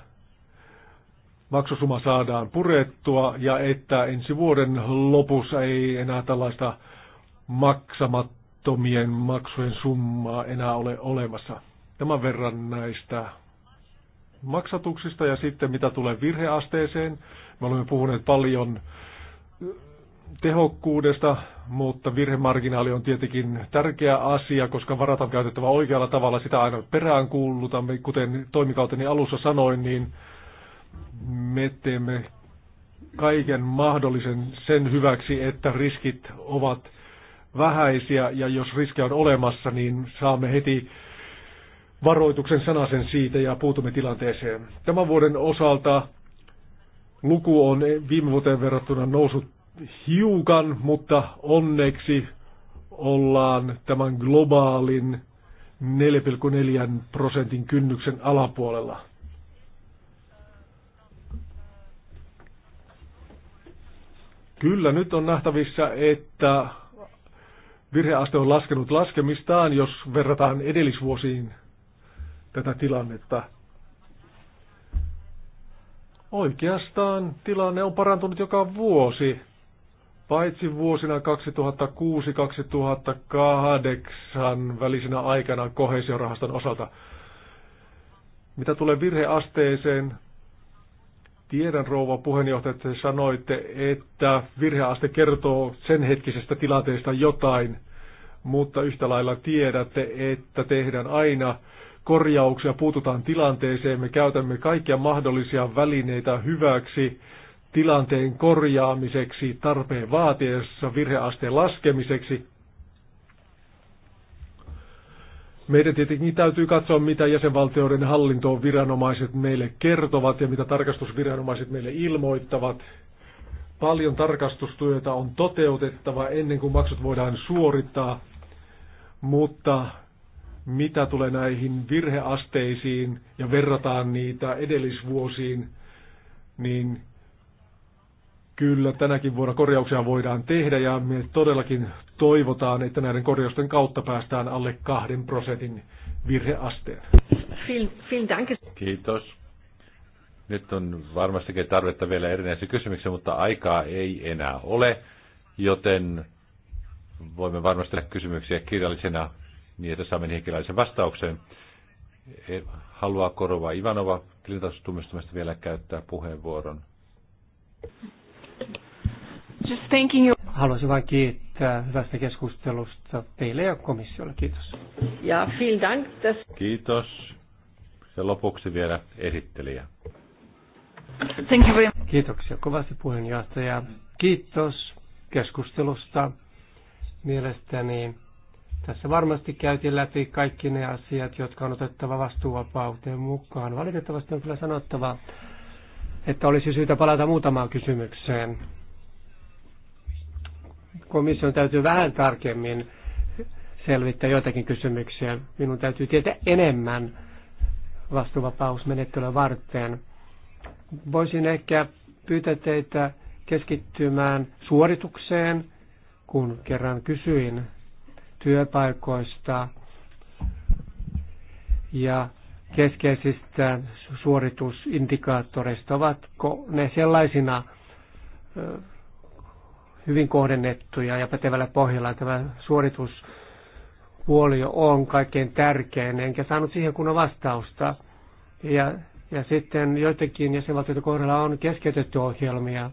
maksusuma saadaan purettua ja että ensi vuoden lopussa ei enää tällaista maksamattomien maksujen summaa enää ole olemassa. Tämän verran näistä maksatuksista ja sitten mitä tulee virheasteeseen. Me olemme puhuneet paljon tehokkuudesta, mutta virhemarginaali on tietenkin tärkeä asia, koska varat on käytettävä oikealla tavalla. Sitä aina peräänkuulutamme, kuten toimikauteni alussa sanoin, niin me teemme kaiken mahdollisen sen hyväksi, että riskit ovat vähäisiä ja jos riskejä on olemassa, niin saamme heti varoituksen sanasen siitä ja puutumme tilanteeseen. Tämän vuoden osalta luku on viime vuoteen verrattuna noussut hiukan, mutta onneksi ollaan tämän globaalin 4,4 prosentin kynnyksen alapuolella. Kyllä nyt on nähtävissä, että virheaste on laskenut laskemistaan, jos verrataan edellisvuosiin tätä tilannetta. Oikeastaan tilanne on parantunut joka vuosi, paitsi vuosina 2006-2008 välisenä aikana kohesiorahaston osalta. Mitä tulee virheasteeseen, Tiedän, rouva puheenjohtaja, että sanoitte, että virheaste kertoo sen hetkisestä tilanteesta jotain, mutta yhtä lailla tiedätte, että tehdään aina korjauksia, puututaan tilanteeseen, me käytämme kaikkia mahdollisia välineitä hyväksi tilanteen korjaamiseksi, tarpeen vaatiessa virheasteen laskemiseksi. Meidän tietenkin täytyy katsoa, mitä jäsenvaltioiden hallintoon viranomaiset meille kertovat ja mitä tarkastusviranomaiset meille ilmoittavat. Paljon tarkastustyötä on toteutettava ennen kuin maksut voidaan suorittaa, mutta mitä tulee näihin virheasteisiin ja verrataan niitä edellisvuosiin, niin kyllä tänäkin vuonna korjauksia voidaan tehdä ja me todellakin toivotaan, että näiden korjausten kautta päästään alle kahden prosentin virheasteen. Kiitos. Nyt on varmastikin tarvetta vielä erinäisiä kysymyksiä, mutta aikaa ei enää ole, joten voimme varmasti kysymyksiä kirjallisena niin, että saamme kirjallisen vastauksen. E, Haluaa Korova Ivanova tilintarkastustumistumista vielä käyttää puheenvuoron. Just thanking you haluaisin vain kiittää hyvästä keskustelusta teille ja komissiolle. Kiitos. Ja vielen dank. Kiitos. Ja lopuksi vielä esittelijä. Thank you very much. Kiitoksia kovasti puheenjohtaja. Kiitos keskustelusta. Mielestäni tässä varmasti käytiin läpi kaikki ne asiat, jotka on otettava vastuuvapauteen mukaan. Valitettavasti on kyllä sanottava, että olisi syytä palata muutamaan kysymykseen komission täytyy vähän tarkemmin selvittää joitakin kysymyksiä. Minun täytyy tietää enemmän vastuvapausmenettelyä varten. Voisin ehkä pyytää teitä keskittymään suoritukseen, kun kerran kysyin työpaikoista ja keskeisistä suoritusindikaattoreista. Ovatko ne sellaisina hyvin kohdennettuja ja pätevällä pohjalla. Tämä suorituspuoli on kaikkein tärkein, enkä saanut siihen kunnon vastausta. Ja, ja sitten joitakin jäsenvaltioiden kohdalla on keskeytetty ohjelmia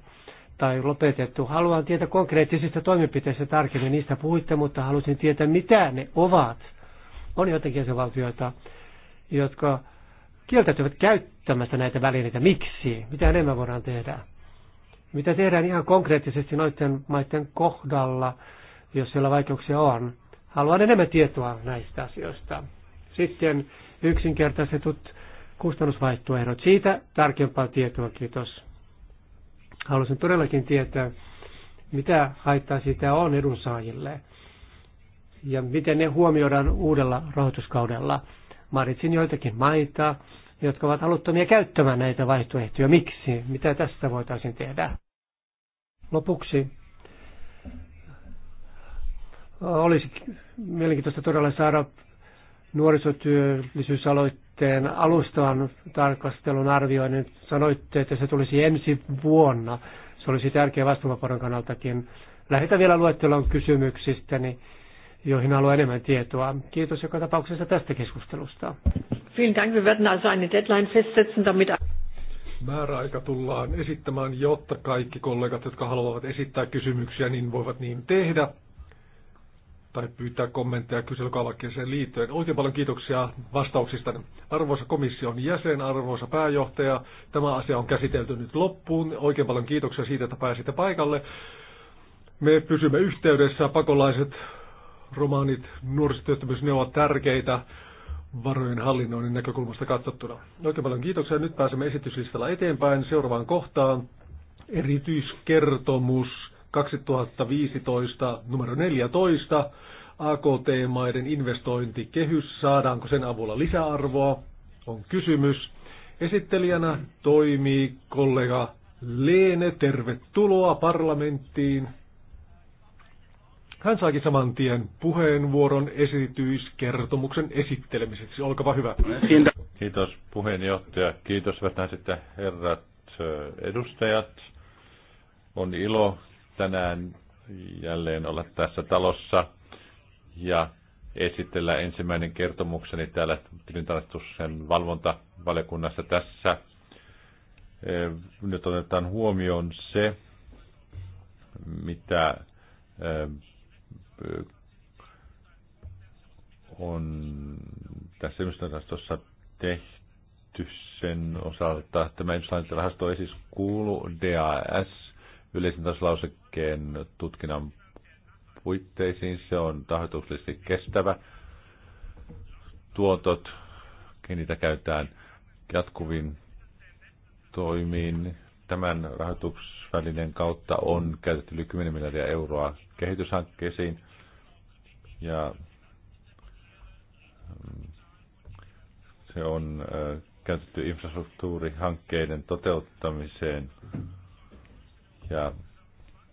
tai lopetettu. Haluan tietää konkreettisista toimenpiteistä tarkemmin. Niistä puhuitte, mutta halusin tietää, mitä ne ovat. On joitakin jäsenvaltioita, jotka kieltäytyvät käyttämästä näitä välineitä. Miksi? Mitä enemmän voidaan tehdä? Mitä tehdään ihan konkreettisesti noiden maiden kohdalla, jos siellä vaikeuksia on? Haluan enemmän tietoa näistä asioista. Sitten yksinkertaistetut kustannusvaihtoehdot. Siitä tarkempaa tietoa, kiitos. Haluaisin todellakin tietää, mitä haittaa siitä on edunsaajille ja miten ne huomioidaan uudella rahoituskaudella. Mainitsin joitakin maita, jotka ovat haluttomia käyttämään näitä vaihtoehtoja. Miksi? Mitä tässä voitaisiin tehdä? Lopuksi olisi mielenkiintoista todella saada nuorisotyöllisyysaloitteen alustavan tarkastelun arvioinnin. Sanoitte, että se tulisi ensi vuonna. Se olisi tärkeä vastuuvapauden kannaltakin. Lähetä vielä luettelon kysymyksistä, niin joihin haluaa enemmän tietoa. Kiitos joka tapauksessa tästä keskustelusta. Vielen Dank. Wir werden also eine Deadline festsetzen, damit... Määräaika tullaan esittämään, jotta kaikki kollegat, jotka haluavat esittää kysymyksiä, niin voivat niin tehdä tai pyytää kommentteja kyselykalakkeeseen liittyen. Oikein paljon kiitoksia vastauksista. Arvoisa komission jäsen, arvoisa pääjohtaja, tämä asia on käsitelty nyt loppuun. Oikein paljon kiitoksia siitä, että pääsitte paikalle. Me pysymme yhteydessä. Pakolaiset romaanit, nuorisotyöttömyys, ne ovat tärkeitä varojen hallinnoinnin näkökulmasta katsottuna. Oikein paljon kiitoksia. Nyt pääsemme esityslistalla eteenpäin seuraavaan kohtaan. Erityiskertomus 2015 numero 14. AKT-maiden investointikehys, saadaanko sen avulla lisäarvoa, on kysymys. Esittelijänä toimii kollega Leene, tervetuloa parlamenttiin. Hän saakin saman tien puheenvuoron esityiskertomuksen esittelemiseksi. Olkaa hyvä. Kiitos puheenjohtaja. Kiitos vähän sitten herrat edustajat. On ilo tänään jälleen olla tässä talossa ja esitellä ensimmäinen kertomukseni täällä tilintarkastuksen valvontavaliokunnassa tässä. Nyt otetaan huomioon se, mitä on tässä ilmastorahastossa tehty sen osalta. Tämä ilmastorahasto ei siis kuulu DAS yleisen tasolausekkeen tutkinnan puitteisiin. Se on rahoituksellisesti kestävä. Tuotot, niitä käytetään jatkuviin toimiin. Tämän rahoitusvälinen kautta on käytetty yli 10 miljardia euroa kehityshankkeisiin – ja se on käytetty infrastruktuurihankkeiden toteuttamiseen ja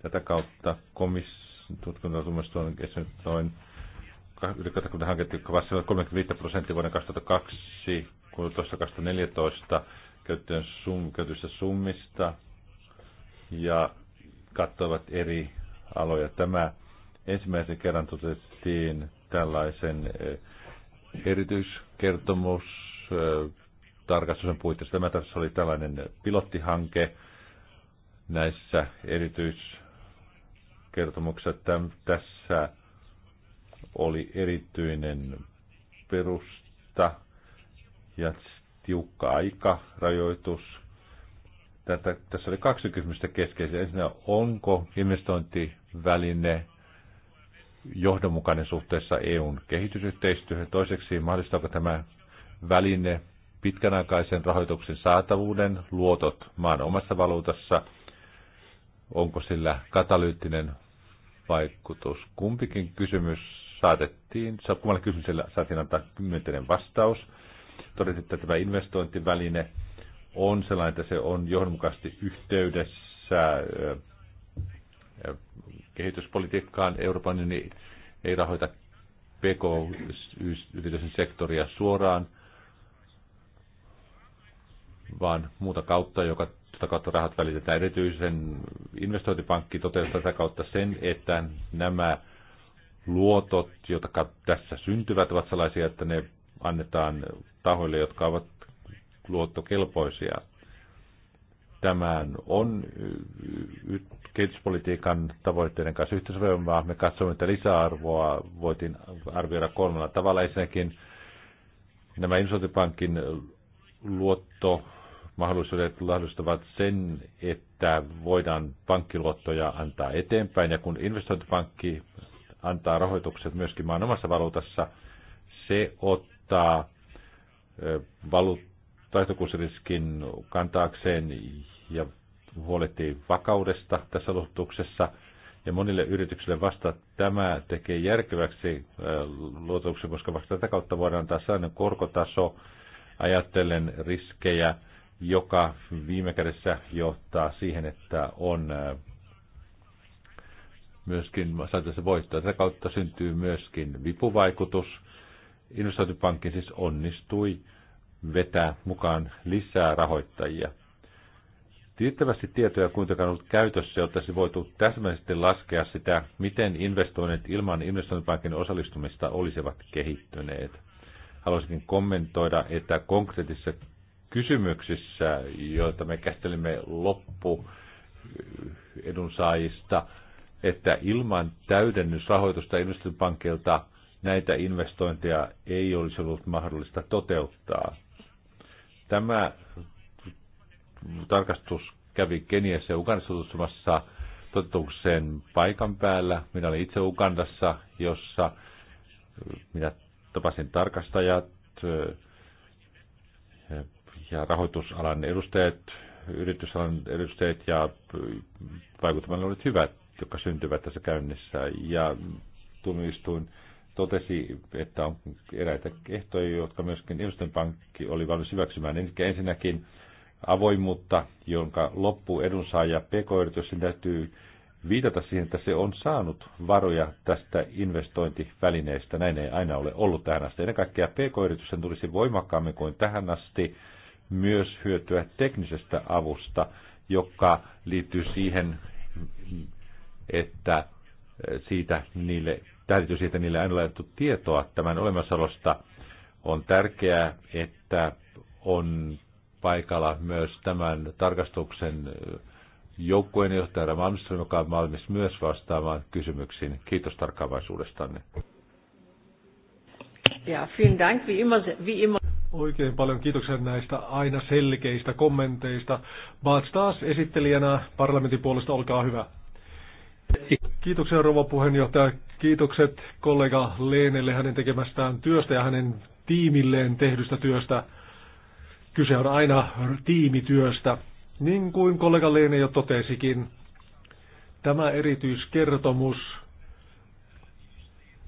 tätä kautta tutkintotuomioistuin on esittänyt noin yli 20 hanketta, jotka vastaavat 35 prosenttia vuoden 2002, 2014 käyttöön sum, käytössä summista ja katsoivat eri aloja. Tämä ensimmäisen kerran toteutettiin tällaisen eh, erityiskertomus eh, tarkastuksen puitteissa. Tämä tässä oli tällainen pilottihanke näissä erityiskertomuksissa. tässä oli erityinen perusta ja tiukka aika, rajoitus. Tätä, tässä oli kaksi kysymystä keskeisiä. Ensinnäkin, onko investointiväline johdonmukainen suhteessa EUn kehitysyhteistyöhön. Toiseksi mahdollistaako tämä väline pitkänaikaisen rahoituksen saatavuuden, luotot maan omassa valuutassa, onko sillä katalyyttinen vaikutus. Kumpikin kysymys saatettiin, kummalle kysymykselle saatiin antaa myönteinen vastaus. Todettiin, että tämä investointiväline on sellainen, että se on johdonmukaisesti yhteydessä kehityspolitiikkaan. Euroopan unioni ei rahoita PK-yritysten sektoria suoraan, vaan muuta kautta, joka tätä kautta rahat välitetään. Erityisen investointipankki toteuttaa tätä kautta sen, että nämä luotot, jotka tässä syntyvät, ovat sellaisia, että ne annetaan tahoille, jotka ovat luottokelpoisia. Tämä on kehityspolitiikan tavoitteiden kanssa yhteisvoimaa. Me katsomme, että lisäarvoa voitiin arvioida kolmella tavalla. Ensinnäkin nämä investointipankin luottomahdollisuudet lahdustavat sen, että voidaan pankkiluottoja antaa eteenpäin. Ja kun investointipankki antaa rahoitukset myöskin maan omassa valuutassa, se ottaa valuuttaistokuusriskin kantaakseen ja huolehtii vakaudesta tässä luotuksessa. Ja monille yrityksille vasta tämä tekee järkeväksi äh, luotuksen, koska vasta tätä kautta voidaan antaa sellainen korkotaso ajattelen riskejä, joka viime kädessä johtaa siihen, että on äh, myöskin saataisiin voittoa. Tätä kautta syntyy myöskin vipuvaikutus. Investointipankki siis onnistui vetää mukaan lisää rahoittajia. Riittävästi tietoja kuitenkaan ollut käytössä, jotta se voitu täsmällisesti laskea sitä, miten investoinnit ilman investointipankin osallistumista olisivat kehittyneet. Haluaisinkin kommentoida, että konkreettisissa kysymyksissä, joita me käsittelimme loppu eh, edunsaajista, että ilman täydennysrahoitusta investointipankilta näitä investointeja ei olisi ollut mahdollista toteuttaa. Tämä tarkastus kävi Keniassa ja Ugandassa tutustumassa totutukseen paikan päällä. Minä olin itse Ugandassa, jossa minä tapasin tarkastajat ja rahoitusalan edustajat, yritysalan edustajat ja vaikutelmat olivat hyvät, jotka syntyvät tässä käynnissä. Ja tunnistuin totesi, että on eräitä ehtoja, jotka myöskin pankki oli valmis hyväksymään. Ensinnäkin avoimuutta, jonka loppu edunsaaja pk-yritys niin täytyy viitata siihen, että se on saanut varoja tästä investointivälineestä. Näin ei aina ole ollut tähän asti. Ennen kaikkea pk-yritysten tulisi voimakkaammin kuin tähän asti myös hyötyä teknisestä avusta, joka liittyy siihen, että siitä niille, täytyy siitä niille aina laitettu tietoa tämän olemassaolosta. On tärkeää, että on paikalla myös tämän tarkastuksen joukkueen johtaja Malmström, joka on valmis myös vastaamaan kysymyksiin. Kiitos tarkkaavaisuudestanne. Ja, vielen dank, wie immer, wie immer. Oikein paljon kiitoksia näistä aina selkeistä kommenteista. Baat taas esittelijänä parlamentin puolesta, olkaa hyvä. Kiitoksia rouva puheenjohtaja. Kiitokset kollega Leenelle hänen tekemästään työstä ja hänen tiimilleen tehdystä työstä. Kyse on aina tiimityöstä. Niin kuin kollega Leene jo totesikin, tämä erityiskertomus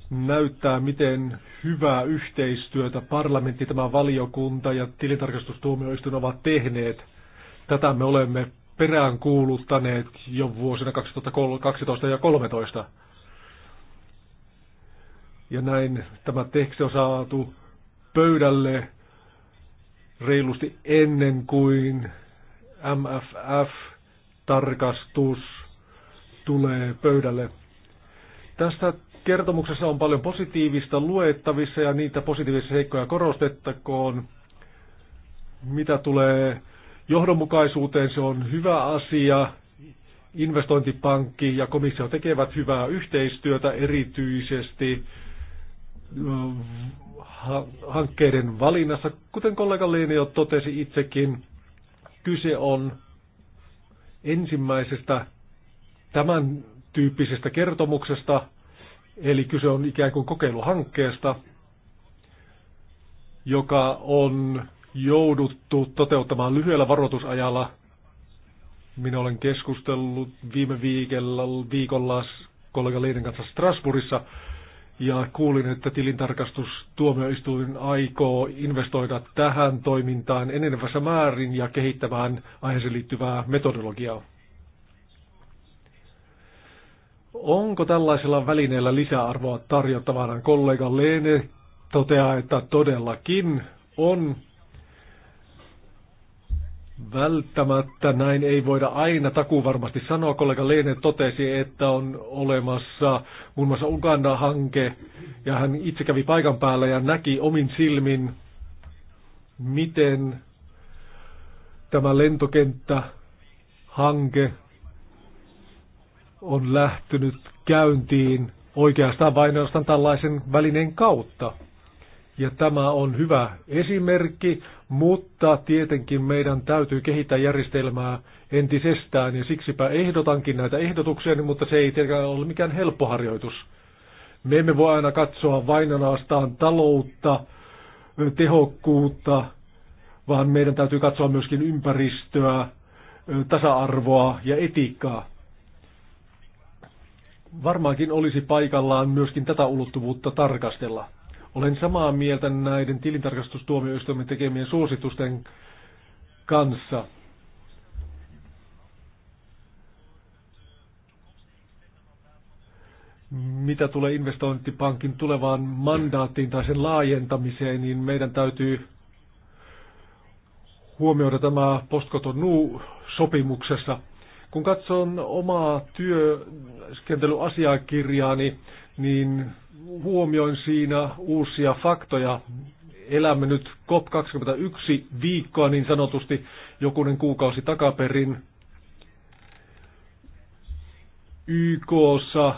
näyttää, miten hyvää yhteistyötä parlamentti, tämä valiokunta ja tilintarkastustuomioistuin ovat tehneet. Tätä me olemme peräänkuuluttaneet jo vuosina 2012 ja 2013. Ja näin tämä teksti on saatu pöydälle reilusti ennen kuin MFF-tarkastus tulee pöydälle. Tästä kertomuksessa on paljon positiivista luettavissa ja niitä positiivisia seikkoja korostettakoon. Mitä tulee johdonmukaisuuteen, se on hyvä asia. Investointipankki ja komissio tekevät hyvää yhteistyötä erityisesti No, hankkeiden valinnassa. Kuten kollega Leini jo totesi itsekin, kyse on ensimmäisestä tämän tyyppisestä kertomuksesta, eli kyse on ikään kuin kokeiluhankkeesta, joka on jouduttu toteuttamaan lyhyellä varoitusajalla. Minä olen keskustellut viime viikolla, viikolla kollega Leiden kanssa Strasbourgissa, ja kuulin, että tilintarkastustuomioistuin aikoo investoida tähän toimintaan enenevässä määrin ja kehittämään aiheeseen liittyvää metodologiaa. Onko tällaisella välineellä lisäarvoa tarjottavana? Kollega Leene toteaa, että todellakin on Välttämättä näin ei voida aina varmasti sanoa. Kollega Leinen totesi, että on olemassa muun muassa Uganda-hanke, ja hän itse kävi paikan päällä ja näki omin silmin, miten tämä lentokenttä hanke on lähtenyt käyntiin oikeastaan vain tällaisen välineen kautta. Ja tämä on hyvä esimerkki, mutta tietenkin meidän täytyy kehittää järjestelmää entisestään ja siksipä ehdotankin näitä ehdotuksia, mutta se ei tietenkään ole mikään helppo harjoitus. Me emme voi aina katsoa vain ainoastaan taloutta, tehokkuutta, vaan meidän täytyy katsoa myöskin ympäristöä, tasa-arvoa ja etiikkaa. Varmaankin olisi paikallaan myöskin tätä ulottuvuutta tarkastella. Olen samaa mieltä näiden tilintarkastustuomioistuimen tekemien suositusten kanssa. Mitä tulee investointipankin tulevaan mandaattiin tai sen laajentamiseen, niin meidän täytyy huomioida tämä Postcotonou-sopimuksessa. Kun katson omaa työskentelyasiakirjaani, niin niin huomioin siinä uusia faktoja. Elämme nyt COP21 viikkoa niin sanotusti jokunen kuukausi takaperin. YKssa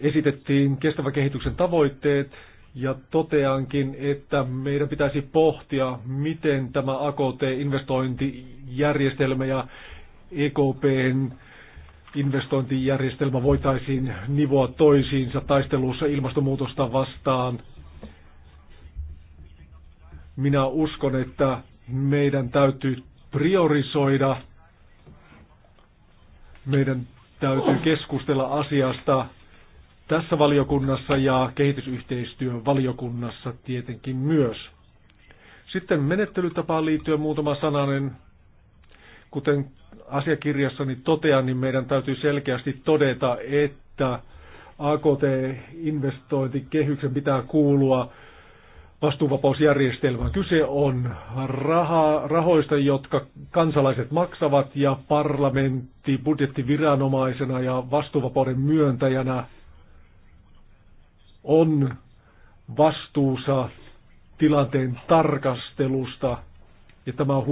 esitettiin kestävän kehityksen tavoitteet ja toteankin, että meidän pitäisi pohtia, miten tämä AKT-investointijärjestelmä ja EKPn investointijärjestelmä voitaisiin nivoa toisiinsa taistelussa ilmastonmuutosta vastaan. Minä uskon, että meidän täytyy priorisoida, meidän täytyy keskustella asiasta tässä valiokunnassa ja kehitysyhteistyön valiokunnassa tietenkin myös. Sitten menettelytapaan liittyen muutama sananen. Kuten asiakirjassani totean, niin meidän täytyy selkeästi todeta, että AKT-investointikehyksen pitää kuulua vastuuvapausjärjestelmään. Kyse on raha, rahoista, jotka kansalaiset maksavat ja parlamentti budjettiviranomaisena ja vastuuvapauden myöntäjänä on vastuussa tilanteen tarkastelusta ja tämä on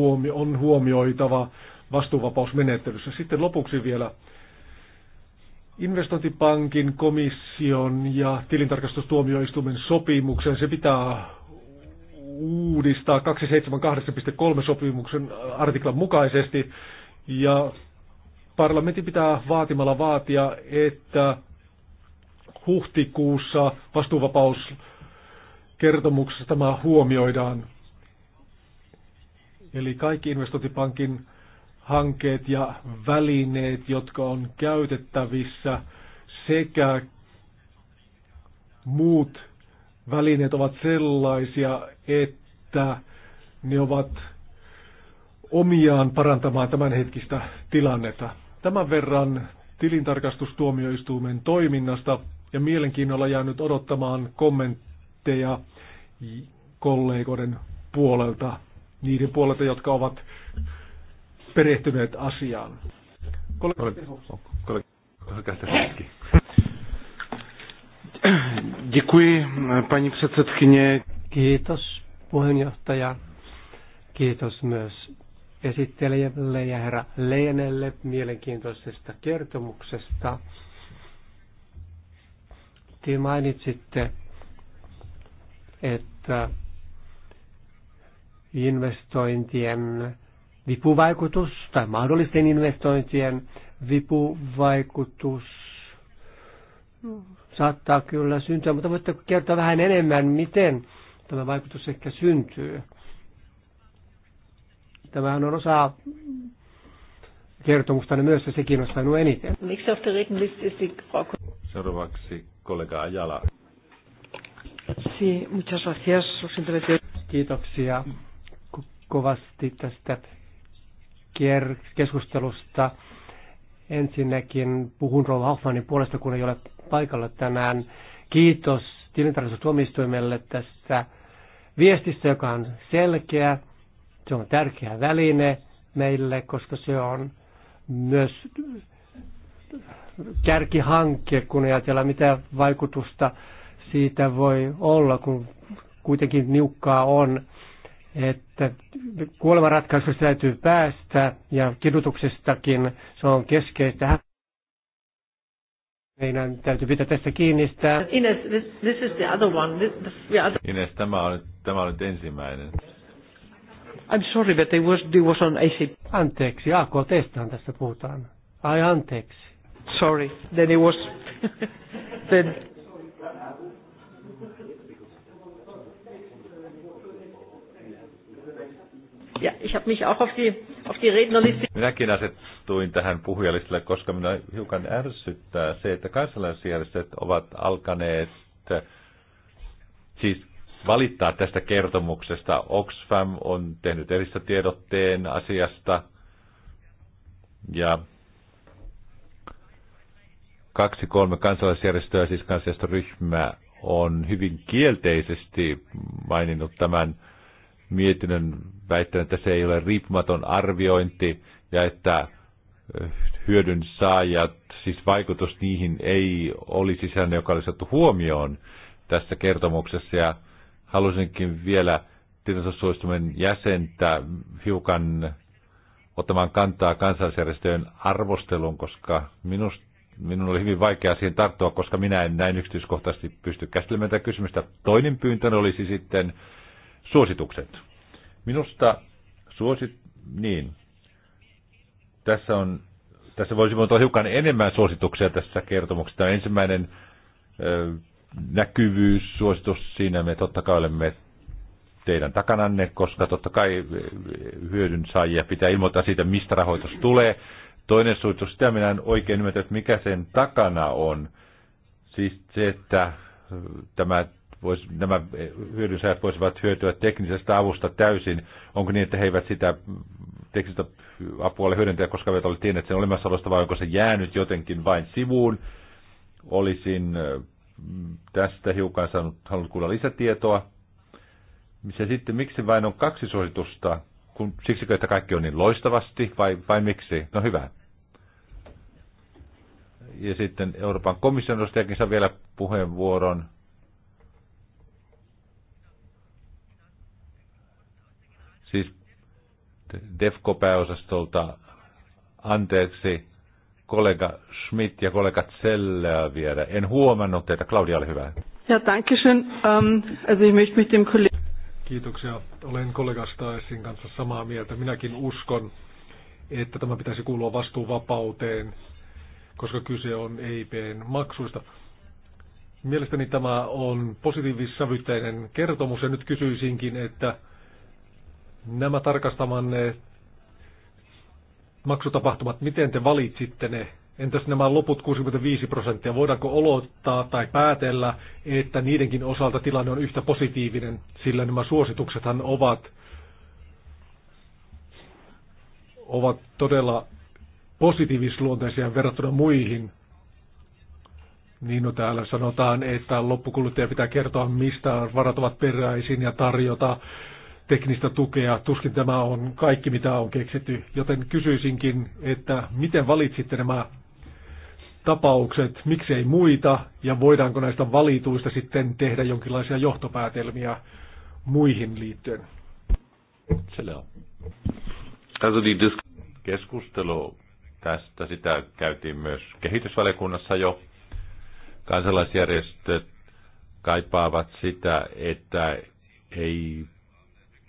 huomioitava vastuuvapausmenettelyssä. Sitten lopuksi vielä investointipankin, komission ja tilintarkastustuomioistuimen sopimuksen. Se pitää uudistaa 278.3 sopimuksen artiklan mukaisesti ja parlamentti pitää vaatimalla vaatia, että huhtikuussa vastuuvapaus kertomuksessa tämä huomioidaan. Eli kaikki investointipankin hankkeet ja välineet, jotka on käytettävissä, sekä muut välineet ovat sellaisia, että ne ovat omiaan parantamaan tämänhetkistä tilannetta. Tämän verran tilintarkastustuomioistuimen toiminnasta ja mielenkiinnolla jäänyt odottamaan kommentteja kollegoiden puolelta, niiden puolelta, jotka ovat perehtyneet asiaan. Kiitos puheenjohtaja. Kiitos myös esittelijälle ja herra Leenelle mielenkiintoisesta kertomuksesta. Te mainitsitte, että investointien vipuvaikutus tai mahdollisten investointien vipuvaikutus saattaa kyllä syntyä, mutta voitte kertoa vähän enemmän, miten tämä vaikutus ehkä syntyy. Tämähän on osa kertomusta myös, ja se kiinnostaa minua eniten. Seuraavaksi kollega Ajala. Kiitoksia kovasti tästä keskustelusta. Ensinnäkin puhun Rova Hoffmanin puolesta, kun ei ole paikalla tänään. Kiitos tilintarkastustuomioistuimelle tästä viestistä, joka on selkeä. Se on tärkeä väline meille, koska se on myös kärkihanke, kun ajatellaan mitä vaikutusta siitä voi olla, kun kuitenkin niukkaa on että kuolemanratkaisusta täytyy päästä ja kidutuksestakin se on keskeistä. Meidän täytyy pitää tästä kiinni. Ines, this, is the other one. Ines, tämä on, tämä on nyt ensimmäinen. I'm sorry, but it was, it was on AC. Anteeksi, AKTstahan tässä puhutaan. Ai anteeksi. Sorry, then it was... then Ja, ich habe mich auch auf die, auf die Rednerliste. Minäkin asettuin tähän puhujalistalle, koska minä hiukan ärsyttää se, että kansalaisjärjestöt ovat alkaneet siis valittaa tästä kertomuksesta. Oxfam on tehnyt eristä tiedotteen asiasta ja kaksi kolme kansalaisjärjestöä, siis kansalaisjärjestöryhmä, on hyvin kielteisesti maininnut tämän mietinnön väittänyt, että se ei ole riippumaton arviointi ja että hyödyn saajat, siis vaikutus niihin ei olisi sellainen, joka olisi otettu huomioon tässä kertomuksessa. Ja halusinkin vielä tietosuojelustumen jäsentä hiukan ottamaan kantaa kansallisjärjestöjen arvosteluun, koska minusta minun oli hyvin vaikea siihen tarttua, koska minä en näin yksityiskohtaisesti pysty käsittelemään tätä kysymystä. Toinen pyyntö olisi sitten Suositukset. Minusta suosit... Niin. Tässä on... Tässä voisi olla hiukan enemmän suosituksia tässä kertomuksessa. Ensimmäinen ö, näkyvyyssuositus, siinä me totta kai olemme teidän takananne, koska totta kai hyödyn saajia pitää ilmoittaa siitä, mistä rahoitus tulee. Toinen suositus, sitä minä en oikein ymmärtänyt, mikä sen takana on. Siis se, että tämä vois, nämä hyödynsäät voisivat hyötyä teknisestä avusta täysin. Onko niin, että he eivät sitä teknistä apua ole hyödyntää, koska eivät ole tienneet sen olemassaolosta, vai onko se jäänyt jotenkin vain sivuun? Olisin tästä hiukan saanut, halunnut kuulla lisätietoa. Ja sitten miksi vain on kaksi suositusta? Kun, siksikö, että kaikki on niin loistavasti vai, vai miksi? No hyvä. Ja sitten Euroopan komission edustajakin saa vielä puheenvuoron. DEFCO-pääosastolta anteeksi kollega Schmidt ja kollega Zellää vielä. En huomannut teitä. Claudia, ole hyvä. Ja, danke schön. Um, also ich möchte mit dem Kollegen... Kiitoksia. Olen kollega Staesin kanssa samaa mieltä. Minäkin uskon, että tämä pitäisi kuulua vastuuvapauteen, koska kyse on EIPn maksuista. Mielestäni tämä on positiivissävytteinen kertomus ja nyt kysyisinkin, että nämä tarkastamanne maksutapahtumat, miten te valitsitte ne? Entäs nämä loput 65 prosenttia, voidaanko olottaa tai päätellä, että niidenkin osalta tilanne on yhtä positiivinen, sillä nämä suosituksethan ovat, ovat todella positiivisluonteisia verrattuna muihin. Niin no täällä sanotaan, että loppukuluttaja pitää kertoa, mistä varat ovat peräisin ja tarjota teknistä tukea. Tuskin tämä on kaikki, mitä on keksitty. Joten kysyisinkin, että miten valitsitte nämä tapaukset, miksei muita, ja voidaanko näistä valituista sitten tehdä jonkinlaisia johtopäätelmiä muihin liittyen? Selvä. Also die keskustelu tästä, sitä käytiin myös kehitysvaliokunnassa jo. Kansalaisjärjestöt kaipaavat sitä, että ei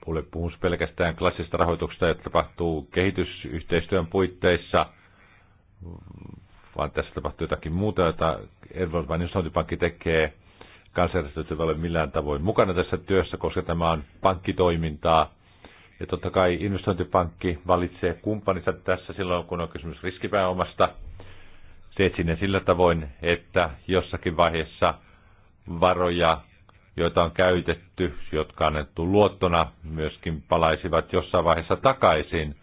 ole puhunut pelkästään klassista rahoituksesta, että tapahtuu kehitysyhteistyön puitteissa, vaan tässä tapahtuu jotakin muuta, jota Nistelrooy-pankki tekee. Kansainvälisesti ei ole millään tavoin mukana tässä työssä, koska tämä on pankkitoimintaa. Ja totta kai investointipankki valitsee kumppaninsa tässä silloin, kun on kysymys riskipääomasta. Se sinne sillä tavoin, että jossakin vaiheessa varoja joita on käytetty, jotka on annettu luottona, myöskin palaisivat jossain vaiheessa takaisin,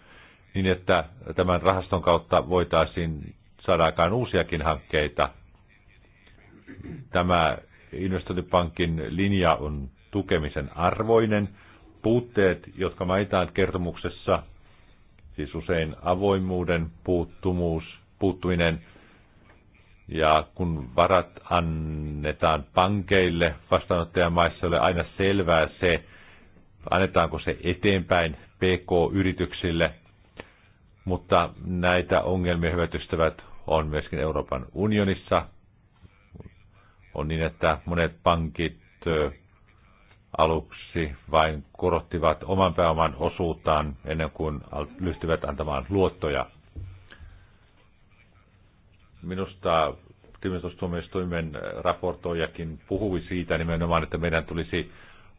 niin että tämän rahaston kautta voitaisiin saada aikaan uusiakin hankkeita. Tämä investointipankin linja on tukemisen arvoinen. Puutteet, jotka mainitaan kertomuksessa, siis usein avoimuuden puuttumus, puuttuminen, ja kun varat annetaan pankeille, vastaanottajamaissa ei ole aina selvää se, annetaanko se eteenpäin PK-yrityksille, mutta näitä ongelmia hyvät ystävät on myöskin Euroopan unionissa. On niin, että monet pankit aluksi vain korottivat oman pääoman osuuttaan ennen kuin lyhtyvät antamaan luottoja. Minusta tilintarkastustuomioistuimen raportoijakin puhui siitä nimenomaan, että meidän tulisi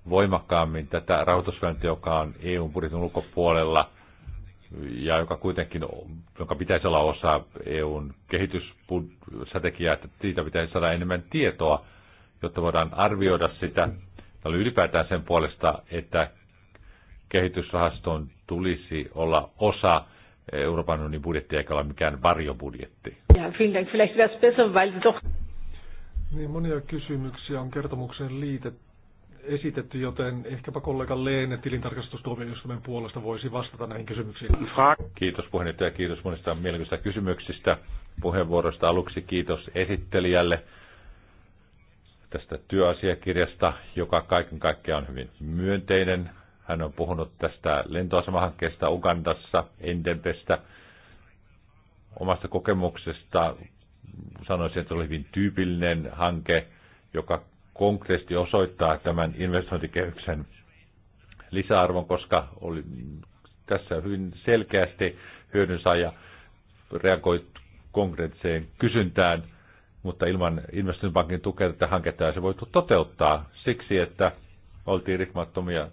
voimakkaammin tätä rahoitusvälinettä, joka on EUn budjetin ulkopuolella ja joka kuitenkin, joka pitäisi olla osa EUn kehitysstrategiaa, että siitä pitäisi saada enemmän tietoa, jotta voidaan arvioida sitä. Tämä oli ylipäätään sen puolesta, että kehitysrahaston tulisi olla osa Euroopan unionin budjetti eikä ole mikään varjobudjetti. Ja, vielen Dank. Vielleicht wäre es besser, weil doch... Niin, monia kysymyksiä on kertomuksen liitet, esitetty, joten ehkäpä kollega Leene tilintarkastustuomioistuimen puolesta voisi vastata näihin kysymyksiin. Kiitos puheenjohtaja, kiitos monista mielenkiintoisista kysymyksistä puheenvuorosta. Aluksi kiitos esittelijälle tästä työasiakirjasta, joka kaiken kaikkiaan on hyvin myönteinen hän on puhunut tästä lentoasemahankkeesta Ugandassa, Endebestä, omasta kokemuksesta. Sanoisin, että se oli hyvin tyypillinen hanke, joka konkreettisesti osoittaa tämän investointikehyksen lisäarvon, koska oli tässä hyvin selkeästi hyödynsaaja reagoi konkreettiseen kysyntään, mutta ilman investointipankin tukea tätä hanketta se voitu toteuttaa siksi, että oltiin rikmattomia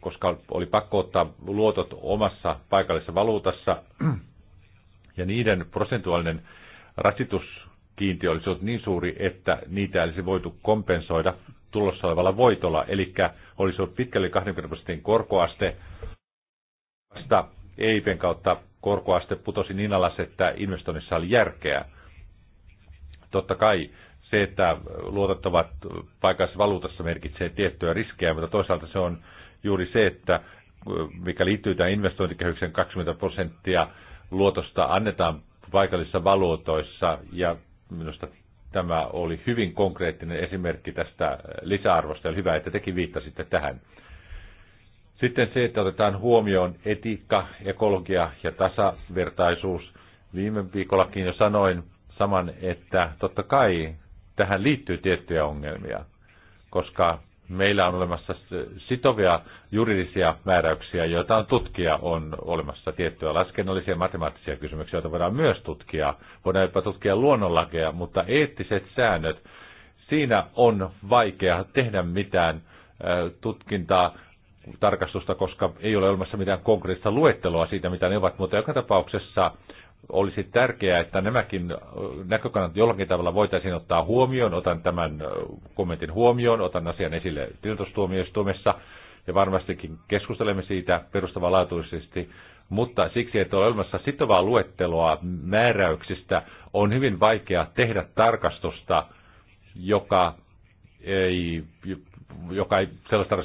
koska oli pakko ottaa luotot omassa paikallisessa valuutassa, ja niiden prosentuaalinen rasituskiintiö olisi ollut niin suuri, että niitä olisi voitu kompensoida tulossa olevalla voitolla, eli olisi ollut pitkälle 20 prosentin korkoaste, vasta EIPen kautta korkoaste putosi niin alas, että investoinnissa oli järkeä. Totta kai se, että luotettavat paikallisessa valuutassa merkitsee tiettyä riskejä, mutta toisaalta se on juuri se, että mikä liittyy tähän investointikehyksen 20 prosenttia luotosta annetaan paikallisissa valuutoissa ja minusta tämä oli hyvin konkreettinen esimerkki tästä lisäarvosta ja hyvä, että tekin viittasitte tähän. Sitten se, että otetaan huomioon etiikka, ekologia ja tasavertaisuus. Viime viikollakin jo sanoin saman, että totta kai tähän liittyy tiettyjä ongelmia, koska meillä on olemassa sitovia juridisia määräyksiä, joita on tutkia. On olemassa tiettyjä laskennallisia ja matemaattisia kysymyksiä, joita voidaan myös tutkia. Voidaan jopa tutkia luonnonlakeja, mutta eettiset säännöt, siinä on vaikea tehdä mitään tutkintaa, tarkastusta, koska ei ole olemassa mitään konkreettista luetteloa siitä, mitä ne ovat, mutta joka tapauksessa olisi tärkeää, että nämäkin näkökannat jollakin tavalla voitaisiin ottaa huomioon. Otan tämän kommentin huomioon, otan asian esille tilintostuomioistuimessa ja varmastikin keskustelemme siitä perustavanlaatuisesti. Mutta siksi, että on olemassa sitovaa luetteloa määräyksistä, on hyvin vaikea tehdä tarkastusta, joka ei, joka ei,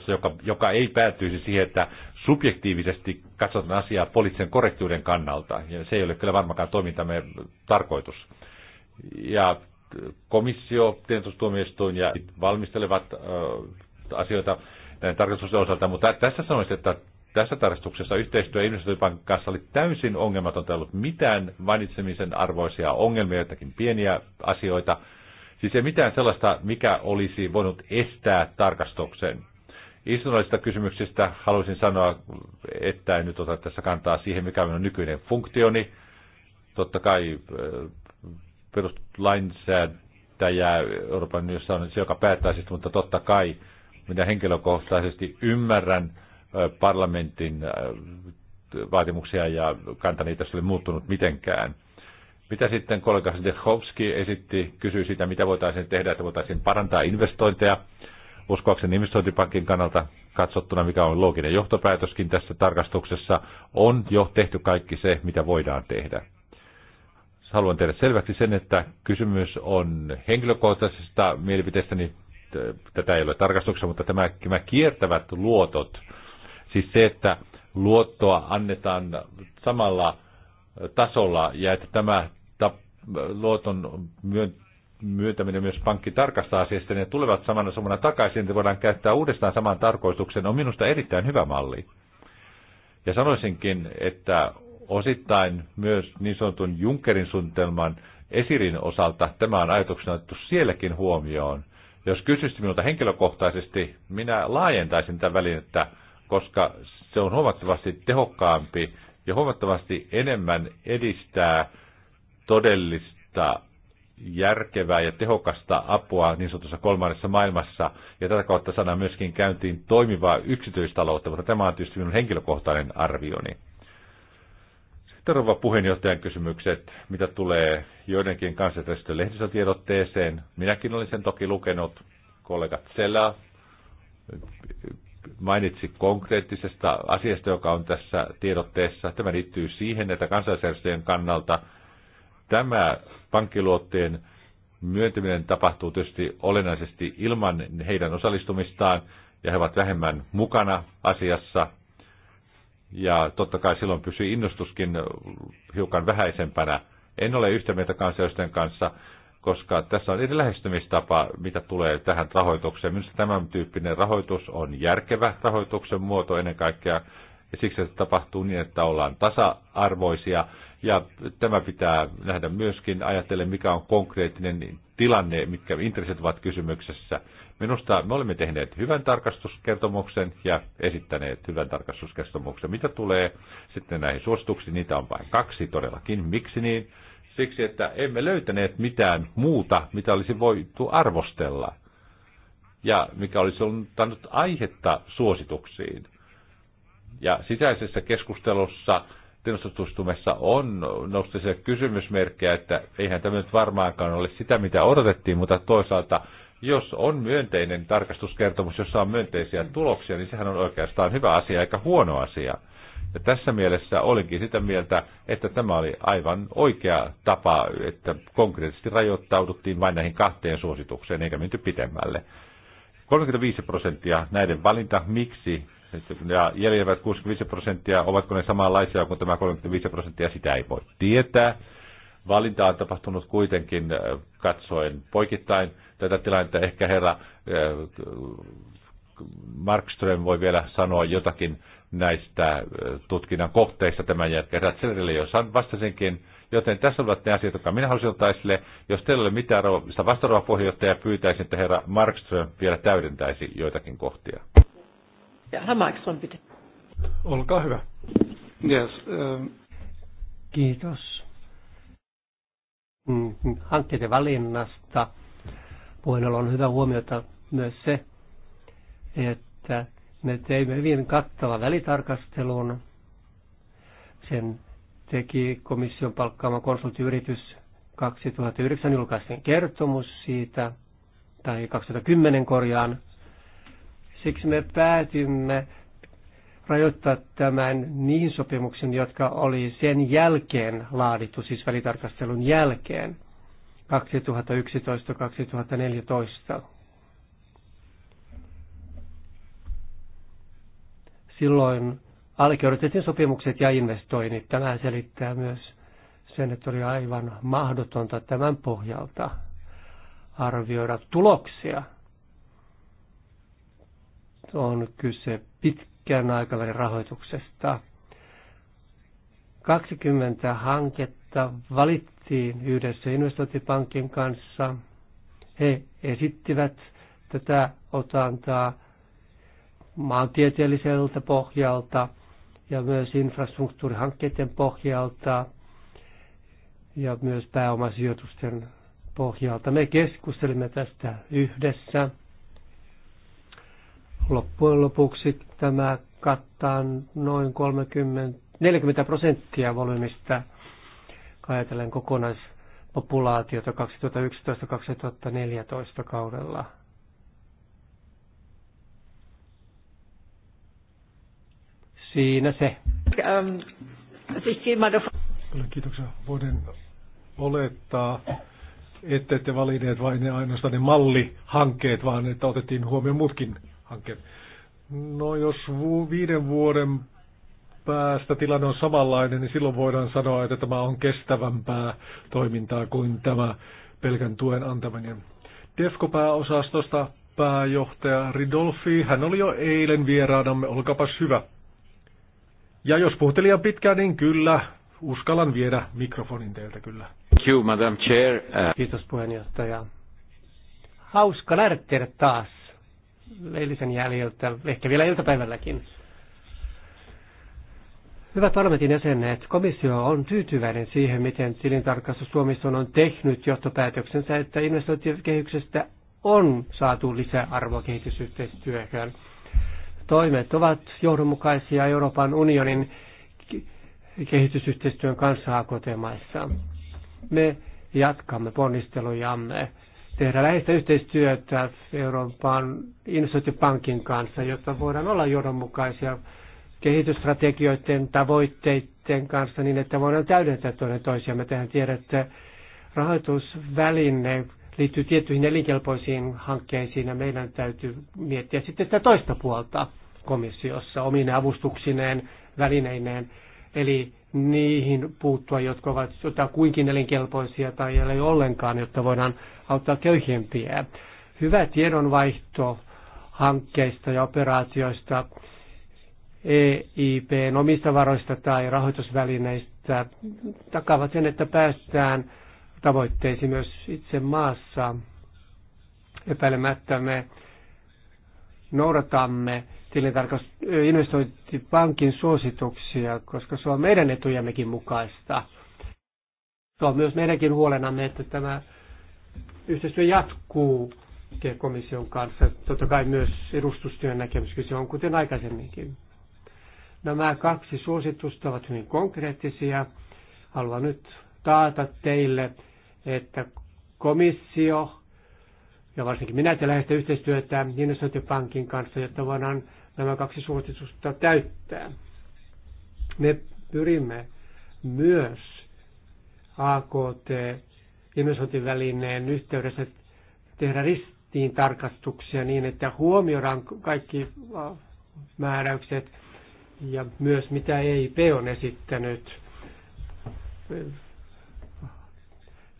joka, joka ei päätyisi siihen, että subjektiivisesti katsotaan asiaa poliittisen korrektiuden kannalta, ja se ei ole kyllä varmakaan toimintamme tarkoitus. Ja komissio, tietotustuomioistuin ja valmistelevat asioita näiden tarkastusten osalta, mutta tässä sanoisin, että tässä tarkastuksessa yhteistyö investointipankin kanssa oli täysin ongelmatonta, ei ollut mitään mainitsemisen arvoisia ongelmia, jotakin pieniä asioita. Siis ei mitään sellaista, mikä olisi voinut estää tarkastuksen. Istunnollisista kysymyksistä haluaisin sanoa, että en nyt ota tässä kantaa siihen, mikä on nykyinen funktioni. Totta kai eh, peruslainsäätäjä Euroopan unionissa on se, joka päättää siitä, mutta totta kai minä henkilökohtaisesti ymmärrän eh, parlamentin eh, vaatimuksia ja niitä ei ole muuttunut mitenkään. Mitä sitten kollega Zdechowski esitti, kysyi sitä, mitä voitaisiin tehdä, että voitaisiin parantaa investointeja. Uskoakseni investointipankin kannalta katsottuna, mikä on looginen johtopäätöskin tässä tarkastuksessa, on jo tehty kaikki se, mitä voidaan tehdä. Haluan tehdä selväksi sen, että kysymys on henkilökohtaisesta mielipiteestäni, niin tätä ei ole tarkastuksessa, mutta tämä, tämä kiertävät luotot, siis se, että luottoa annetaan samalla tasolla ja että tämä luoton myöntä myöntäminen myös pankki tarkastaa asiasta, niin ne tulevat samana summana takaisin, että voidaan käyttää uudestaan saman tarkoituksen, on minusta erittäin hyvä malli. Ja sanoisinkin, että osittain myös niin sanotun Junckerin suunnitelman esirin osalta tämä on ajatuksena otettu sielläkin huomioon. Jos kysyisit minulta henkilökohtaisesti, minä laajentaisin tätä välinettä, koska se on huomattavasti tehokkaampi ja huomattavasti enemmän edistää todellista järkevää ja tehokasta apua niin sanotussa kolmannessa maailmassa, ja tätä kautta saadaan myöskin käyntiin toimivaa yksityistaloutta, mutta tämä on tietysti minun henkilökohtainen arvioni. Sitten rouva puheenjohtajan kysymykset, mitä tulee joidenkin kansainvälisten lehdistötiedotteeseen. Minäkin olin sen toki lukenut. kollegat Sela mainitsi konkreettisesta asiasta, joka on tässä tiedotteessa. Tämä liittyy siihen, että kansainvälisten kannalta – tämä pankkiluotteen myöntäminen tapahtuu tietysti olennaisesti ilman heidän osallistumistaan, ja he ovat vähemmän mukana asiassa. Ja totta kai silloin pysyy innostuskin hiukan vähäisempänä. En ole yhtä mieltä kansalaisten kanssa, koska tässä on eri lähestymistapa, mitä tulee tähän rahoitukseen. Minusta tämän tyyppinen rahoitus on järkevä rahoituksen muoto ennen kaikkea, ja siksi se tapahtuu niin, että ollaan tasa-arvoisia ja tämä pitää nähdä myöskin ajatella mikä on konkreettinen tilanne, mitkä intressit ovat kysymyksessä. Minusta me olemme tehneet hyvän tarkastuskertomuksen ja esittäneet hyvän tarkastuskertomuksen. Mitä tulee sitten näihin suosituksiin, niitä on vain kaksi todellakin. Miksi niin? Siksi, että emme löytäneet mitään muuta, mitä olisi voitu arvostella ja mikä olisi antanut aihetta suosituksiin. Ja sisäisessä keskustelussa tilastustumessa on noussut se kysymysmerkkejä, että eihän tämä nyt varmaankaan ole sitä, mitä odotettiin, mutta toisaalta jos on myönteinen tarkastuskertomus, jossa on myönteisiä tuloksia, niin sehän on oikeastaan hyvä asia eikä huono asia. Ja tässä mielessä olinkin sitä mieltä, että tämä oli aivan oikea tapa, että konkreettisesti rajoittauduttiin vain näihin kahteen suositukseen eikä menty pitemmälle. 35 prosenttia näiden valinta, miksi ja jäljellä 65 prosenttia, ovatko ne samanlaisia kuin tämä 35 prosenttia, sitä ei voi tietää. Valinta on tapahtunut kuitenkin äh, katsoen poikittain tätä tilannetta. Ehkä herra äh, Markström voi vielä sanoa jotakin näistä äh, tutkinnan kohteista tämän jälkeen. Ratselille jo vastasinkin, joten tässä ovat ne asiat, jotka minä halusin ottaa esille. Jos teillä ei ole mitään vastaavaa pyytäisin, että herra Markström vielä täydentäisi joitakin kohtia. Ja Herr Markström, bitte. Olkaa hyvä. Yes, um... Kiitos. Mm, hankkeiden valinnasta puheenjohtajalla on hyvä huomiota myös se, että me teimme hyvin kattavan välitarkastelun. Sen teki komission palkkaama konsulttiyritys 2009 julkaisten kertomus siitä, tai 2010 korjaan. Siksi me päätimme rajoittaa tämän niihin sopimuksiin, jotka oli sen jälkeen laadittu, siis välitarkastelun jälkeen 2011-2014. Silloin allekirjoitettiin sopimukset ja investoinnit. Tämä selittää myös sen, että oli aivan mahdotonta tämän pohjalta arvioida tuloksia – on kyse pitkän aikavälin rahoituksesta. 20 hanketta valittiin yhdessä investointipankin kanssa. He esittivät tätä otantaa maantieteelliseltä pohjalta ja myös infrastruktuurihankkeiden pohjalta ja myös pääomasijoitusten pohjalta. Me keskustelimme tästä yhdessä Loppujen lopuksi tämä kattaa noin 30, 40 prosenttia volyymista, ajatellen kokonaispopulaatiota 2011-2014 kaudella. Siinä se. Ähm, kiitoksia. Voin olettaa, ette te valinneet vain ne ainoastaan ne mallihankkeet, vaan että otettiin huomioon muutkin hanke. No jos viiden vuoden päästä tilanne on samanlainen, niin silloin voidaan sanoa, että tämä on kestävämpää toimintaa kuin tämä pelkän tuen antaminen. DEFCO-pääosastosta pääjohtaja Ridolfi, hän oli jo eilen vieraanamme, olkapas hyvä. Ja jos puhutte liian pitkään, niin kyllä, uskallan viedä mikrofonin teiltä kyllä. Thank you, Madam Chair. Kiitos puheenjohtaja. Hauska nähdä taas eilisen jäljiltä, ehkä vielä iltapäivälläkin. Hyvät parlamentin jäsenet, komissio on tyytyväinen siihen, miten Suomessa on tehnyt johtopäätöksensä, että investointikehyksestä on saatu lisäarvoa kehitysyhteistyöhön. Toimet ovat johdonmukaisia Euroopan unionin kehitysyhteistyön kanssa AKT-maissa. Me jatkamme ponnistelujamme tehdä läheistä yhteistyötä Euroopan investointipankin kanssa, jotta voidaan olla johdonmukaisia kehitysstrategioiden tavoitteiden kanssa niin, että voidaan täydentää toinen tehdään tiedä, että rahoitusväline liittyy tiettyihin elinkelpoisiin hankkeisiin ja meidän täytyy miettiä sitten sitä toista puolta komissiossa omine avustuksineen, välineineen, eli niihin puuttua, jotka ovat kuinkin elinkelpoisia tai ei ollenkaan, jotta voidaan auttaa köyhempiä. Hyvä tiedonvaihto hankkeista ja operaatioista, EIP omista varoista tai rahoitusvälineistä takavat sen, että päästään tavoitteisiin myös itse maassa. Epäilemättä me noudatamme tilintarkast- investointipankin suosituksia, koska se on meidän etujemmekin mukaista. Se on myös meidänkin huolenamme, että tämä yhteistyö jatkuu komission kanssa. Totta kai myös edustustyön näkemys kyse on, kuten aikaisemminkin. Nämä kaksi suositusta ovat hyvin konkreettisia. Haluan nyt taata teille, että komissio ja varsinkin minä te läheistä yhteistyötä investointipankin kanssa, jotta voidaan nämä kaksi suositusta täyttää. Me pyrimme myös AKT investointivälineen yhteydessä tehdä ristiin tarkastuksia niin, että huomioidaan kaikki määräykset ja myös mitä EIP on esittänyt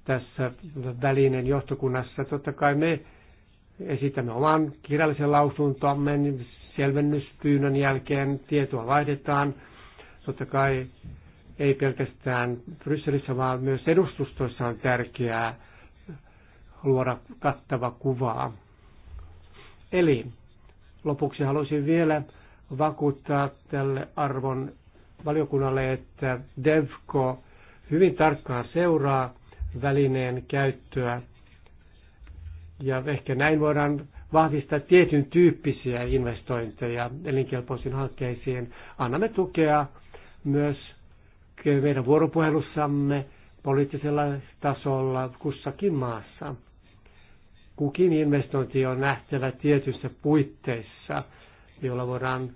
tässä välinen johtokunnassa. Totta kai me esitämme oman kirjallisen lausuntomme selvennyspyynnön jälkeen, tietoa vaihdetaan. Totta kai ei pelkästään Brysselissä, vaan myös edustustoissa on tärkeää luoda kattava kuvaa. Eli lopuksi haluaisin vielä vakuuttaa tälle arvon valiokunnalle, että DEVCO hyvin tarkkaan seuraa välineen käyttöä. Ja ehkä näin voidaan vahvistaa tietyn tyyppisiä investointeja elinkelpoisiin hankkeisiin. Annamme tukea myös meidän vuoropuhelussamme poliittisella tasolla kussakin maassa. Kukin investointi on nähtävä tietyissä puitteissa, joilla voidaan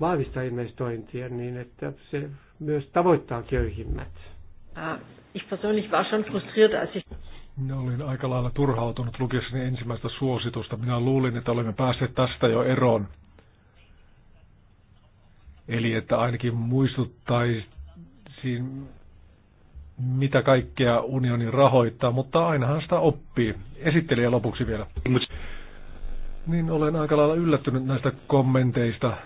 vahvistaa investointia niin, että se myös tavoittaa köyhimmät. Äh, ich persönlich war schon frustriert, als ich minä olin aika lailla turhautunut lukiessani ensimmäistä suositusta. Minä luulin, että olemme päässeet tästä jo eroon. Eli että ainakin muistuttaisi siinä, mitä kaikkea unioni rahoittaa, mutta ainahan sitä oppii. Esittelijä lopuksi vielä. Niin olen aika lailla yllättynyt näistä kommenteista.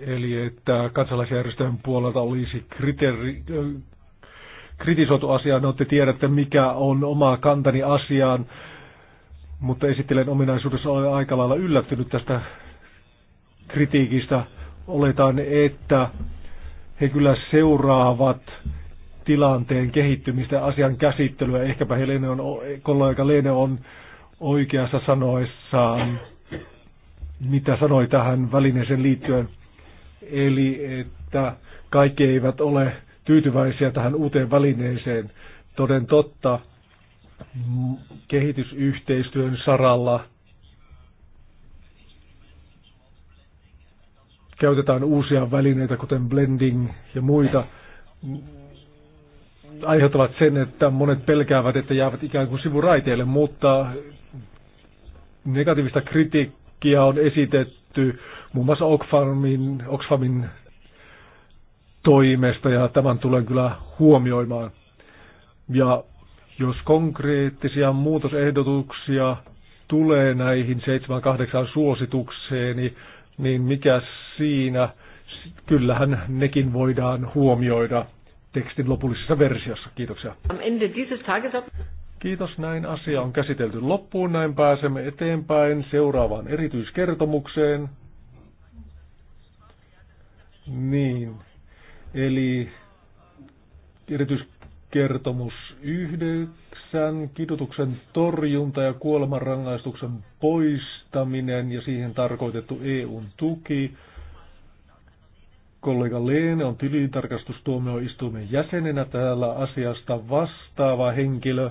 Eli että kansalaisjärjestöjen puolelta olisi kriteeri, kritisoitu asiaa, no te tiedätte mikä on oma kantani asiaan, mutta esittelen ominaisuudessa olen aika lailla yllättynyt tästä kritiikistä oletan, että he kyllä seuraavat tilanteen kehittymistä ja asian käsittelyä. Ehkäpä Helene on, kollega Leene on oikeassa sanoissaan, mitä sanoi tähän välineeseen liittyen. Eli että kaikki eivät ole tyytyväisiä tähän uuteen välineeseen. Toden totta, kehitysyhteistyön saralla käytetään uusia välineitä, kuten blending ja muita, aiheuttavat sen, että monet pelkäävät, että jäävät ikään kuin sivuraiteille, mutta negatiivista kritiikkiä on esitetty muun muassa Oxfamin, Oxfamin toimesta ja tämän tulen kyllä huomioimaan. Ja jos konkreettisia muutosehdotuksia tulee näihin 7-8 suositukseen, niin niin mikä siinä, kyllähän nekin voidaan huomioida tekstin lopullisessa versiossa. Kiitoksia. Kiitos, näin asia on käsitelty loppuun, näin pääsemme eteenpäin seuraavaan erityiskertomukseen. Niin, eli erityiskertomus yhdessä. 9, kidutuksen torjunta ja kuolemanrangaistuksen poistaminen ja siihen tarkoitettu EUn tuki. Kollega Leene on tilintarkastustuomioistuimen jäsenenä täällä asiasta vastaava henkilö.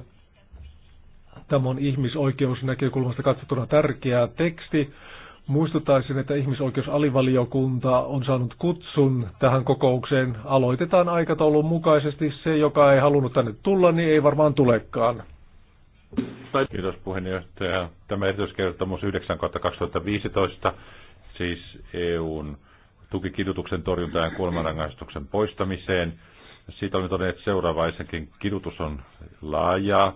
Tämä on ihmisoikeusnäkökulmasta katsottuna tärkeä teksti. Muistuttaisin, että ihmisoikeusalivaliokunta on saanut kutsun tähän kokoukseen. Aloitetaan aikataulun mukaisesti. Se, joka ei halunnut tänne tulla, niin ei varmaan tulekaan. Kiitos puheenjohtaja. Tämä erityiskertomus 9-2015, siis EUn tukikidutuksen torjuntaan ja kuolemanrangaistuksen poistamiseen. Siitä olemme todenneet että seuraavaisenkin kidutus on laajaa.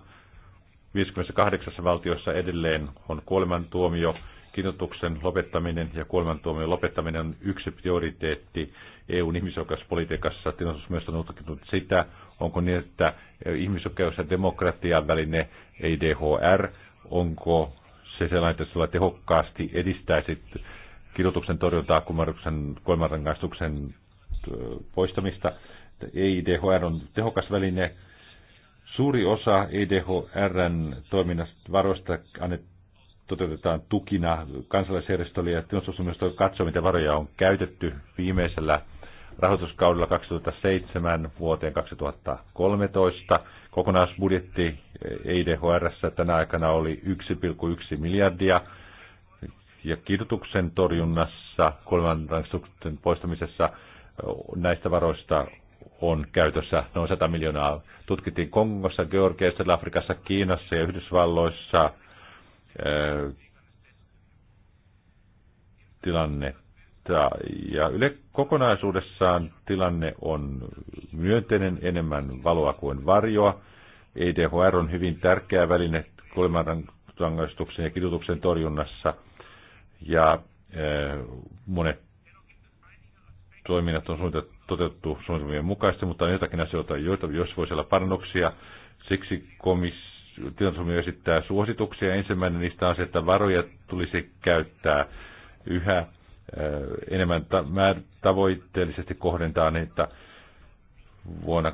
58 valtiossa edelleen on kuolemantuomio kidutuksen lopettaminen ja kuolemantuomion lopettaminen on yksi prioriteetti EUn ihmisoikeuspolitiikassa. Tilaisuus myös on tutkinut sitä, onko niin, että ihmisoikeus- ja demokratian väline, EIDHR, onko se sellainen, että sulla tehokkaasti edistäisi kidutuksen torjuntaa, kumarruksen, kuolemanrangaistuksen poistamista. EIDHR on tehokas väline. Suuri osa EDHRn toiminnasta varoista annettu toteutetaan tukina kansalaisjärjestölle ja tilastosuunnitelmista katsoa, miten varoja on käytetty viimeisellä rahoituskaudella 2007 vuoteen 2013. Kokonaisbudjetti EIDHR tänä aikana oli 1,1 miljardia ja kidutuksen torjunnassa, kolmannen poistamisessa näistä varoista on käytössä noin 100 miljoonaa. Tutkittiin Kongossa, Georgiassa, Afrikassa, Kiinassa ja Yhdysvalloissa tilannetta. Ja Yle kokonaisuudessaan tilanne on myönteinen enemmän valoa kuin varjoa. EDHR on hyvin tärkeä väline kuolemanrangaistuksen ja kidutuksen torjunnassa. Ja monet toiminnat on suunniteltu toteutettu suunnitelmien mukaisesti, mutta on jotakin asioita, joita, jos voisi olla parannuksia. Siksi komissio Tietosomio esittää suosituksia. Ensimmäinen niistä on se, että varoja tulisi käyttää yhä enemmän tavoitteellisesti kohdentaa niitä. Vuonna 2007-2013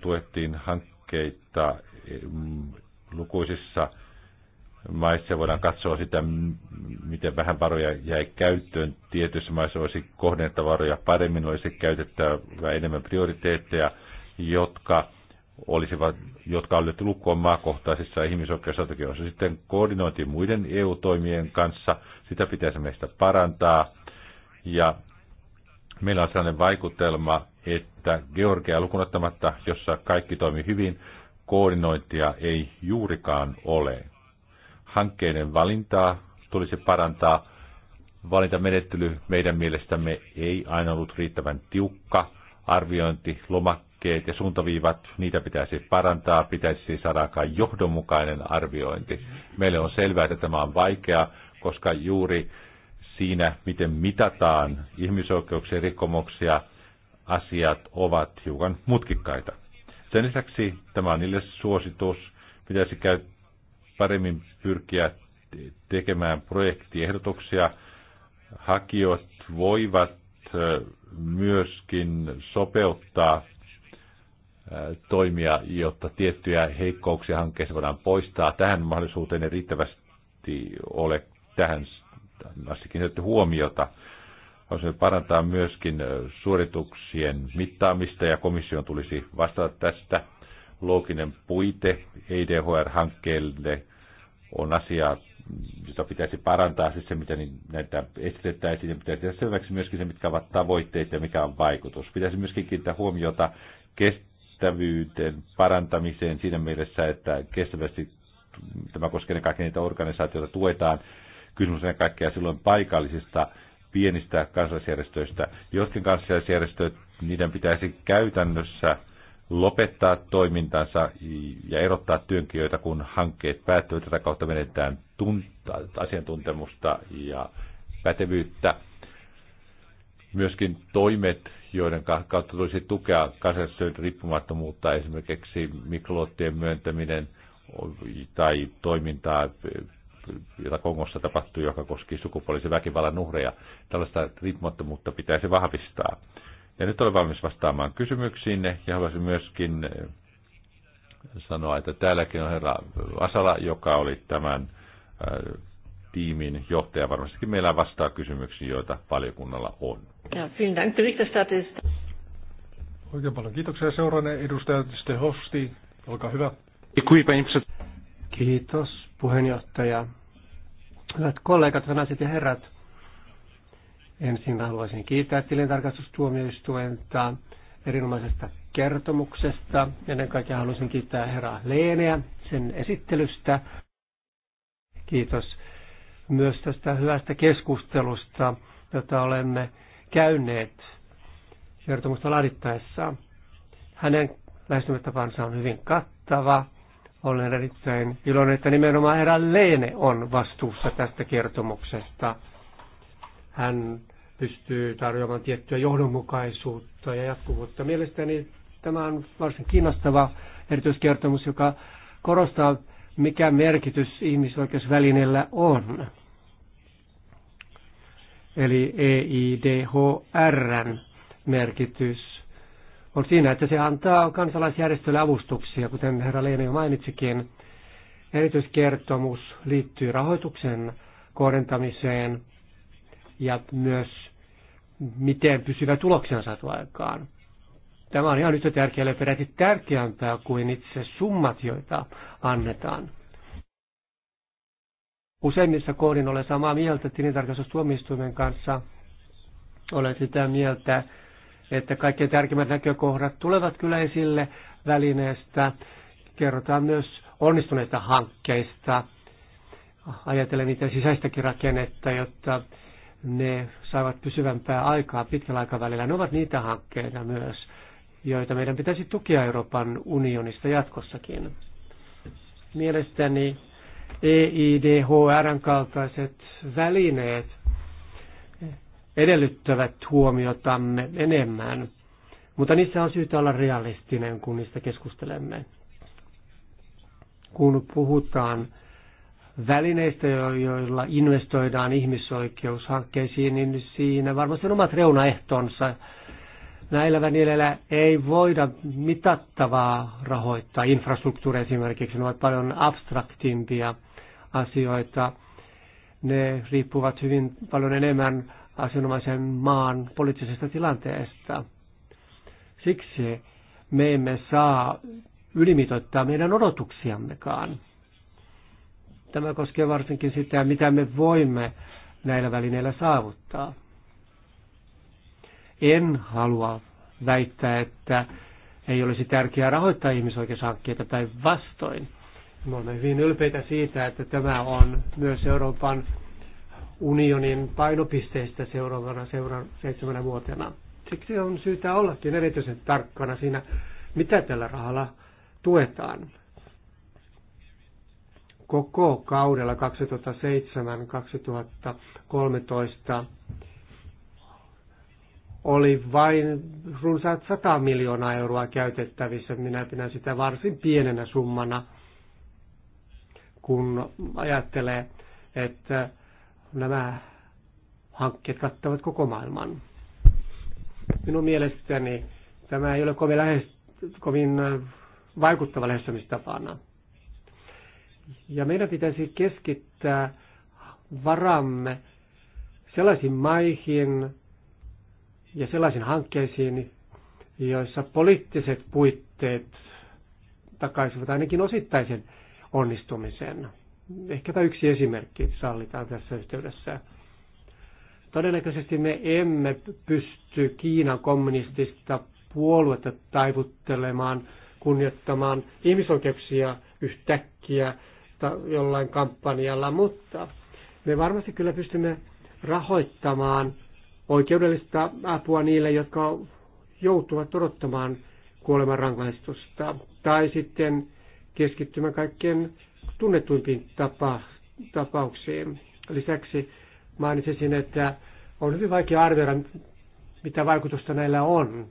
tuettiin hankkeita e, lukuisissa maissa voidaan katsoa sitä, miten vähän varoja jäi käyttöön. Tietyissä maissa olisi kohdentaa varoja paremmin, olisi käytettävä enemmän prioriteetteja, jotka olisivat, jotka olivat lukkoon maakohtaisissa ihmisoikeusstrategioissa. Sitten koordinointi muiden EU-toimien kanssa, sitä pitäisi meistä parantaa. Ja meillä on sellainen vaikutelma, että Georgia lukunottamatta, jossa kaikki toimii hyvin, koordinointia ei juurikaan ole. Hankkeiden valintaa tulisi parantaa. Valintamenettely meidän mielestämme ei aina ollut riittävän tiukka. Arviointi, lomakkeet liikkeet ja suuntaviivat, niitä pitäisi parantaa, pitäisi siis saada aikaan johdonmukainen arviointi. Meille on selvää, että tämä on vaikea, koska juuri siinä, miten mitataan ihmisoikeuksien rikkomuksia, asiat ovat hiukan mutkikkaita. Sen lisäksi tämä on niille suositus, pitäisi käy paremmin pyrkiä tekemään projektiehdotuksia. Hakijat voivat myöskin sopeuttaa toimia, jotta tiettyjä heikkouksia hankkeessa voidaan poistaa. Tähän mahdollisuuteen ei riittävästi ole tähän kiinnitetty huomiota. Haluaisin parantaa myöskin suorituksien mittaamista ja komission tulisi vastata tästä. Looginen puite EIDHR-hankkeelle on asia, jota pitäisi parantaa, siis se, mitä niin näitä esitettäisiin, ja niin pitäisi tehdä selväksi myöskin se, mitkä ovat tavoitteet ja mikä on vaikutus. Pitäisi myöskin kiinnittää huomiota kest- kestävyyteen, parantamiseen siinä mielessä, että kestävästi tämä koskee ne kaikki niitä organisaatioita tuetaan. Kysymys on kaikkea silloin paikallisista pienistä kansalaisjärjestöistä. Jotkin kansalaisjärjestöt, niiden pitäisi käytännössä lopettaa toimintansa ja erottaa työnkijöitä, kun hankkeet päättyvät. Tätä kautta menetään asiantuntemusta ja pätevyyttä. Myöskin toimet, joiden kautta tulisi tukea kansallisen riippumattomuutta, esimerkiksi mikroluottien myöntäminen tai toimintaa, jota Kongossa tapahtui, joka koski sukupuolisen väkivallan uhreja. Tällaista riippumattomuutta pitäisi vahvistaa. Ja nyt olen valmis vastaamaan kysymyksiinne ja haluaisin myöskin eh, sanoa, että täälläkin on herra Asala, joka oli tämän eh, tiimin johtaja varmastikin meillä vastaa kysymyksiin, joita valiokunnalla on. Ja, dank, Oikein paljon kiitoksia seuraajan edustaja Stehosti. Olkaa hyvä. Kiitos puheenjohtaja. Hyvät kollegat, naiset ja herrat. Ensin haluaisin kiittää tilintarkastustuomioistuinta erinomaisesta kertomuksesta. Ennen kaikkea haluaisin kiittää herra Leeneä sen esittelystä. Kiitos myös tästä hyvästä keskustelusta, jota olemme käyneet kertomusta laadittaessa. Hänen lähestymistapansa on hyvin kattava. Olen erittäin iloinen, että nimenomaan herra Leene on vastuussa tästä kertomuksesta. Hän pystyy tarjoamaan tiettyä johdonmukaisuutta ja jatkuvuutta. Mielestäni tämä on varsin kiinnostava erityiskertomus, joka korostaa, mikä merkitys ihmisoikeusvälineellä on eli EIDHRn merkitys on siinä, että se antaa kansalaisjärjestölle avustuksia, kuten herra Leena jo mainitsikin. Erityiskertomus liittyy rahoituksen kohdentamiseen ja myös miten pysyvä tuloksia on saatu aikaan. Tämä on ihan yhtä tärkeää ja peräti tärkeämpää kuin itse summat, joita annetaan. Useimmissa kohdin olen samaa mieltä tilintarkastustuomioistuimen kanssa. Olen sitä mieltä, että kaikkein tärkeimmät näkökohdat tulevat kyllä esille välineestä. Kerrotaan myös onnistuneista hankkeista. Ajatellen niitä sisäistäkin rakennetta, jotta ne saavat pysyvämpää aikaa pitkällä aikavälillä. Ne ovat niitä hankkeita myös, joita meidän pitäisi tukea Euroopan unionista jatkossakin. Mielestäni EIDHRn kaltaiset välineet edellyttävät huomiotamme enemmän, mutta niissä on syytä olla realistinen, kun niistä keskustelemme. Kun puhutaan välineistä, joilla investoidaan ihmisoikeushankkeisiin, niin siinä varmasti on omat reunaehtonsa. Näillä välineillä ei voida mitattavaa rahoittaa. Infrastruktuuri esimerkiksi ne ovat paljon abstraktimpia – asioita. Ne riippuvat hyvin paljon enemmän asianomaisen maan poliittisesta tilanteesta. Siksi me emme saa ylimitoittaa meidän odotuksiammekaan. Tämä koskee varsinkin sitä, mitä me voimme näillä välineillä saavuttaa. En halua väittää, että ei olisi tärkeää rahoittaa ihmisoikeushankkeita tai vastoin. Me olemme hyvin ylpeitä siitä, että tämä on myös Euroopan unionin painopisteistä seuraavana seuraan, seitsemänä vuotena. Siksi on syytä ollakin erityisen tarkkana siinä, mitä tällä rahalla tuetaan. Koko kaudella 2007-2013 oli vain runsaat 100 miljoonaa euroa käytettävissä. Minä pidän sitä varsin pienenä summana – kun ajattelee, että nämä hankkeet kattavat koko maailman. Minun mielestäni tämä ei ole kovin, lähes, kovin äh, vaikuttava lähestymistapana. Ja meidän pitäisi keskittää varamme sellaisiin maihin ja sellaisiin hankkeisiin, joissa poliittiset puitteet takaisivat ainakin osittaisen onnistumisen. tämä yksi esimerkki sallitaan tässä yhteydessä. Todennäköisesti me emme pysty Kiinan kommunistista puoluetta taivuttelemaan, kunnioittamaan ihmisoikeuksia yhtäkkiä jollain kampanjalla, mutta me varmasti kyllä pystymme rahoittamaan oikeudellista apua niille, jotka joutuvat odottamaan kuoleman rangaistusta. Tai sitten keskittymään kaikkien tunnetuimpiin tapa, tapauksiin. Lisäksi mainitsisin, että on hyvin vaikea arvioida, mitä vaikutusta näillä on.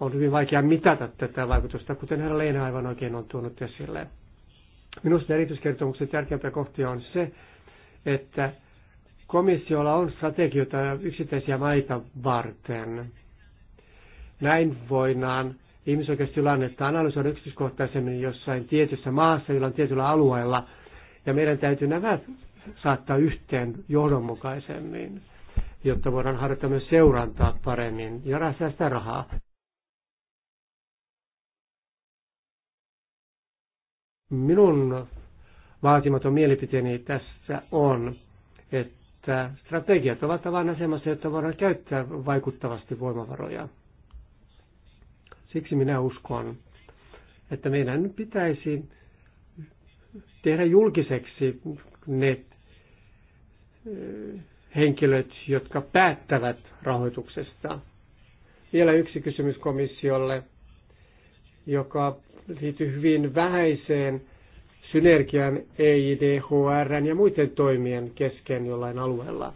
On hyvin vaikea mitata tätä vaikutusta, kuten herra Leina aivan oikein on tuonut esille. Minusta erityiskertomuksen tärkeimpiä kohtia on se, että komissiolla on strategioita yksittäisiä maita varten. Näin voidaan ihmisoikeustilannetta analysoida yksityiskohtaisemmin jossain tietyssä maassa, jolla on tietyllä alueella. Ja meidän täytyy nämä saattaa yhteen johdonmukaisemmin, jotta voidaan harjoittaa myös seurantaa paremmin ja säästää rahaa. Minun vaatimaton mielipiteeni tässä on, että strategiat ovat avainasemassa, jotta voidaan käyttää vaikuttavasti voimavaroja. Siksi minä uskon, että meidän pitäisi tehdä julkiseksi ne eh, henkilöt, jotka päättävät rahoituksesta. Vielä yksi kysymys komissiolle, joka liittyy hyvin vähäiseen synergian EIDHR ja muiden toimien kesken jollain alueella.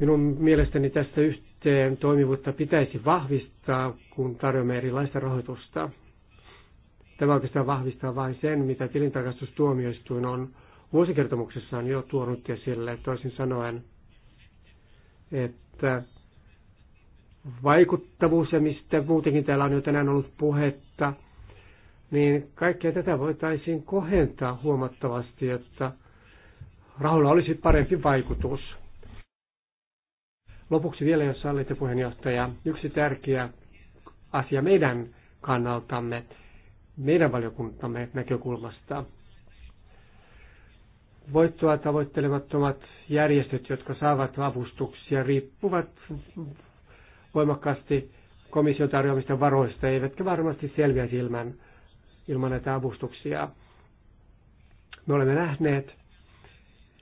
Minun mielestäni tässä sitten toimivuutta pitäisi vahvistaa, kun tarjoamme erilaista rahoitusta. Tämä oikeastaan vahvistaa vain sen, mitä tilintarkastustuomioistuin on vuosikertomuksessaan jo tuonut esille, toisin sanoen, että vaikuttavuus ja mistä muutenkin täällä on jo tänään ollut puhetta, niin kaikkea tätä voitaisiin kohentaa huomattavasti, että rahoilla olisi parempi vaikutus. Lopuksi vielä, jos sallitte puheenjohtaja, yksi tärkeä asia meidän kannaltamme, meidän valiokuntamme näkökulmasta. Voittoa tavoittelemattomat järjestöt, jotka saavat avustuksia, riippuvat voimakkaasti komission tarjoamista varoista, eivätkä varmasti selviä ilman, ilman näitä avustuksia. Me olemme nähneet,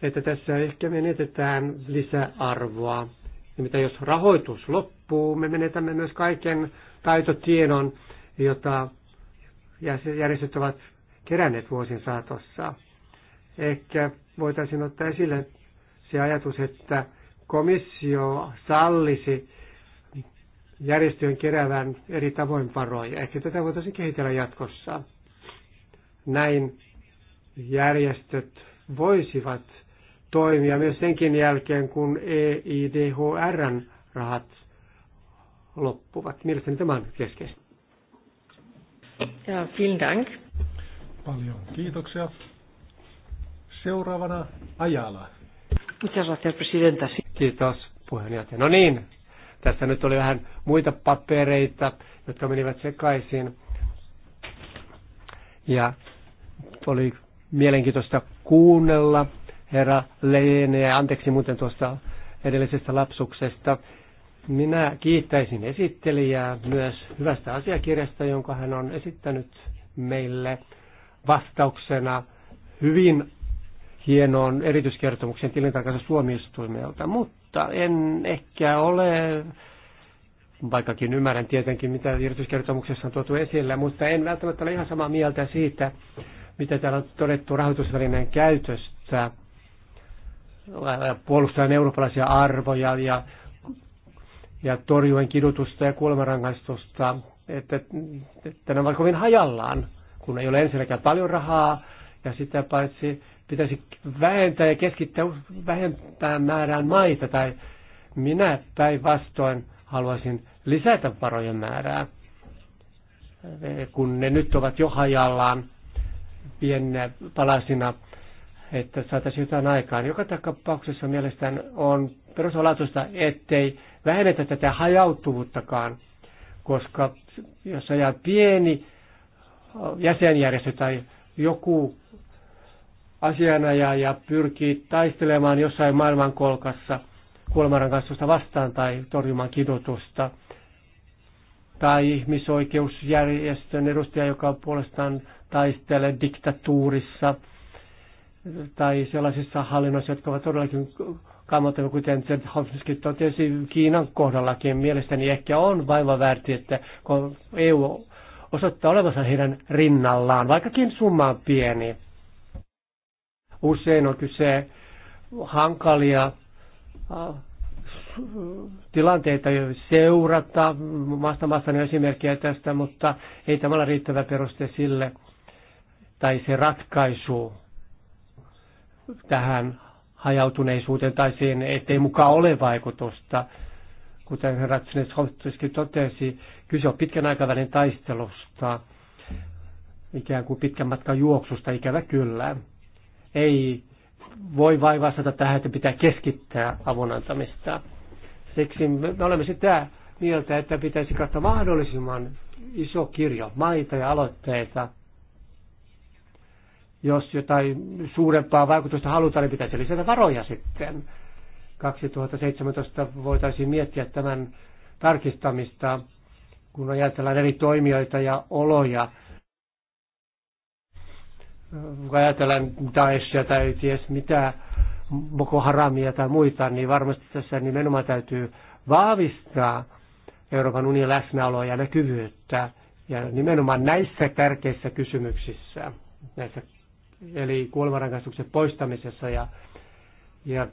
että tässä ehkä menetetään lisäarvoa Nimittäin jos rahoitus loppuu, me menetämme myös kaiken taitotiedon, jota järjestöt ovat keränneet vuosien saatossa. Ehkä voitaisiin ottaa esille se ajatus, että komissio sallisi järjestöjen keräävän eri tavoin varoja. Ehkä tätä voitaisiin kehitellä jatkossa. Näin järjestöt voisivat toimia myös senkin jälkeen, kun EIDHRn rahat loppuvat. Mielestäni tämä on keskeistä. Ja, vielen dank. Paljon kiitoksia. Seuraavana Ajala. Kiitos, puheenjohtaja. No niin, tässä nyt oli vähän muita papereita, jotka menivät sekaisin. Ja oli mielenkiintoista kuunnella herra Leene, anteeksi muuten tuosta edellisestä lapsuksesta. Minä kiittäisin esittelijää myös hyvästä asiakirjasta, jonka hän on esittänyt meille vastauksena hyvin hienoon erityiskertomuksen tilintarkastus suomistuimelta, mutta en ehkä ole, vaikkakin ymmärrän tietenkin, mitä erityiskertomuksessa on tuotu esille, mutta en välttämättä ole ihan samaa mieltä siitä, mitä täällä on todettu rahoitusvälineen käytöstä – puolustajan eurooppalaisia arvoja ja, ja torjuen kidutusta ja kuolemanrangaistusta, että, että ne ovat kovin hajallaan, kun ei ole ensinnäkään paljon rahaa ja sitä paitsi pitäisi vähentää ja keskittää vähentää määrään maita tai minä päinvastoin haluaisin lisätä varojen määrää, kun ne nyt ovat jo hajallaan pienenä palasina että saataisiin jotain aikaan. Joka tapauksessa mielestäni on perusolatusta, ettei vähennetä tätä hajautuvuuttakaan, koska jos ajaa pieni jäsenjärjestö tai joku asianajaja ja pyrkii taistelemaan jossain maailmankolkassa kanssa vastaan tai torjumaan kidutusta, tai ihmisoikeusjärjestön edustaja, joka puolestaan taistelee diktatuurissa – tai sellaisissa hallinnoissa, jotka ovat todellakin kammottavia, kuten Hopskin totesi Kiinan kohdallakin. Mielestäni ehkä on vaiva väärti, että kun EU osoittaa olevansa heidän rinnallaan, vaikkakin summa on pieni. Usein on kyse hankalia tilanteita seurata, maasta maasta on esimerkkejä tästä, mutta ei tämä ole riittävä peruste sille, tai se ratkaisu, tähän hajautuneisuuteen tai siihen, ettei mukaan ole vaikutusta. Kuten herra Tsneshovskin totesi, kyse on pitkän aikavälin taistelusta, ikään kuin pitkän matkan juoksusta, ikävä kyllä. Ei voi vain vastata tähän, että pitää keskittää avunantamista. Siksi me olemme sitä mieltä, että pitäisi katsoa mahdollisimman iso kirjo maita ja aloitteita, jos jotain suurempaa vaikutusta halutaan, niin pitäisi lisätä varoja sitten. 2017 voitaisiin miettiä tämän tarkistamista, kun ajatellaan eri toimijoita ja oloja. Kun ajatellaan Daeshia tai ties mitä, Boko Haramia tai muita, niin varmasti tässä nimenomaan täytyy vahvistaa Euroopan unionin läsnäoloa ja näkyvyyttä. Ja nimenomaan näissä tärkeissä kysymyksissä, näissä eli kuolemanrangaistuksen poistamisessa ja, ja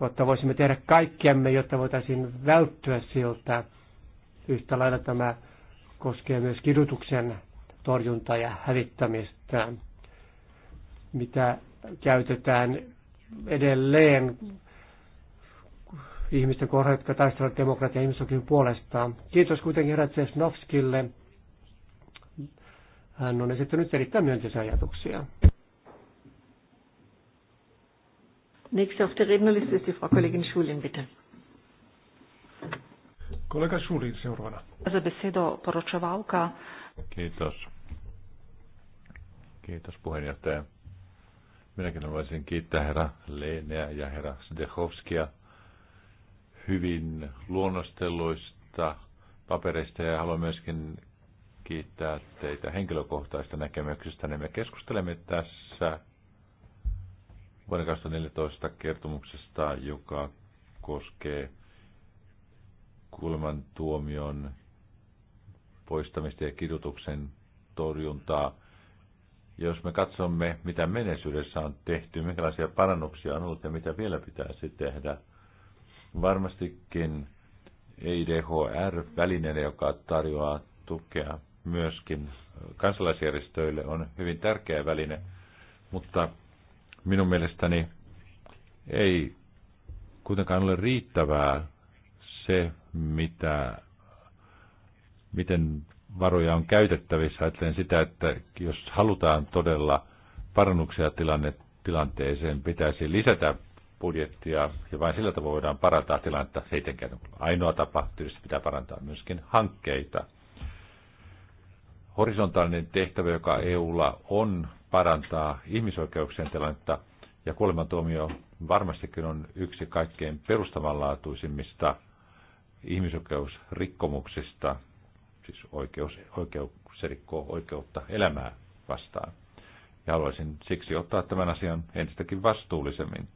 jotta voisimme tehdä kaikkiamme, jotta voitaisiin välttyä siltä. Yhtä lailla tämä koskee myös kidutuksen torjuntaa ja hävittämistä, mitä käytetään edelleen ihmisten kohdalla, jotka taistelevat demokratia ja ihmisoikeuden puolestaan. Kiitos kuitenkin herra Tsesnovskille hän on esittänyt erittäin myönteisiä ajatuksia. Nächste auf der Rednerliste ist die Frau Kollegin Schulin, bitte. Kolega Šulin seuraavana. Za besedo poročevalka. Kiitos. Kiitos puheenjohtaja. Minäkin haluaisin kiittää herra Leeneä ja herra Sdehovskia hyvin luonnostelluista papereista ja haluan myöskin kiittää teitä henkilökohtaista näkemyksistä. Niin me keskustelemme tässä vuoden 2014 kertomuksesta, joka koskee tuomion poistamista ja kidutuksen torjuntaa. Jos me katsomme, mitä menneisyydessä on tehty, minkälaisia parannuksia on ollut ja mitä vielä pitäisi tehdä, varmastikin EIDHR-väline, joka tarjoaa tukea myöskin kansalaisjärjestöille on hyvin tärkeä väline, mutta minun mielestäni ei kuitenkaan ole riittävää se, mitä, miten varoja on käytettävissä. Ajattelen sitä, että jos halutaan todella parannuksia tilanne, tilanteeseen, pitäisi lisätä budjettia ja vain sillä tavoin voidaan parantaa tilannetta. Se ei ainoa tapa, tietysti pitää parantaa myöskin hankkeita horisontaalinen tehtävä, joka EUlla on parantaa ihmisoikeuksien tilannetta, ja kuolemantuomio varmastikin on yksi kaikkein perustavanlaatuisimmista ihmisoikeusrikkomuksista, siis oikeus, oikeus se rikkoo oikeutta elämää vastaan. Ja haluaisin siksi ottaa tämän asian entistäkin vastuullisemmin.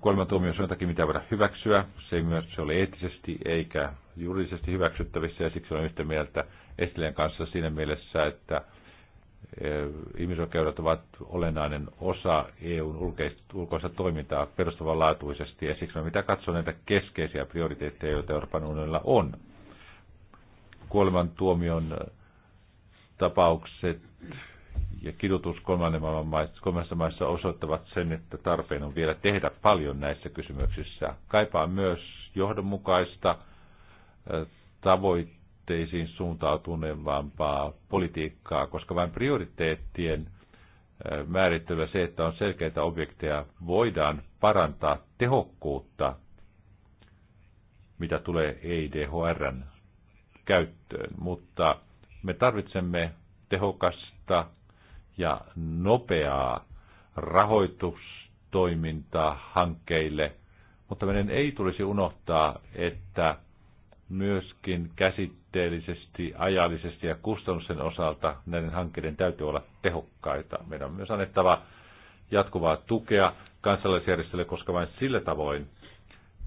Kuolemantuomio on jotakin, mitä voidaan hyväksyä. Se, myös, se oli eettisesti eikä juridisesti hyväksyttävissä ja siksi olen yhtä mieltä Estilän kanssa siinä mielessä, että e, ihmisoikeudet ovat olennainen osa EUn ulkoista toimintaa perustavanlaatuisesti, ja siksi mitä katsoo näitä keskeisiä prioriteetteja, joita Euroopan unionilla on. Kuolemantuomion e, tapaukset ja kidutus kolmannen maailman maissa, kolmessa maissa osoittavat sen, että tarpeen on vielä tehdä paljon näissä kysymyksissä. Kaipaa myös johdonmukaista e, tavoitteita prioriteetteisiin suuntautuneempaa politiikkaa, koska vain prioriteettien määrittelyä se, että on selkeitä objekteja, voidaan parantaa tehokkuutta, mitä tulee EIDHRn käyttöön. Mutta me tarvitsemme tehokasta ja nopeaa rahoitustoimintaa hankkeille, mutta meidän ei tulisi unohtaa, että myöskin käsitteellisesti, ajallisesti ja kustannusten osalta näiden hankkeiden täytyy olla tehokkaita. Meidän on myös annettava jatkuvaa tukea kansalaisjärjestöille, koska vain sillä tavoin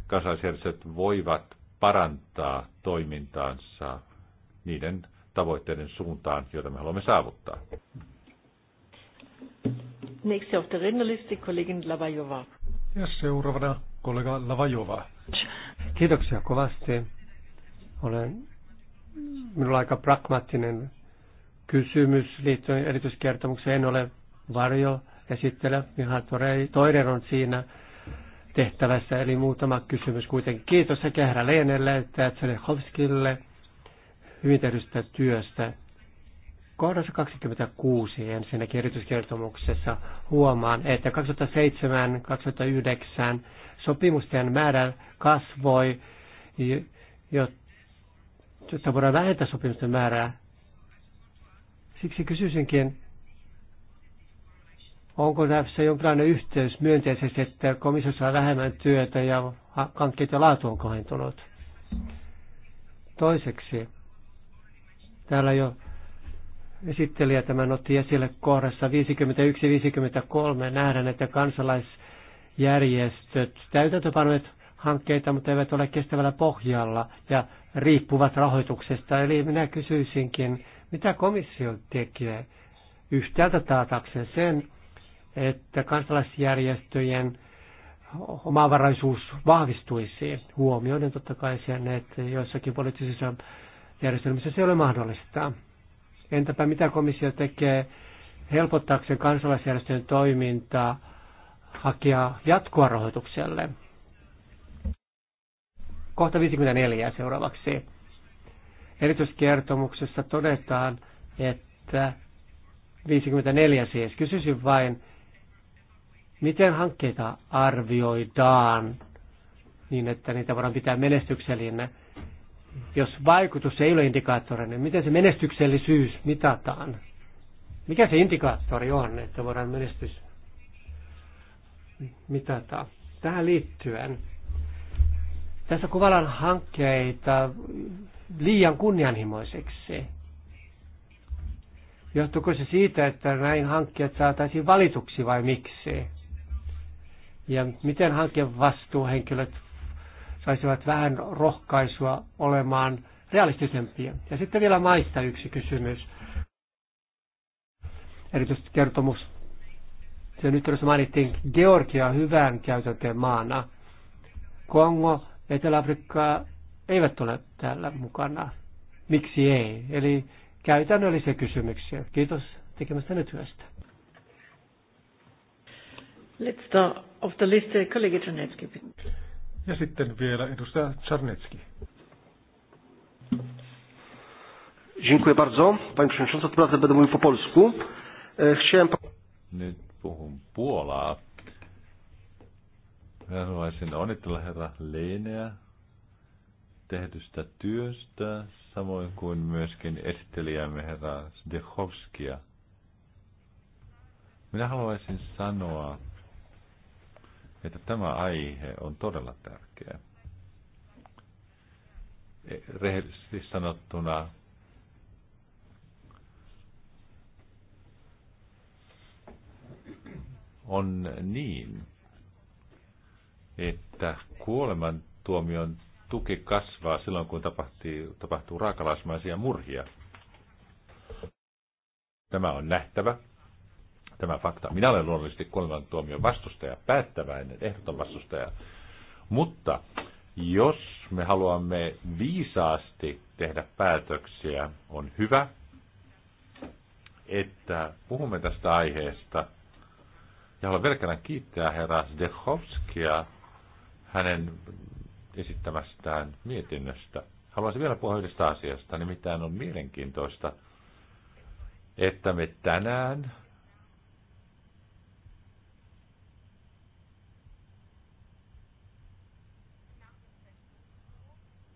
kansalaisjärjestöt voivat parantaa toimintaansa niiden tavoitteiden suuntaan, joita me haluamme saavuttaa. Next of the Rednerliste, Kollegin Lavajova. Ja seuraavana kollega Lavajova. Kiitoksia kovasti. Olen minulla aika pragmaattinen kysymys liittyen erityiskertomukseen. En ole varjo esittelä. Ihan toinen on siinä tehtävässä, eli muutama kysymys kuitenkin. Kiitos sekä herra Leenelle että Tselehovskille hyvin tehdystä työstä. Kohdassa 26 ensinnäkin erityiskertomuksessa huomaan, että 2007-2009 sopimusten määrä kasvoi, jotta voidaan vähentää sopimusten määrää. Siksi kysyisinkin, onko tässä jonkinlainen yhteys myönteisesti, että komissiossa on vähemmän työtä ja hankkeet ja laatu on kohentunut. Toiseksi, täällä jo esittelijä tämän otti esille kohdassa 51-53 nähdään, että kansalaisjärjestöt täytäntöpanoivat hankkeita, mutta eivät ole kestävällä pohjalla ja riippuvat rahoituksesta. Eli minä kysyisinkin, mitä komissio tekee yhtäältä taatakseen sen, että kansalaisjärjestöjen omavaraisuus vahvistuisi huomioiden totta kai sen, että joissakin poliittisissa järjestelmissä se ei ole mahdollista. Entäpä mitä komissio tekee helpottaakseen kansalaisjärjestöjen toimintaa hakea jatkoa rahoitukselle? Kohta 54 seuraavaksi. Erityiskertomuksessa todetaan, että 54 siis. Kysyisin vain, miten hankkeita arvioidaan niin, että niitä voidaan pitää menestyksellinä. Jos vaikutus ei ole indikaattori, niin miten se menestyksellisyys mitataan? Mikä se indikaattori on, että voidaan menestys mitata? Tähän liittyen tässä kuvalan hankkeita liian kunnianhimoiseksi. Johtuuko se siitä, että näin hankkeet saataisiin valituksi vai miksi? Ja miten hankkeen vastuuhenkilöt saisivat vähän rohkaisua olemaan realistisempia? Ja sitten vielä maista yksi kysymys. Erityisesti kertomus. Sen yhteydessä mainittiin Georgia hyvän käytäntöön maana. Kongo Etelä-Afrikkaa eivät ole täällä mukana. Miksi ei? Eli käytännöllisiä kysymyksiä. Kiitos tekemästäni työstä. Letzter auf der Liste, eh, Kollege Czarnecki. Ja sitten vielä edustaja Czarnecki. Dziękuję bardzo. Panie Przewodniczący, to będę mówił po polsku. E, chciałem... Nyt puhun Puolaa. Minä haluaisin onnitella herra Leineä tehdystä työstä, samoin kuin myöskin esittelijämme herra Zdechowskia. Minä haluaisin sanoa, että tämä aihe on todella tärkeä. E, rehellisesti sanottuna on niin, että kuoleman tuomion tuki kasvaa silloin, kun tapahtuu, tapahtuu raakalaismaisia murhia. Tämä on nähtävä, tämä fakta. Minä olen luonnollisesti tuomion vastustaja, päättäväinen, ehdoton vastustaja. Mutta jos me haluamme viisaasti tehdä päätöksiä, on hyvä, että puhumme tästä aiheesta. Ja haluan vielä kiittää herra Zdechowskia hänen esittämästään mietinnöstä. Haluaisin vielä puhua yhdestä asiasta, nimittäin on mielenkiintoista, että me tänään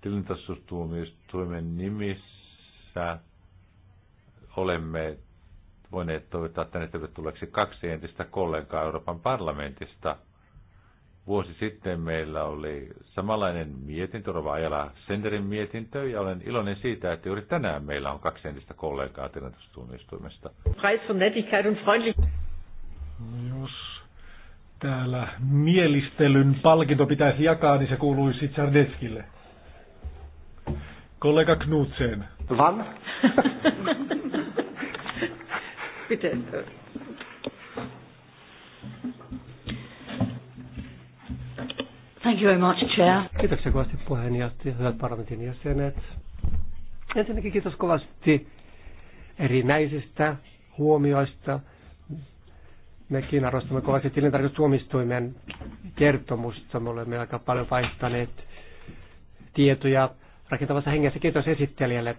tilintassustuomioistuimen nimissä olemme voineet toivottaa tänne tervetulleeksi kaksi entistä kollegaa Euroopan parlamentista – Vuosi sitten meillä oli samanlainen mietintö, Rova Ajala Senderin mietintö, ja olen iloinen siitä, että juuri tänään meillä on kaksi entistä kollegaa tilantetustuomioistuimesta. No jos täällä mielistelyn palkinto pitäisi jakaa, niin se kuuluisi Tsardeskille. Kollega Knutsen. Van? Miten? Thank you very much, Chair. Kiitoksia kovasti puheenjohtaja, hyvät parlamentin jäsenet. Ensinnäkin kiitos kovasti erinäisistä huomioista. Mekin arvostamme kovasti tilintarkastustuomistuimen kertomusta. Me olemme aika paljon vaihtaneet tietoja rakentavassa hengessä. Kiitos esittelijälle.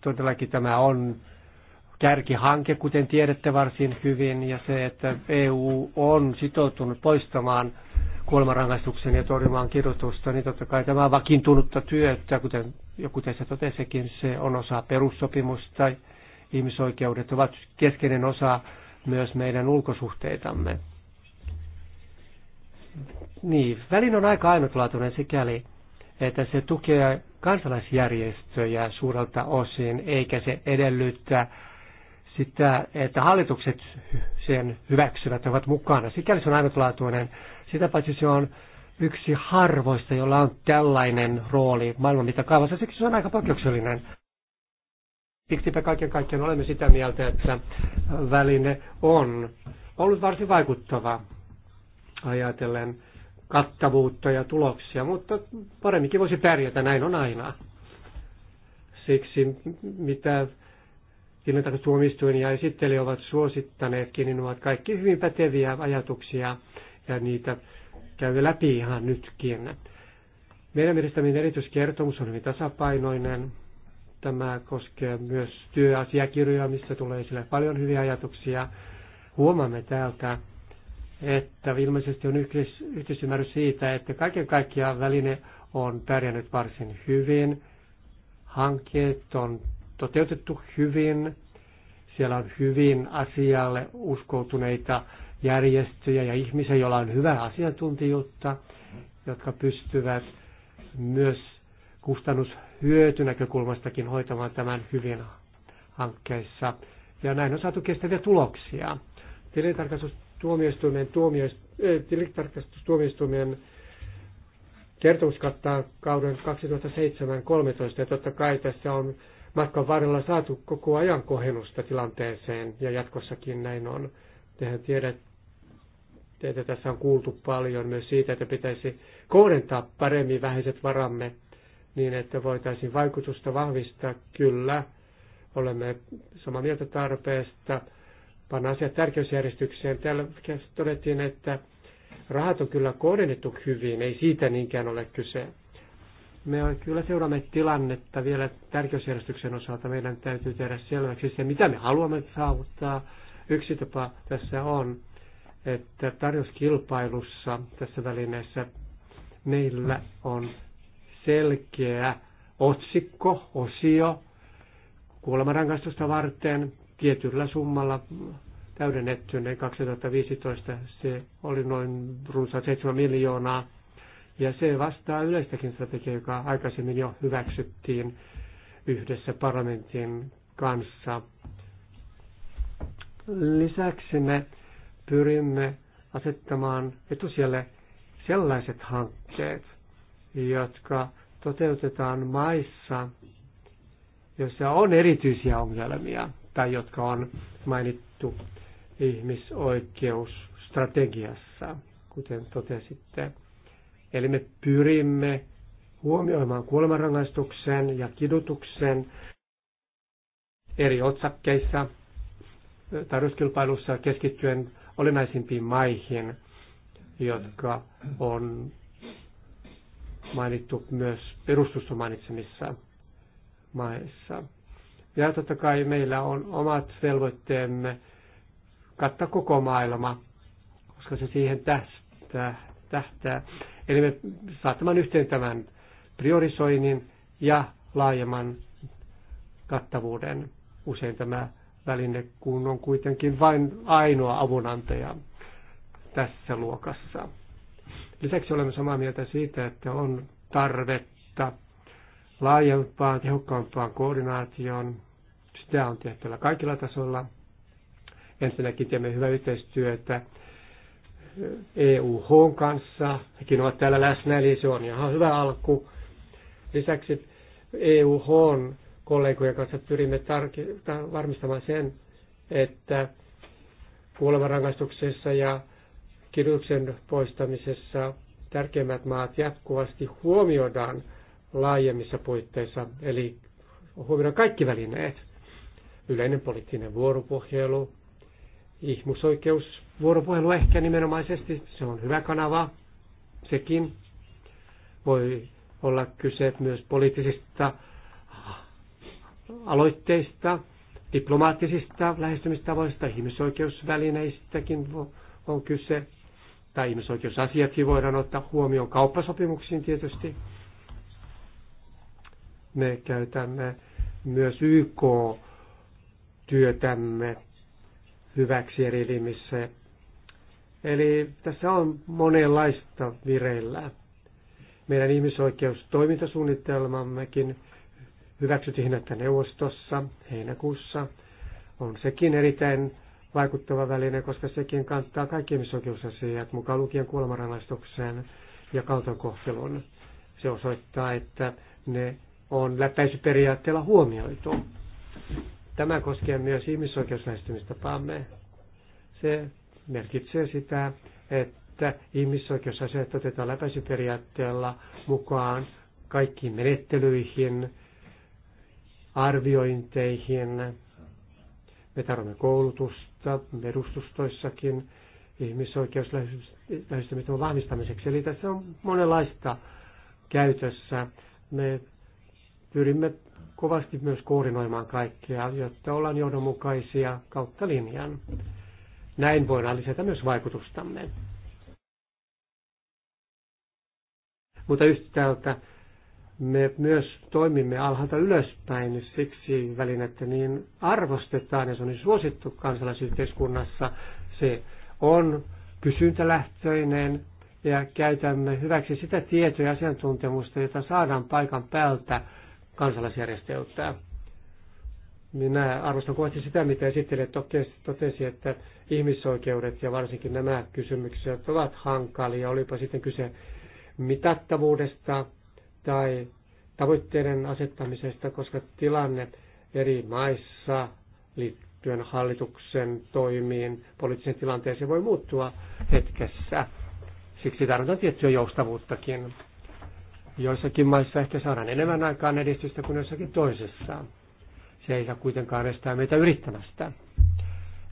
Todellakin tämä on kärkihanke, kuten tiedätte varsin hyvin, ja se, että EU on sitoutunut poistamaan kuolemanrangaistuksen ja torjumaan kidutusta, niin totta kai tämä on vakiintunutta työtä, kuten, ja kuten se totesikin, se on osa perussopimusta, ihmisoikeudet ovat keskeinen osa myös meidän ulkosuhteitamme. Niin, välin on aika ainutlaatuinen sikäli, että se tukee kansalaisjärjestöjä suurelta osin, eikä se edellyttää sitä, että hallitukset sen hyväksyvät ovat mukana. Sikäli se on ainutlaatuinen. Sitä paitsi se on yksi harvoista, jolla on tällainen rooli maailman mittakaavassa. Siksi se on aika poikkeuksellinen. Siksipä kaiken kaikkiaan olemme sitä mieltä, että väline on ollut varsin vaikuttava ajatellen kattavuutta ja tuloksia, mutta paremminkin voisi pärjätä, näin on aina. Siksi mitä tuomistuin ja esitteli ovat suosittaneetkin, niin ovat kaikki hyvin päteviä ajatuksia ja niitä käy läpi ihan nytkin. Meidän mielestämme erityiskertomus on hyvin tasapainoinen. Tämä koskee myös työasiakirjoja, missä tulee esille paljon hyviä ajatuksia. Huomaamme täältä, että ilmeisesti on yhteisymmärrys siitä, että kaiken kaikkiaan väline on pärjännyt varsin hyvin. Hankkeet on toteutettu hyvin. Siellä on hyvin asialle uskoutuneita järjestöjä ja ihmisiä, joilla on hyvää asiantuntijuutta, jotka pystyvät myös kustannushyötynäkökulmastakin hoitamaan tämän hyvin hankkeissa. Ja näin on saatu kestäviä tuloksia. Tilintarkastustuomioistuimen, tuomioist, äh, eh, tilintarkastustuomioistuimen kertomus kattaa kauden 2007-2013 ja totta kai tässä on matkan varrella saatu koko ajan kohennusta tilanteeseen ja jatkossakin näin on. Tehän tiedät, että tässä on kuultu paljon myös siitä, että pitäisi kohdentaa paremmin vähäiset varamme niin, että voitaisiin vaikutusta vahvistaa. Kyllä, olemme samaa mieltä tarpeesta. Panna asiat tärkeysjärjestykseen. Täällä todettiin, että rahat on kyllä kohdennettu hyvin, ei siitä niinkään ole kyse. Me kyllä seuraamme tilannetta vielä tärkeysjärjestyksen osalta. Meidän täytyy tehdä selväksi se, mitä me haluamme saavuttaa. Yksi tapa tässä on, että tarjouskilpailussa tässä välineessä meillä on selkeä otsikko, osio kuolemanrangaistusta varten tietyllä summalla täydennettyneen 2015. Se oli noin runsaat 7 miljoonaa ja se vastaa yleistäkin strategiaa, joka aikaisemmin jo hyväksyttiin yhdessä parlamentin kanssa. Lisäksi me pyrimme asettamaan etusijalle sellaiset hankkeet, jotka toteutetaan maissa, joissa on erityisiä ongelmia tai jotka on mainittu ihmisoikeusstrategiassa, kuten totesitte. Eli me pyrimme huomioimaan kuolemanrangaistuksen ja kidutuksen eri otsakkeissa tarjouskilpailussa keskittyen olennaisimpiin maihin, jotka on mainittu myös perustusta mainitsemissa maissa. Ja totta kai meillä on omat velvoitteemme kattaa koko maailma, koska se siihen tähtää. tähtää. Eli me saattamaan yhteen tämän priorisoinnin ja laajemman kattavuuden. Usein tämä väline, kun on kuitenkin vain ainoa avunantaja tässä luokassa. Lisäksi olemme samaa mieltä siitä, että on tarvetta laajempaan, tehokkaampaan koordinaatioon. Sitä on tehtävä kaikilla tasoilla. Ensinnäkin teemme hyvää yhteistyötä EUH kanssa. Hekin ovat täällä läsnä, eli se on ihan hyvä alku. Lisäksi EUH kollegojen kanssa pyrimme tarki- varmistamaan sen, että kuolemanrangaistuksessa ja kidutuksen poistamisessa tärkeimmät maat jatkuvasti huomioidaan laajemmissa puitteissa, eli huomioidaan kaikki välineet. Yleinen poliittinen vuoropuhelu, vuoropuhelu ehkä nimenomaisesti, se on hyvä kanava, sekin voi olla kyse myös poliittisista aloitteista, diplomaattisista lähestymistavoista, ihmisoikeusvälineistäkin on kyse, tai ihmisoikeusasiatkin voidaan ottaa huomioon kauppasopimuksiin tietysti. Me käytämme myös YK-työtämme hyväksi eri elimissä. Eli tässä on monenlaista vireillä. Meidän ihmisoikeustoimintasuunnitelmammekin hyväksyttiin että neuvostossa heinäkuussa. On sekin erittäin vaikuttava väline, koska sekin kantaa kaikki ihmisoikeusasiat, mukaan lukien kuolemanrangaistukseen ja kaltoinkohtelun. Se osoittaa, että ne on läpäisyperiaatteella huomioitu. Tämä koskee myös ihmisoikeuslähestymistapaamme. Se merkitsee sitä, että ihmisoikeusasiat otetaan läpäisyperiaatteella mukaan kaikkiin menettelyihin, arviointeihin. Me tarvitsemme koulutusta edustustoissakin ihmisoikeuslähestymistavan vahvistamiseksi. Eli tässä on monenlaista käytössä. Me pyrimme kovasti myös koordinoimaan kaikkea, jotta ollaan johdonmukaisia kautta linjan. Näin voidaan lisätä myös vaikutustamme. Mutta yhtäältä me myös toimimme alhaalta ylöspäin, siksi että niin arvostetaan ja se on niin suosittu kansalaisyhteiskunnassa. Se on kysyntälähtöinen ja käytämme hyväksi sitä tietoa ja asiantuntemusta, jota saadaan paikan päältä kansalaisjärjestöltään. Minä arvostan kovasti sitä, mitä esittelijät totesi, että ihmisoikeudet ja varsinkin nämä kysymykset ovat hankalia, olipa sitten kyse mitattavuudesta tai tavoitteiden asettamisesta, koska tilanne eri maissa liittyen hallituksen toimiin, poliittiseen tilanteeseen voi muuttua hetkessä. Siksi tarvitaan tiettyä joustavuuttakin. Joissakin maissa ehkä saadaan enemmän aikaan edistystä kuin jossakin toisessa. Se ei saa kuitenkaan estää meitä yrittämästä.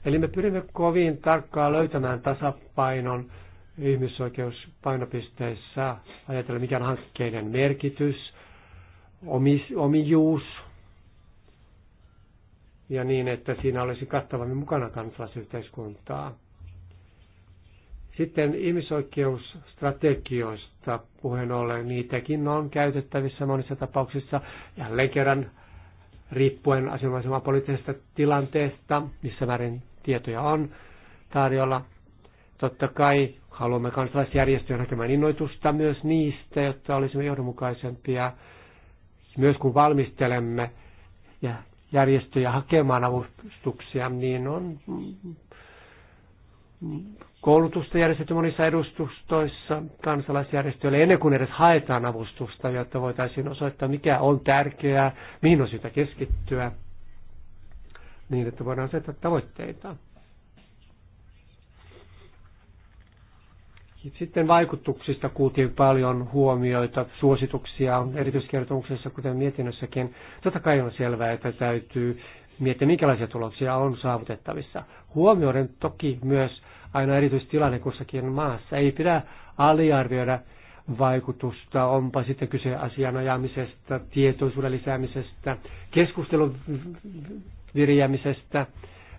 Eli me pyrimme kovin tarkkaan löytämään tasapainon ihmisoikeuspainopisteissä, ajatella mikä on hankkeiden merkitys, omis, omijuus ja niin, että siinä olisi kattavammin mukana kansalaisyhteiskuntaa. Sitten ihmisoikeusstrategioista varoista puheen ollen, niitäkin on käytettävissä monissa tapauksissa jälleen kerran riippuen asianomaisesta poliittisesta tilanteesta, missä määrin tietoja on tarjolla. Totta kai haluamme kansalaisjärjestöjen näkemään innoitusta myös niistä, jotta olisimme johdonmukaisempia myös kun valmistelemme ja järjestöjä hakemaan avustuksia, niin on niin. koulutusta järjestetty monissa edustustoissa kansalaisjärjestöille ennen kuin edes haetaan avustusta, jotta voitaisiin osoittaa, mikä on tärkeää, mihin on syytä keskittyä, niin että voidaan asettaa tavoitteita. Sitten vaikutuksista kuultiin paljon huomioita, suosituksia on erityiskertomuksessa, kuten mietinnössäkin. Totta kai on selvää, että täytyy miettiä, minkälaisia tuloksia on saavutettavissa. Huomioiden toki myös aina erityistilanne kussakin maassa. Ei pidä aliarvioida vaikutusta, onpa sitten kyse asian ajamisesta, tietoisuuden lisäämisestä, keskustelun virjäämisestä,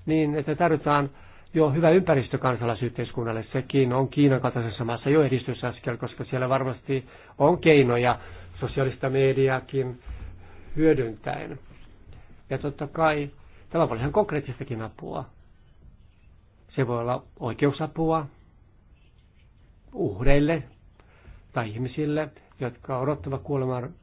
niin että tarvitaan jo hyvä ympäristö kansalaisyhteiskunnalle. Sekin on Kiinan kaltaisessa maassa jo edistysaskel, koska siellä varmasti on keinoja sosiaalista mediaakin hyödyntäen. Ja totta kai tämä voi olla ihan konkreettistakin apua. Se voi olla oikeusapua uhreille tai ihmisille, jotka odottavat kuoleman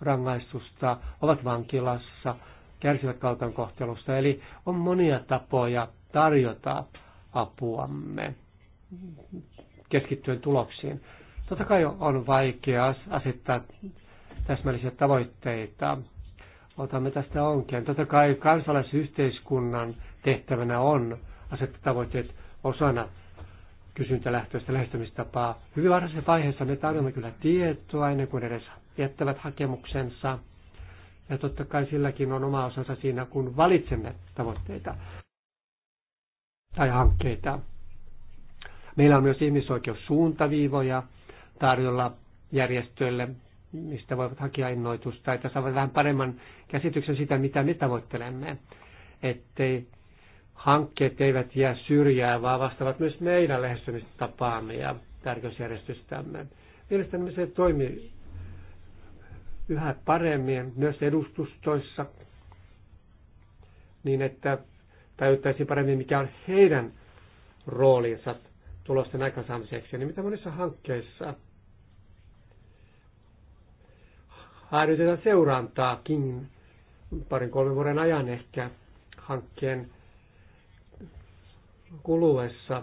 rangaistusta, ovat vankilassa, kärsivät kohtelusta. Eli on monia tapoja tarjota apuamme keskittyen tuloksiin. Totta kai on vaikea asettaa täsmällisiä tavoitteita otamme tästä onkeen. Totta kai kansalaisyhteiskunnan tehtävänä on asettaa tavoitteet osana kysyntälähtöistä lähestymistapaa. Hyvin varhaisessa vaiheessa me tarjoamme kyllä tietoa ennen kuin edes jättävät hakemuksensa. Ja totta kai silläkin on oma osansa siinä, kun valitsemme tavoitteita tai hankkeita. Meillä on myös ihmisoikeussuuntaviivoja tarjolla järjestöille mistä voivat hakea innoitusta, että saavat vähän paremman käsityksen sitä, mitä me tavoittelemme. Ettei hankkeet eivät jää syrjään, vaan vastaavat myös meidän lähestymistapaamme ja tärkeysjärjestystämme. Mielestäni se toimii yhä paremmin myös edustustoissa, niin että tajuttaisiin paremmin, mikä on heidän roolinsa tulosten aikaansaamiseksi, niin mitä monissa hankkeissa – harjoitetaan seurantaakin parin kolmen vuoden ajan ehkä hankkeen kuluessa.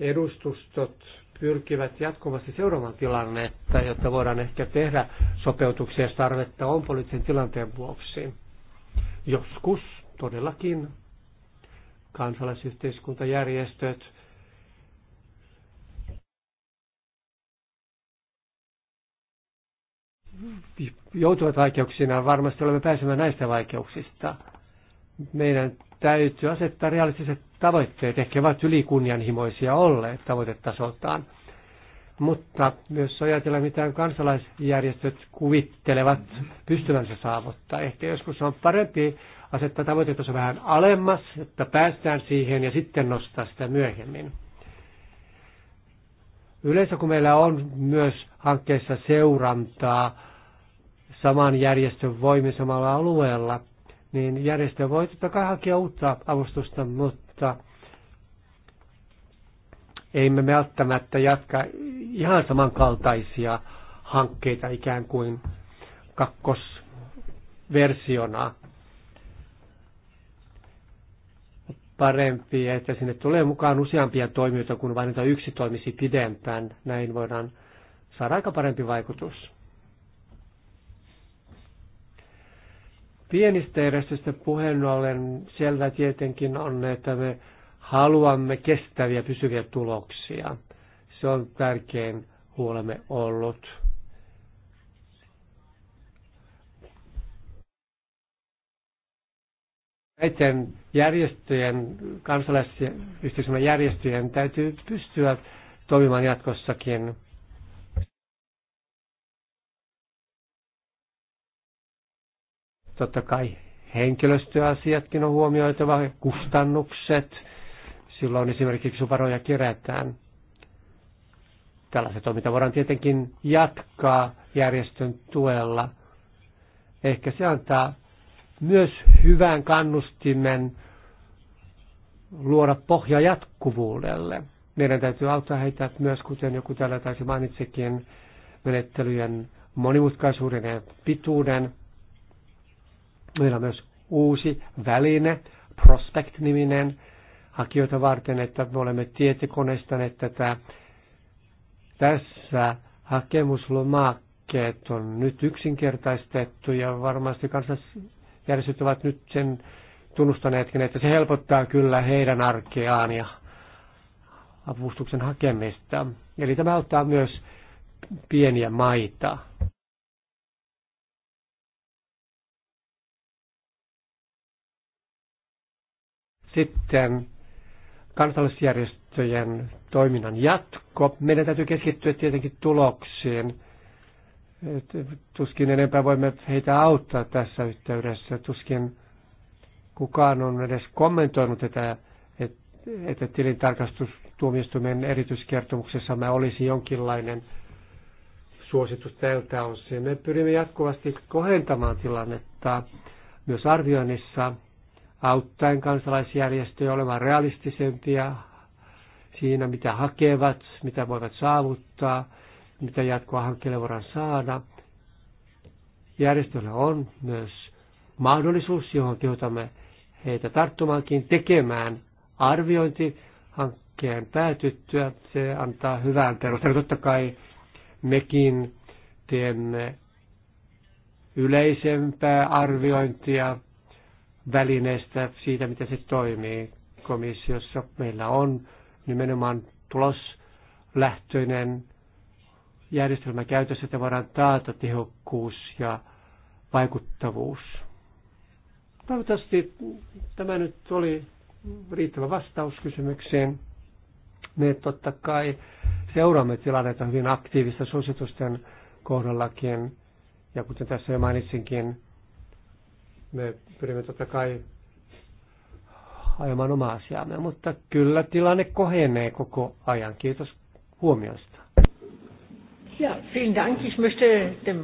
Edustustot pyrkivät jatkuvasti seuraamaan tilannetta, jotta voidaan ehkä tehdä sopeutuksia, jos tarvetta on poliittisen tilanteen vuoksi. Joskus todellakin kansalaisyhteiskuntajärjestöt joutuvat vaikeuksiin, varmasti olemme pääsemään näistä vaikeuksista. Meidän täytyy asettaa realistiset tavoitteet, ehkä ovat ylikunnianhimoisia olleet tavoitetasoltaan. Mutta myös ajatella, mitä kansalaisjärjestöt kuvittelevat pystyvänsä saavuttaa. Ehkä joskus on parempi asettaa tavoitetaso vähän alemmas, jotta päästään siihen ja sitten nostaa sitä myöhemmin. Yleensä kun meillä on myös hankkeessa seurantaa, saman järjestön voimin samalla alueella, niin järjestö voi totta kai hakea uutta avustusta, mutta ei me välttämättä jatka ihan samankaltaisia hankkeita ikään kuin kakkosversiona. Parempi, että sinne tulee mukaan useampia toimijoita, kun vain yksi toimisi pidempään. Näin voidaan saada aika parempi vaikutus. Pienistä järjestöistä puheen ollen selvä tietenkin on, että me haluamme kestäviä pysyviä tuloksia. Se on tärkein huolemme ollut. Näiden järjestöjen, kansalaisyhteiskunnan järjestöjen täytyy pystyä toimimaan jatkossakin Totta kai henkilöstöasiatkin on huomioitava, kustannukset, silloin esimerkiksi varoja kerätään. Tällaista mitä voidaan tietenkin jatkaa järjestön tuella. Ehkä se antaa myös hyvän kannustimen luoda pohja jatkuvuudelle. Meidän täytyy auttaa heitä myös, kuten joku täällä taisi mainitsikin, menettelyjen monimutkaisuuden ja pituuden Meillä on myös uusi väline, Prospect-niminen, hakijoita varten, että me olemme tietokoneistaneet tätä. Tässä hakemuslomakkeet on nyt yksinkertaistettu ja varmasti kansalaisjärjestöt ovat nyt sen tunnustaneetkin, että se helpottaa kyllä heidän arkeaan ja avustuksen hakemista. Eli tämä auttaa myös pieniä maita. Sitten kansallisjärjestöjen toiminnan jatko. Meidän täytyy keskittyä tietenkin tuloksiin. Tuskin enempää voimme heitä auttaa tässä yhteydessä. Tuskin kukaan on edes kommentoinut tätä, että tilintarkastustuomioistuimen erityiskertomuksessa mä olisi jonkinlainen suositus tältä osin. Me pyrimme jatkuvasti kohentamaan tilannetta myös arvioinnissa auttaen kansalaisjärjestöjä olemaan realistisempia siinä, mitä hakevat, mitä voivat saavuttaa, mitä jatkoa hankkeelle voidaan saada. Järjestöllä on myös mahdollisuus, johon kehotamme heitä tarttumaankin tekemään arviointi hankkeen päätyttyä. Se antaa hyvän perusteella. Totta kai mekin teemme yleisempää arviointia välineestä, siitä miten se toimii komissiossa. Meillä on nimenomaan tuloslähtöinen järjestelmä käytössä, että voidaan taata tehokkuus ja vaikuttavuus. Toivottavasti tämä nyt oli riittävä vastaus kysymykseen. Me totta kai seuraamme tilannetta hyvin aktiivista suositusten kohdallakin. Ja kuten tässä jo mainitsinkin, me pyrimme totta kai ajamaan omaa asiaamme, mutta kyllä tilanne kohenee koko ajan. Kiitos huomioista. Ja, vielen Dank. Ich möchte dem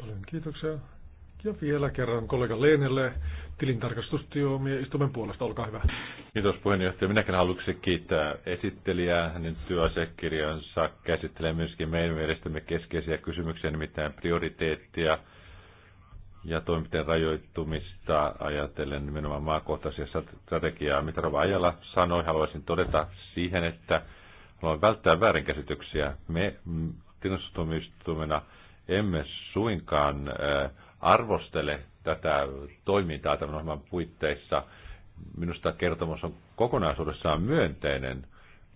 Paljon kiitoksia. Ja vielä kerran kollega Leenelle tilintarkastustyömiestuimen puolesta. Olkaa hyvä. Kiitos puheenjohtaja. Minäkin haluaisin kiittää esittelijää. Hänen työasiakirjansa käsittelee myöskin meidän mielestämme keskeisiä kysymyksiä, nimittäin prioriteettia – ja toimintojen rajoittumista ajatellen nimenomaan maakohtaisia strategiaa. Mitä Rova Ajala sanoi, haluaisin todeta siihen, että haluan välttää väärinkäsityksiä. Me mm, tilastustuomioistuimena emme suinkaan äh, arvostele tätä toimintaa tämän ohjelman puitteissa. Minusta kertomus on kokonaisuudessaan myönteinen.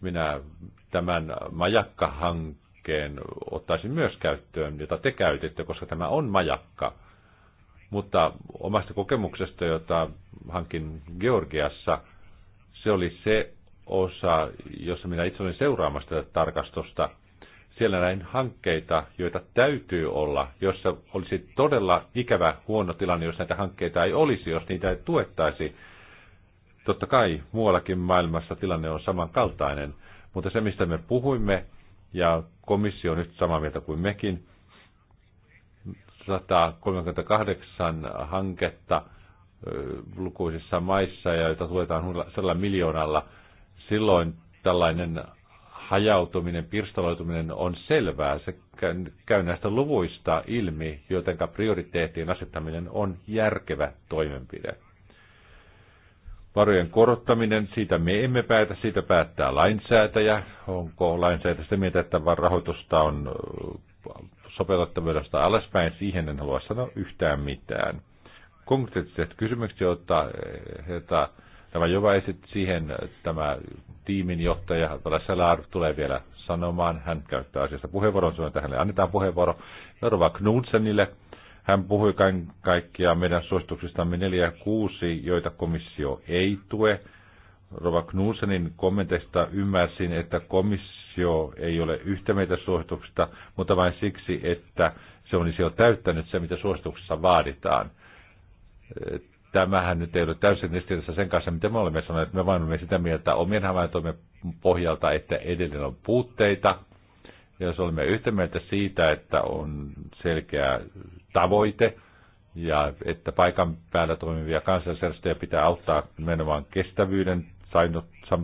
Minä tämän majakkahankkeen ottaisin myös käyttöön, jota te käytitte, koska tämä on majakka mutta omasta kokemuksesta, jota hankin Georgiassa, se oli se osa, jossa minä itse olin seuraamassa tätä tarkastusta. Siellä näin hankkeita, joita täytyy olla, jossa olisi todella ikävä huono tilanne, jos näitä hankkeita ei olisi, jos niitä ei tuettaisi. Totta kai muuallakin maailmassa tilanne on samankaltainen, mutta se mistä me puhuimme, ja komissio on nyt samaa mieltä kuin mekin, 138 hanketta lukuisissa maissa ja joita tuetaan sellaisella miljoonalla, silloin tällainen hajautuminen, pirstaloituminen on selvää. Se käy näistä luvuista ilmi, joten prioriteettien asettaminen on järkevä toimenpide. Varojen korottaminen, siitä me emme päätä, siitä päättää lainsäätäjä. Onko lainsäätäjä sitä mieltä, että rahoitusta on sopeutettavuudesta alaspäin, siihen en halua sanoa yhtään mitään. Konkreettiset kysymykset, joita, että tämä Jova esitti siihen, tämä tiimin johtaja Salar tulee vielä sanomaan. Hän käyttää asiasta puheenvuoron, silloin hänelle annetaan puheenvuoro. Jorva Knudsenille. Hän puhui kaikkia meidän suosituksistamme 4 ja 6, joita komissio ei tue. Rova Knudsenin kommenteista ymmärsin, että komissio komissio ei ole yhtä meitä suosituksista, mutta vain siksi, että se olisi jo täyttänyt se, mitä suosituksessa vaaditaan. Tämähän nyt ei ole täysin ristiriidassa sen kanssa, mitä me olemme sanoneet. Me vain olemme sitä mieltä omien havaintoimme pohjalta, että edelleen on puutteita. Ja jos olemme yhtä mieltä siitä, että on selkeä tavoite, ja että paikan päällä toimivia kansallisjärjestöjä pitää auttaa nimenomaan kestävyyden sain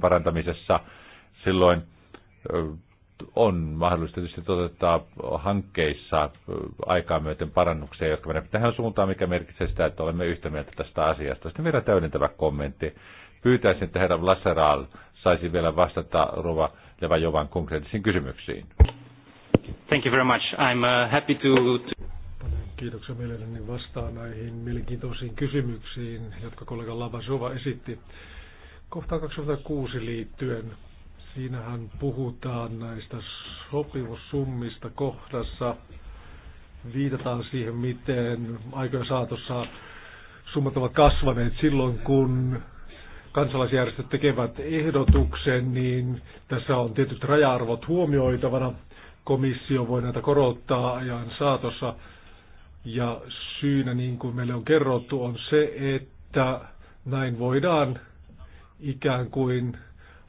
parantamisessa, silloin on mahdollista tietysti toteuttaa hankkeissa aikaa myöten parannuksia, jotka menevät tähän suuntaan, mikä merkitsee sitä, että olemme yhtä mieltä tästä asiasta. Sitten vielä täydentävä kommentti. Pyytäisin, että herra Vlaseral saisi vielä vastata Rova Levajovan konkreettisiin kysymyksiin. Thank you very much. I'm uh, happy to... Kiitoksia mielelläni vastaan näihin mielenkiintoisiin kysymyksiin, jotka kollega Leva-Jova esitti. Kohtaan 26 liittyen Siinähän puhutaan näistä sopimussummista kohdassa. Viitataan siihen, miten aikojen saatossa summat ovat kasvaneet silloin, kun kansalaisjärjestöt tekevät ehdotuksen, niin tässä on tietyt raja-arvot huomioitavana. Komissio voi näitä korottaa ajan saatossa. Ja syynä, niin kuin meille on kerrottu, on se, että näin voidaan ikään kuin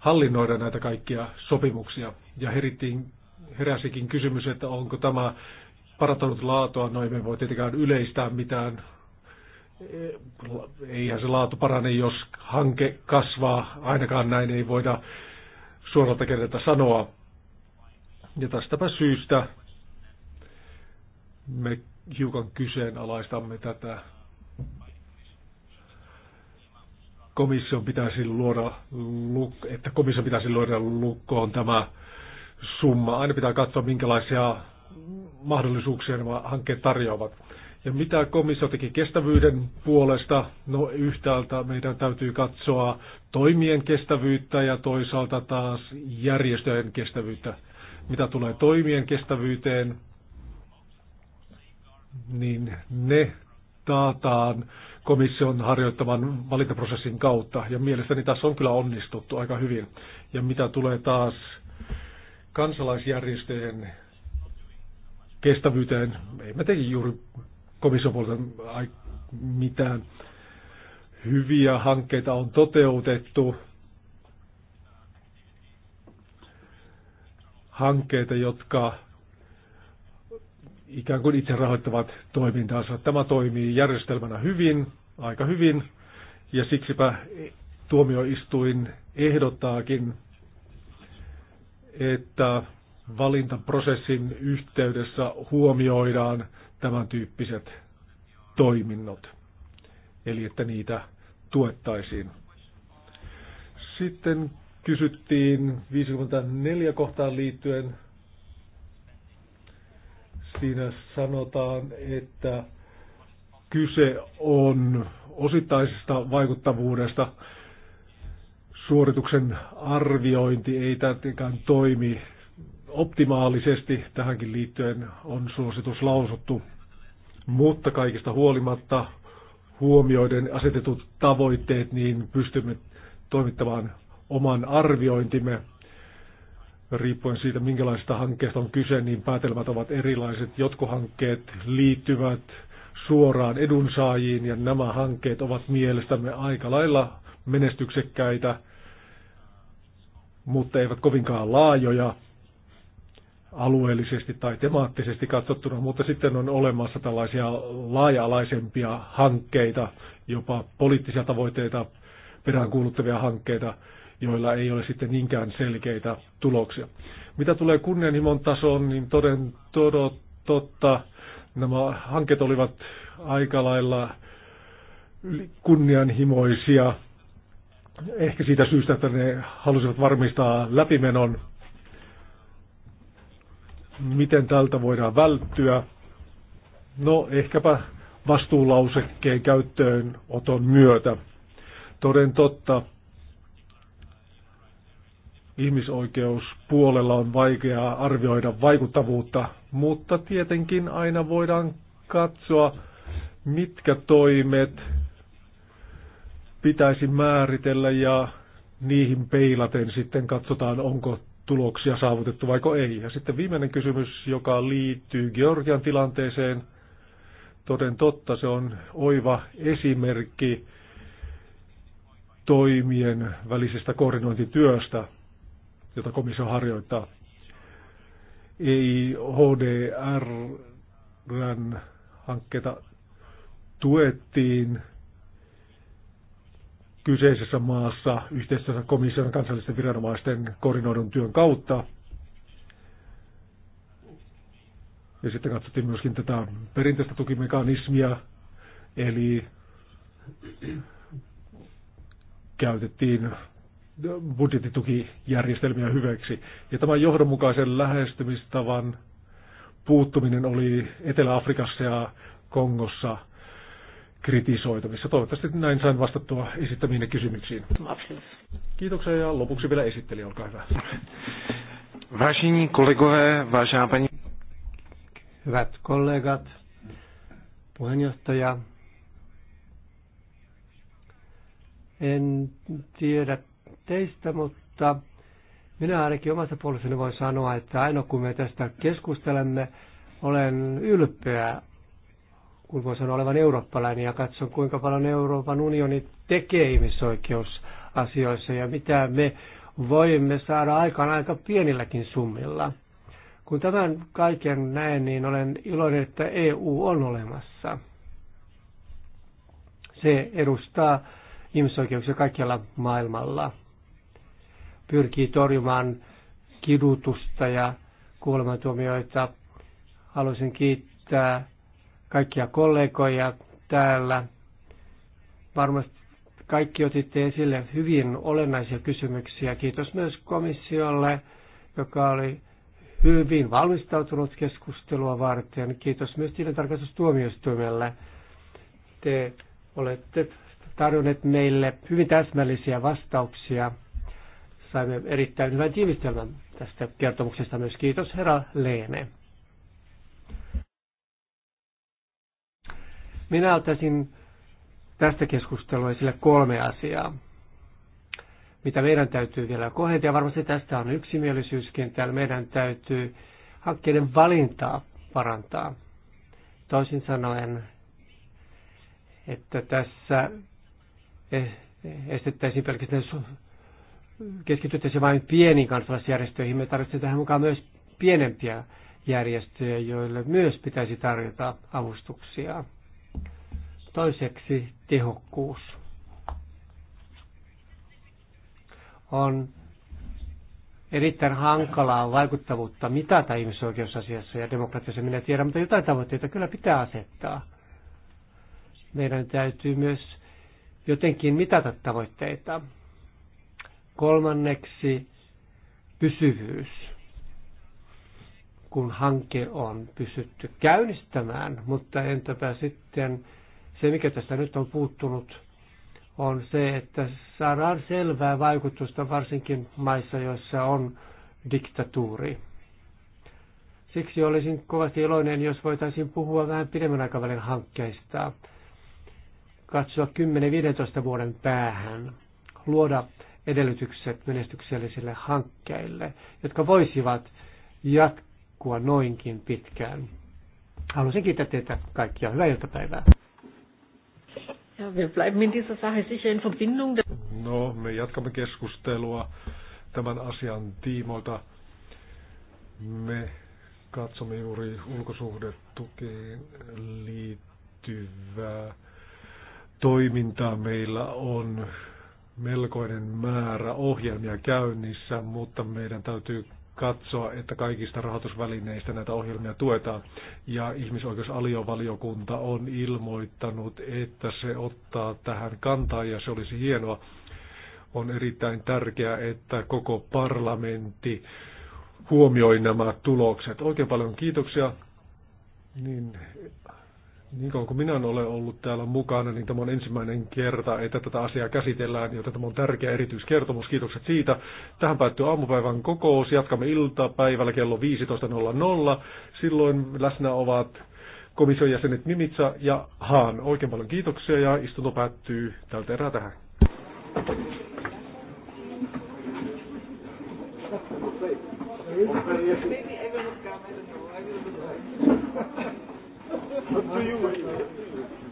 hallinnoida näitä kaikkia sopimuksia. Ja herittiin, heräsikin kysymys, että onko tämä parantanut laatua. No emme voi tietenkään yleistää mitään. E, eihän se laatu parane, jos hanke kasvaa. Ainakaan näin ei voida suoralta kertaa sanoa. Ja tästäpä syystä me hiukan kyseenalaistamme tätä komission pitäisi luoda, että komission pitäisi luoda lukkoon tämä summa. Aina pitää katsoa, minkälaisia mahdollisuuksia nämä hankkeet tarjoavat. Ja mitä komissio teki kestävyyden puolesta? No yhtäältä meidän täytyy katsoa toimien kestävyyttä ja toisaalta taas järjestöjen kestävyyttä. Mitä tulee toimien kestävyyteen, niin ne taataan komission harjoittaman valintaprosessin kautta. Ja mielestäni tässä on kyllä onnistuttu aika hyvin. Ja mitä tulee taas kansalaisjärjestöjen kestävyyteen, ei me tein juuri komission puolelta mitään. Hyviä hankkeita on toteutettu. Hankkeita, jotka ikään kuin itse rahoittavat toimintaansa. Tämä toimii järjestelmänä hyvin, aika hyvin, ja siksipä tuomioistuin ehdottaakin, että valintaprosessin yhteydessä huomioidaan tämän tyyppiset toiminnot, eli että niitä tuettaisiin. Sitten kysyttiin 54 kohtaan liittyen Siinä sanotaan, että kyse on osittaisesta vaikuttavuudesta. Suorituksen arviointi ei tietenkään toimi optimaalisesti. Tähänkin liittyen on suositus lausuttu. Mutta kaikista huolimatta huomioiden asetetut tavoitteet, niin pystymme toimittamaan oman arviointimme riippuen siitä, minkälaisista hankkeista on kyse, niin päätelmät ovat erilaiset. Jotkut hankkeet liittyvät suoraan edunsaajiin ja nämä hankkeet ovat mielestämme aika lailla menestyksekkäitä, mutta eivät kovinkaan laajoja alueellisesti tai temaattisesti katsottuna, mutta sitten on olemassa tällaisia laaja-alaisempia hankkeita, jopa poliittisia tavoitteita peräänkuuluttavia hankkeita, joilla ei ole sitten niinkään selkeitä tuloksia. Mitä tulee kunnianhimon tasoon, niin toden todo, totta, nämä hanket olivat aika lailla kunnianhimoisia. Ehkä siitä syystä, että ne halusivat varmistaa läpimenon, miten tältä voidaan välttyä. No ehkäpä vastuulausekkeen oton myötä. Toden totta, ihmisoikeuspuolella on vaikeaa arvioida vaikuttavuutta, mutta tietenkin aina voidaan katsoa, mitkä toimet pitäisi määritellä ja niihin peilaten sitten katsotaan, onko tuloksia saavutettu vaiko ei. Ja sitten viimeinen kysymys, joka liittyy Georgian tilanteeseen. Toden totta, se on oiva esimerkki toimien välisestä koordinointityöstä jota komissio harjoittaa. Ei HDR-hankkeita tuettiin kyseisessä maassa yhteistyössä komission kansallisten viranomaisten koordinoidun työn kautta. Ja sitten katsottiin myöskin tätä perinteistä tukimekanismia, eli käytettiin budjettitukijärjestelmiä hyväksi. Ja tämän johdonmukaisen lähestymistavan puuttuminen oli Etelä-Afrikassa ja Kongossa kritisoitavissa. Toivottavasti näin sain vastattua esittämiin kysymyksiin. Kiitoksia ja lopuksi vielä esitteli, olkaa hyvä. Vážení kolegové, vážená paní... Hyvät kollegat, puheenjohtaja, en tiedä teistä, mutta minä ainakin omasta puolestani voin sanoa, että aina kun me tästä keskustelemme, olen ylpeä, kun voin sanoa olevan eurooppalainen ja katson, kuinka paljon Euroopan unioni tekee ihmisoikeusasioissa ja mitä me voimme saada aikaan aika pienilläkin summilla. Kun tämän kaiken näen, niin olen iloinen, että EU on olemassa. Se edustaa ihmisoikeuksia kaikkialla maailmalla pyrkii torjumaan kidutusta ja kuolemantuomioita. Haluaisin kiittää kaikkia kollegoja täällä. Varmasti kaikki otitte esille hyvin olennaisia kysymyksiä. Kiitos myös komissiolle, joka oli hyvin valmistautunut keskustelua varten. Kiitos myös tilintarkastustuomioistuimelle. Te olette tarjonneet meille hyvin täsmällisiä vastauksia saimme erittäin hyvän tiivistelmän tästä kertomuksesta myös. Kiitos herra Leene. Minä ottaisin tästä keskustelua esille kolme asiaa, mitä meidän täytyy vielä kohentaa. Varmasti tästä on yksimielisyyskin. Täällä meidän täytyy hankkeiden valintaa parantaa. Toisin sanoen, että tässä eh, estettäisiin pelkästään keskityttäisiin vain pieniin kansalaisjärjestöihin. Me tarvitsemme tähän mukaan myös pienempiä järjestöjä, joille myös pitäisi tarjota avustuksia. Toiseksi tehokkuus. On erittäin hankalaa vaikuttavuutta mitata ihmisoikeusasiassa ja demokratiassa, minä tiedän, mutta jotain tavoitteita kyllä pitää asettaa. Meidän täytyy myös jotenkin mitata tavoitteita. Kolmanneksi pysyvyys. Kun hanke on pysytty käynnistämään, mutta entäpä sitten se, mikä tästä nyt on puuttunut, on se, että saadaan selvää vaikutusta varsinkin maissa, joissa on diktatuuri. Siksi olisin kovasti iloinen, jos voitaisiin puhua vähän pidemmän aikavälin hankkeista, katsoa 10-15 vuoden päähän, luoda edellytykset menestyksellisille hankkeille, jotka voisivat jatkua noinkin pitkään. Haluaisin kiittää teitä kaikkia. Hyvää iltapäivää. Ja, wir bleiben in dieser Sache sicher in Verbindung. No, me jatkamme keskustelua tämän asian tiimoilta. Me katsomme juuri ulkosuhdetukeen liittyvää toimintaa. Meillä on melkoinen määrä ohjelmia käynnissä, mutta meidän täytyy katsoa, että kaikista rahoitusvälineistä näitä ohjelmia tuetaan. Ja ihmisoikeusaliovaliokunta on ilmoittanut, että se ottaa tähän kantaa ja se olisi hienoa. On erittäin tärkeää, että koko parlamentti huomioi nämä tulokset. Oikein paljon kiitoksia. Niin, niin kauan kuin minä en ole ollut täällä mukana, niin tämä on ensimmäinen kerta, että tätä asiaa käsitellään, joten tämä on tärkeä erityiskertomus. Kiitokset siitä. Tähän päättyy aamupäivän kokous. Jatkamme iltapäivällä kello 15.00. Silloin läsnä ovat komission jäsenet Mimitsa ja Haan. Oikein paljon kiitoksia ja istunto päättyy tältä erää tähän. Thank you. Up to you.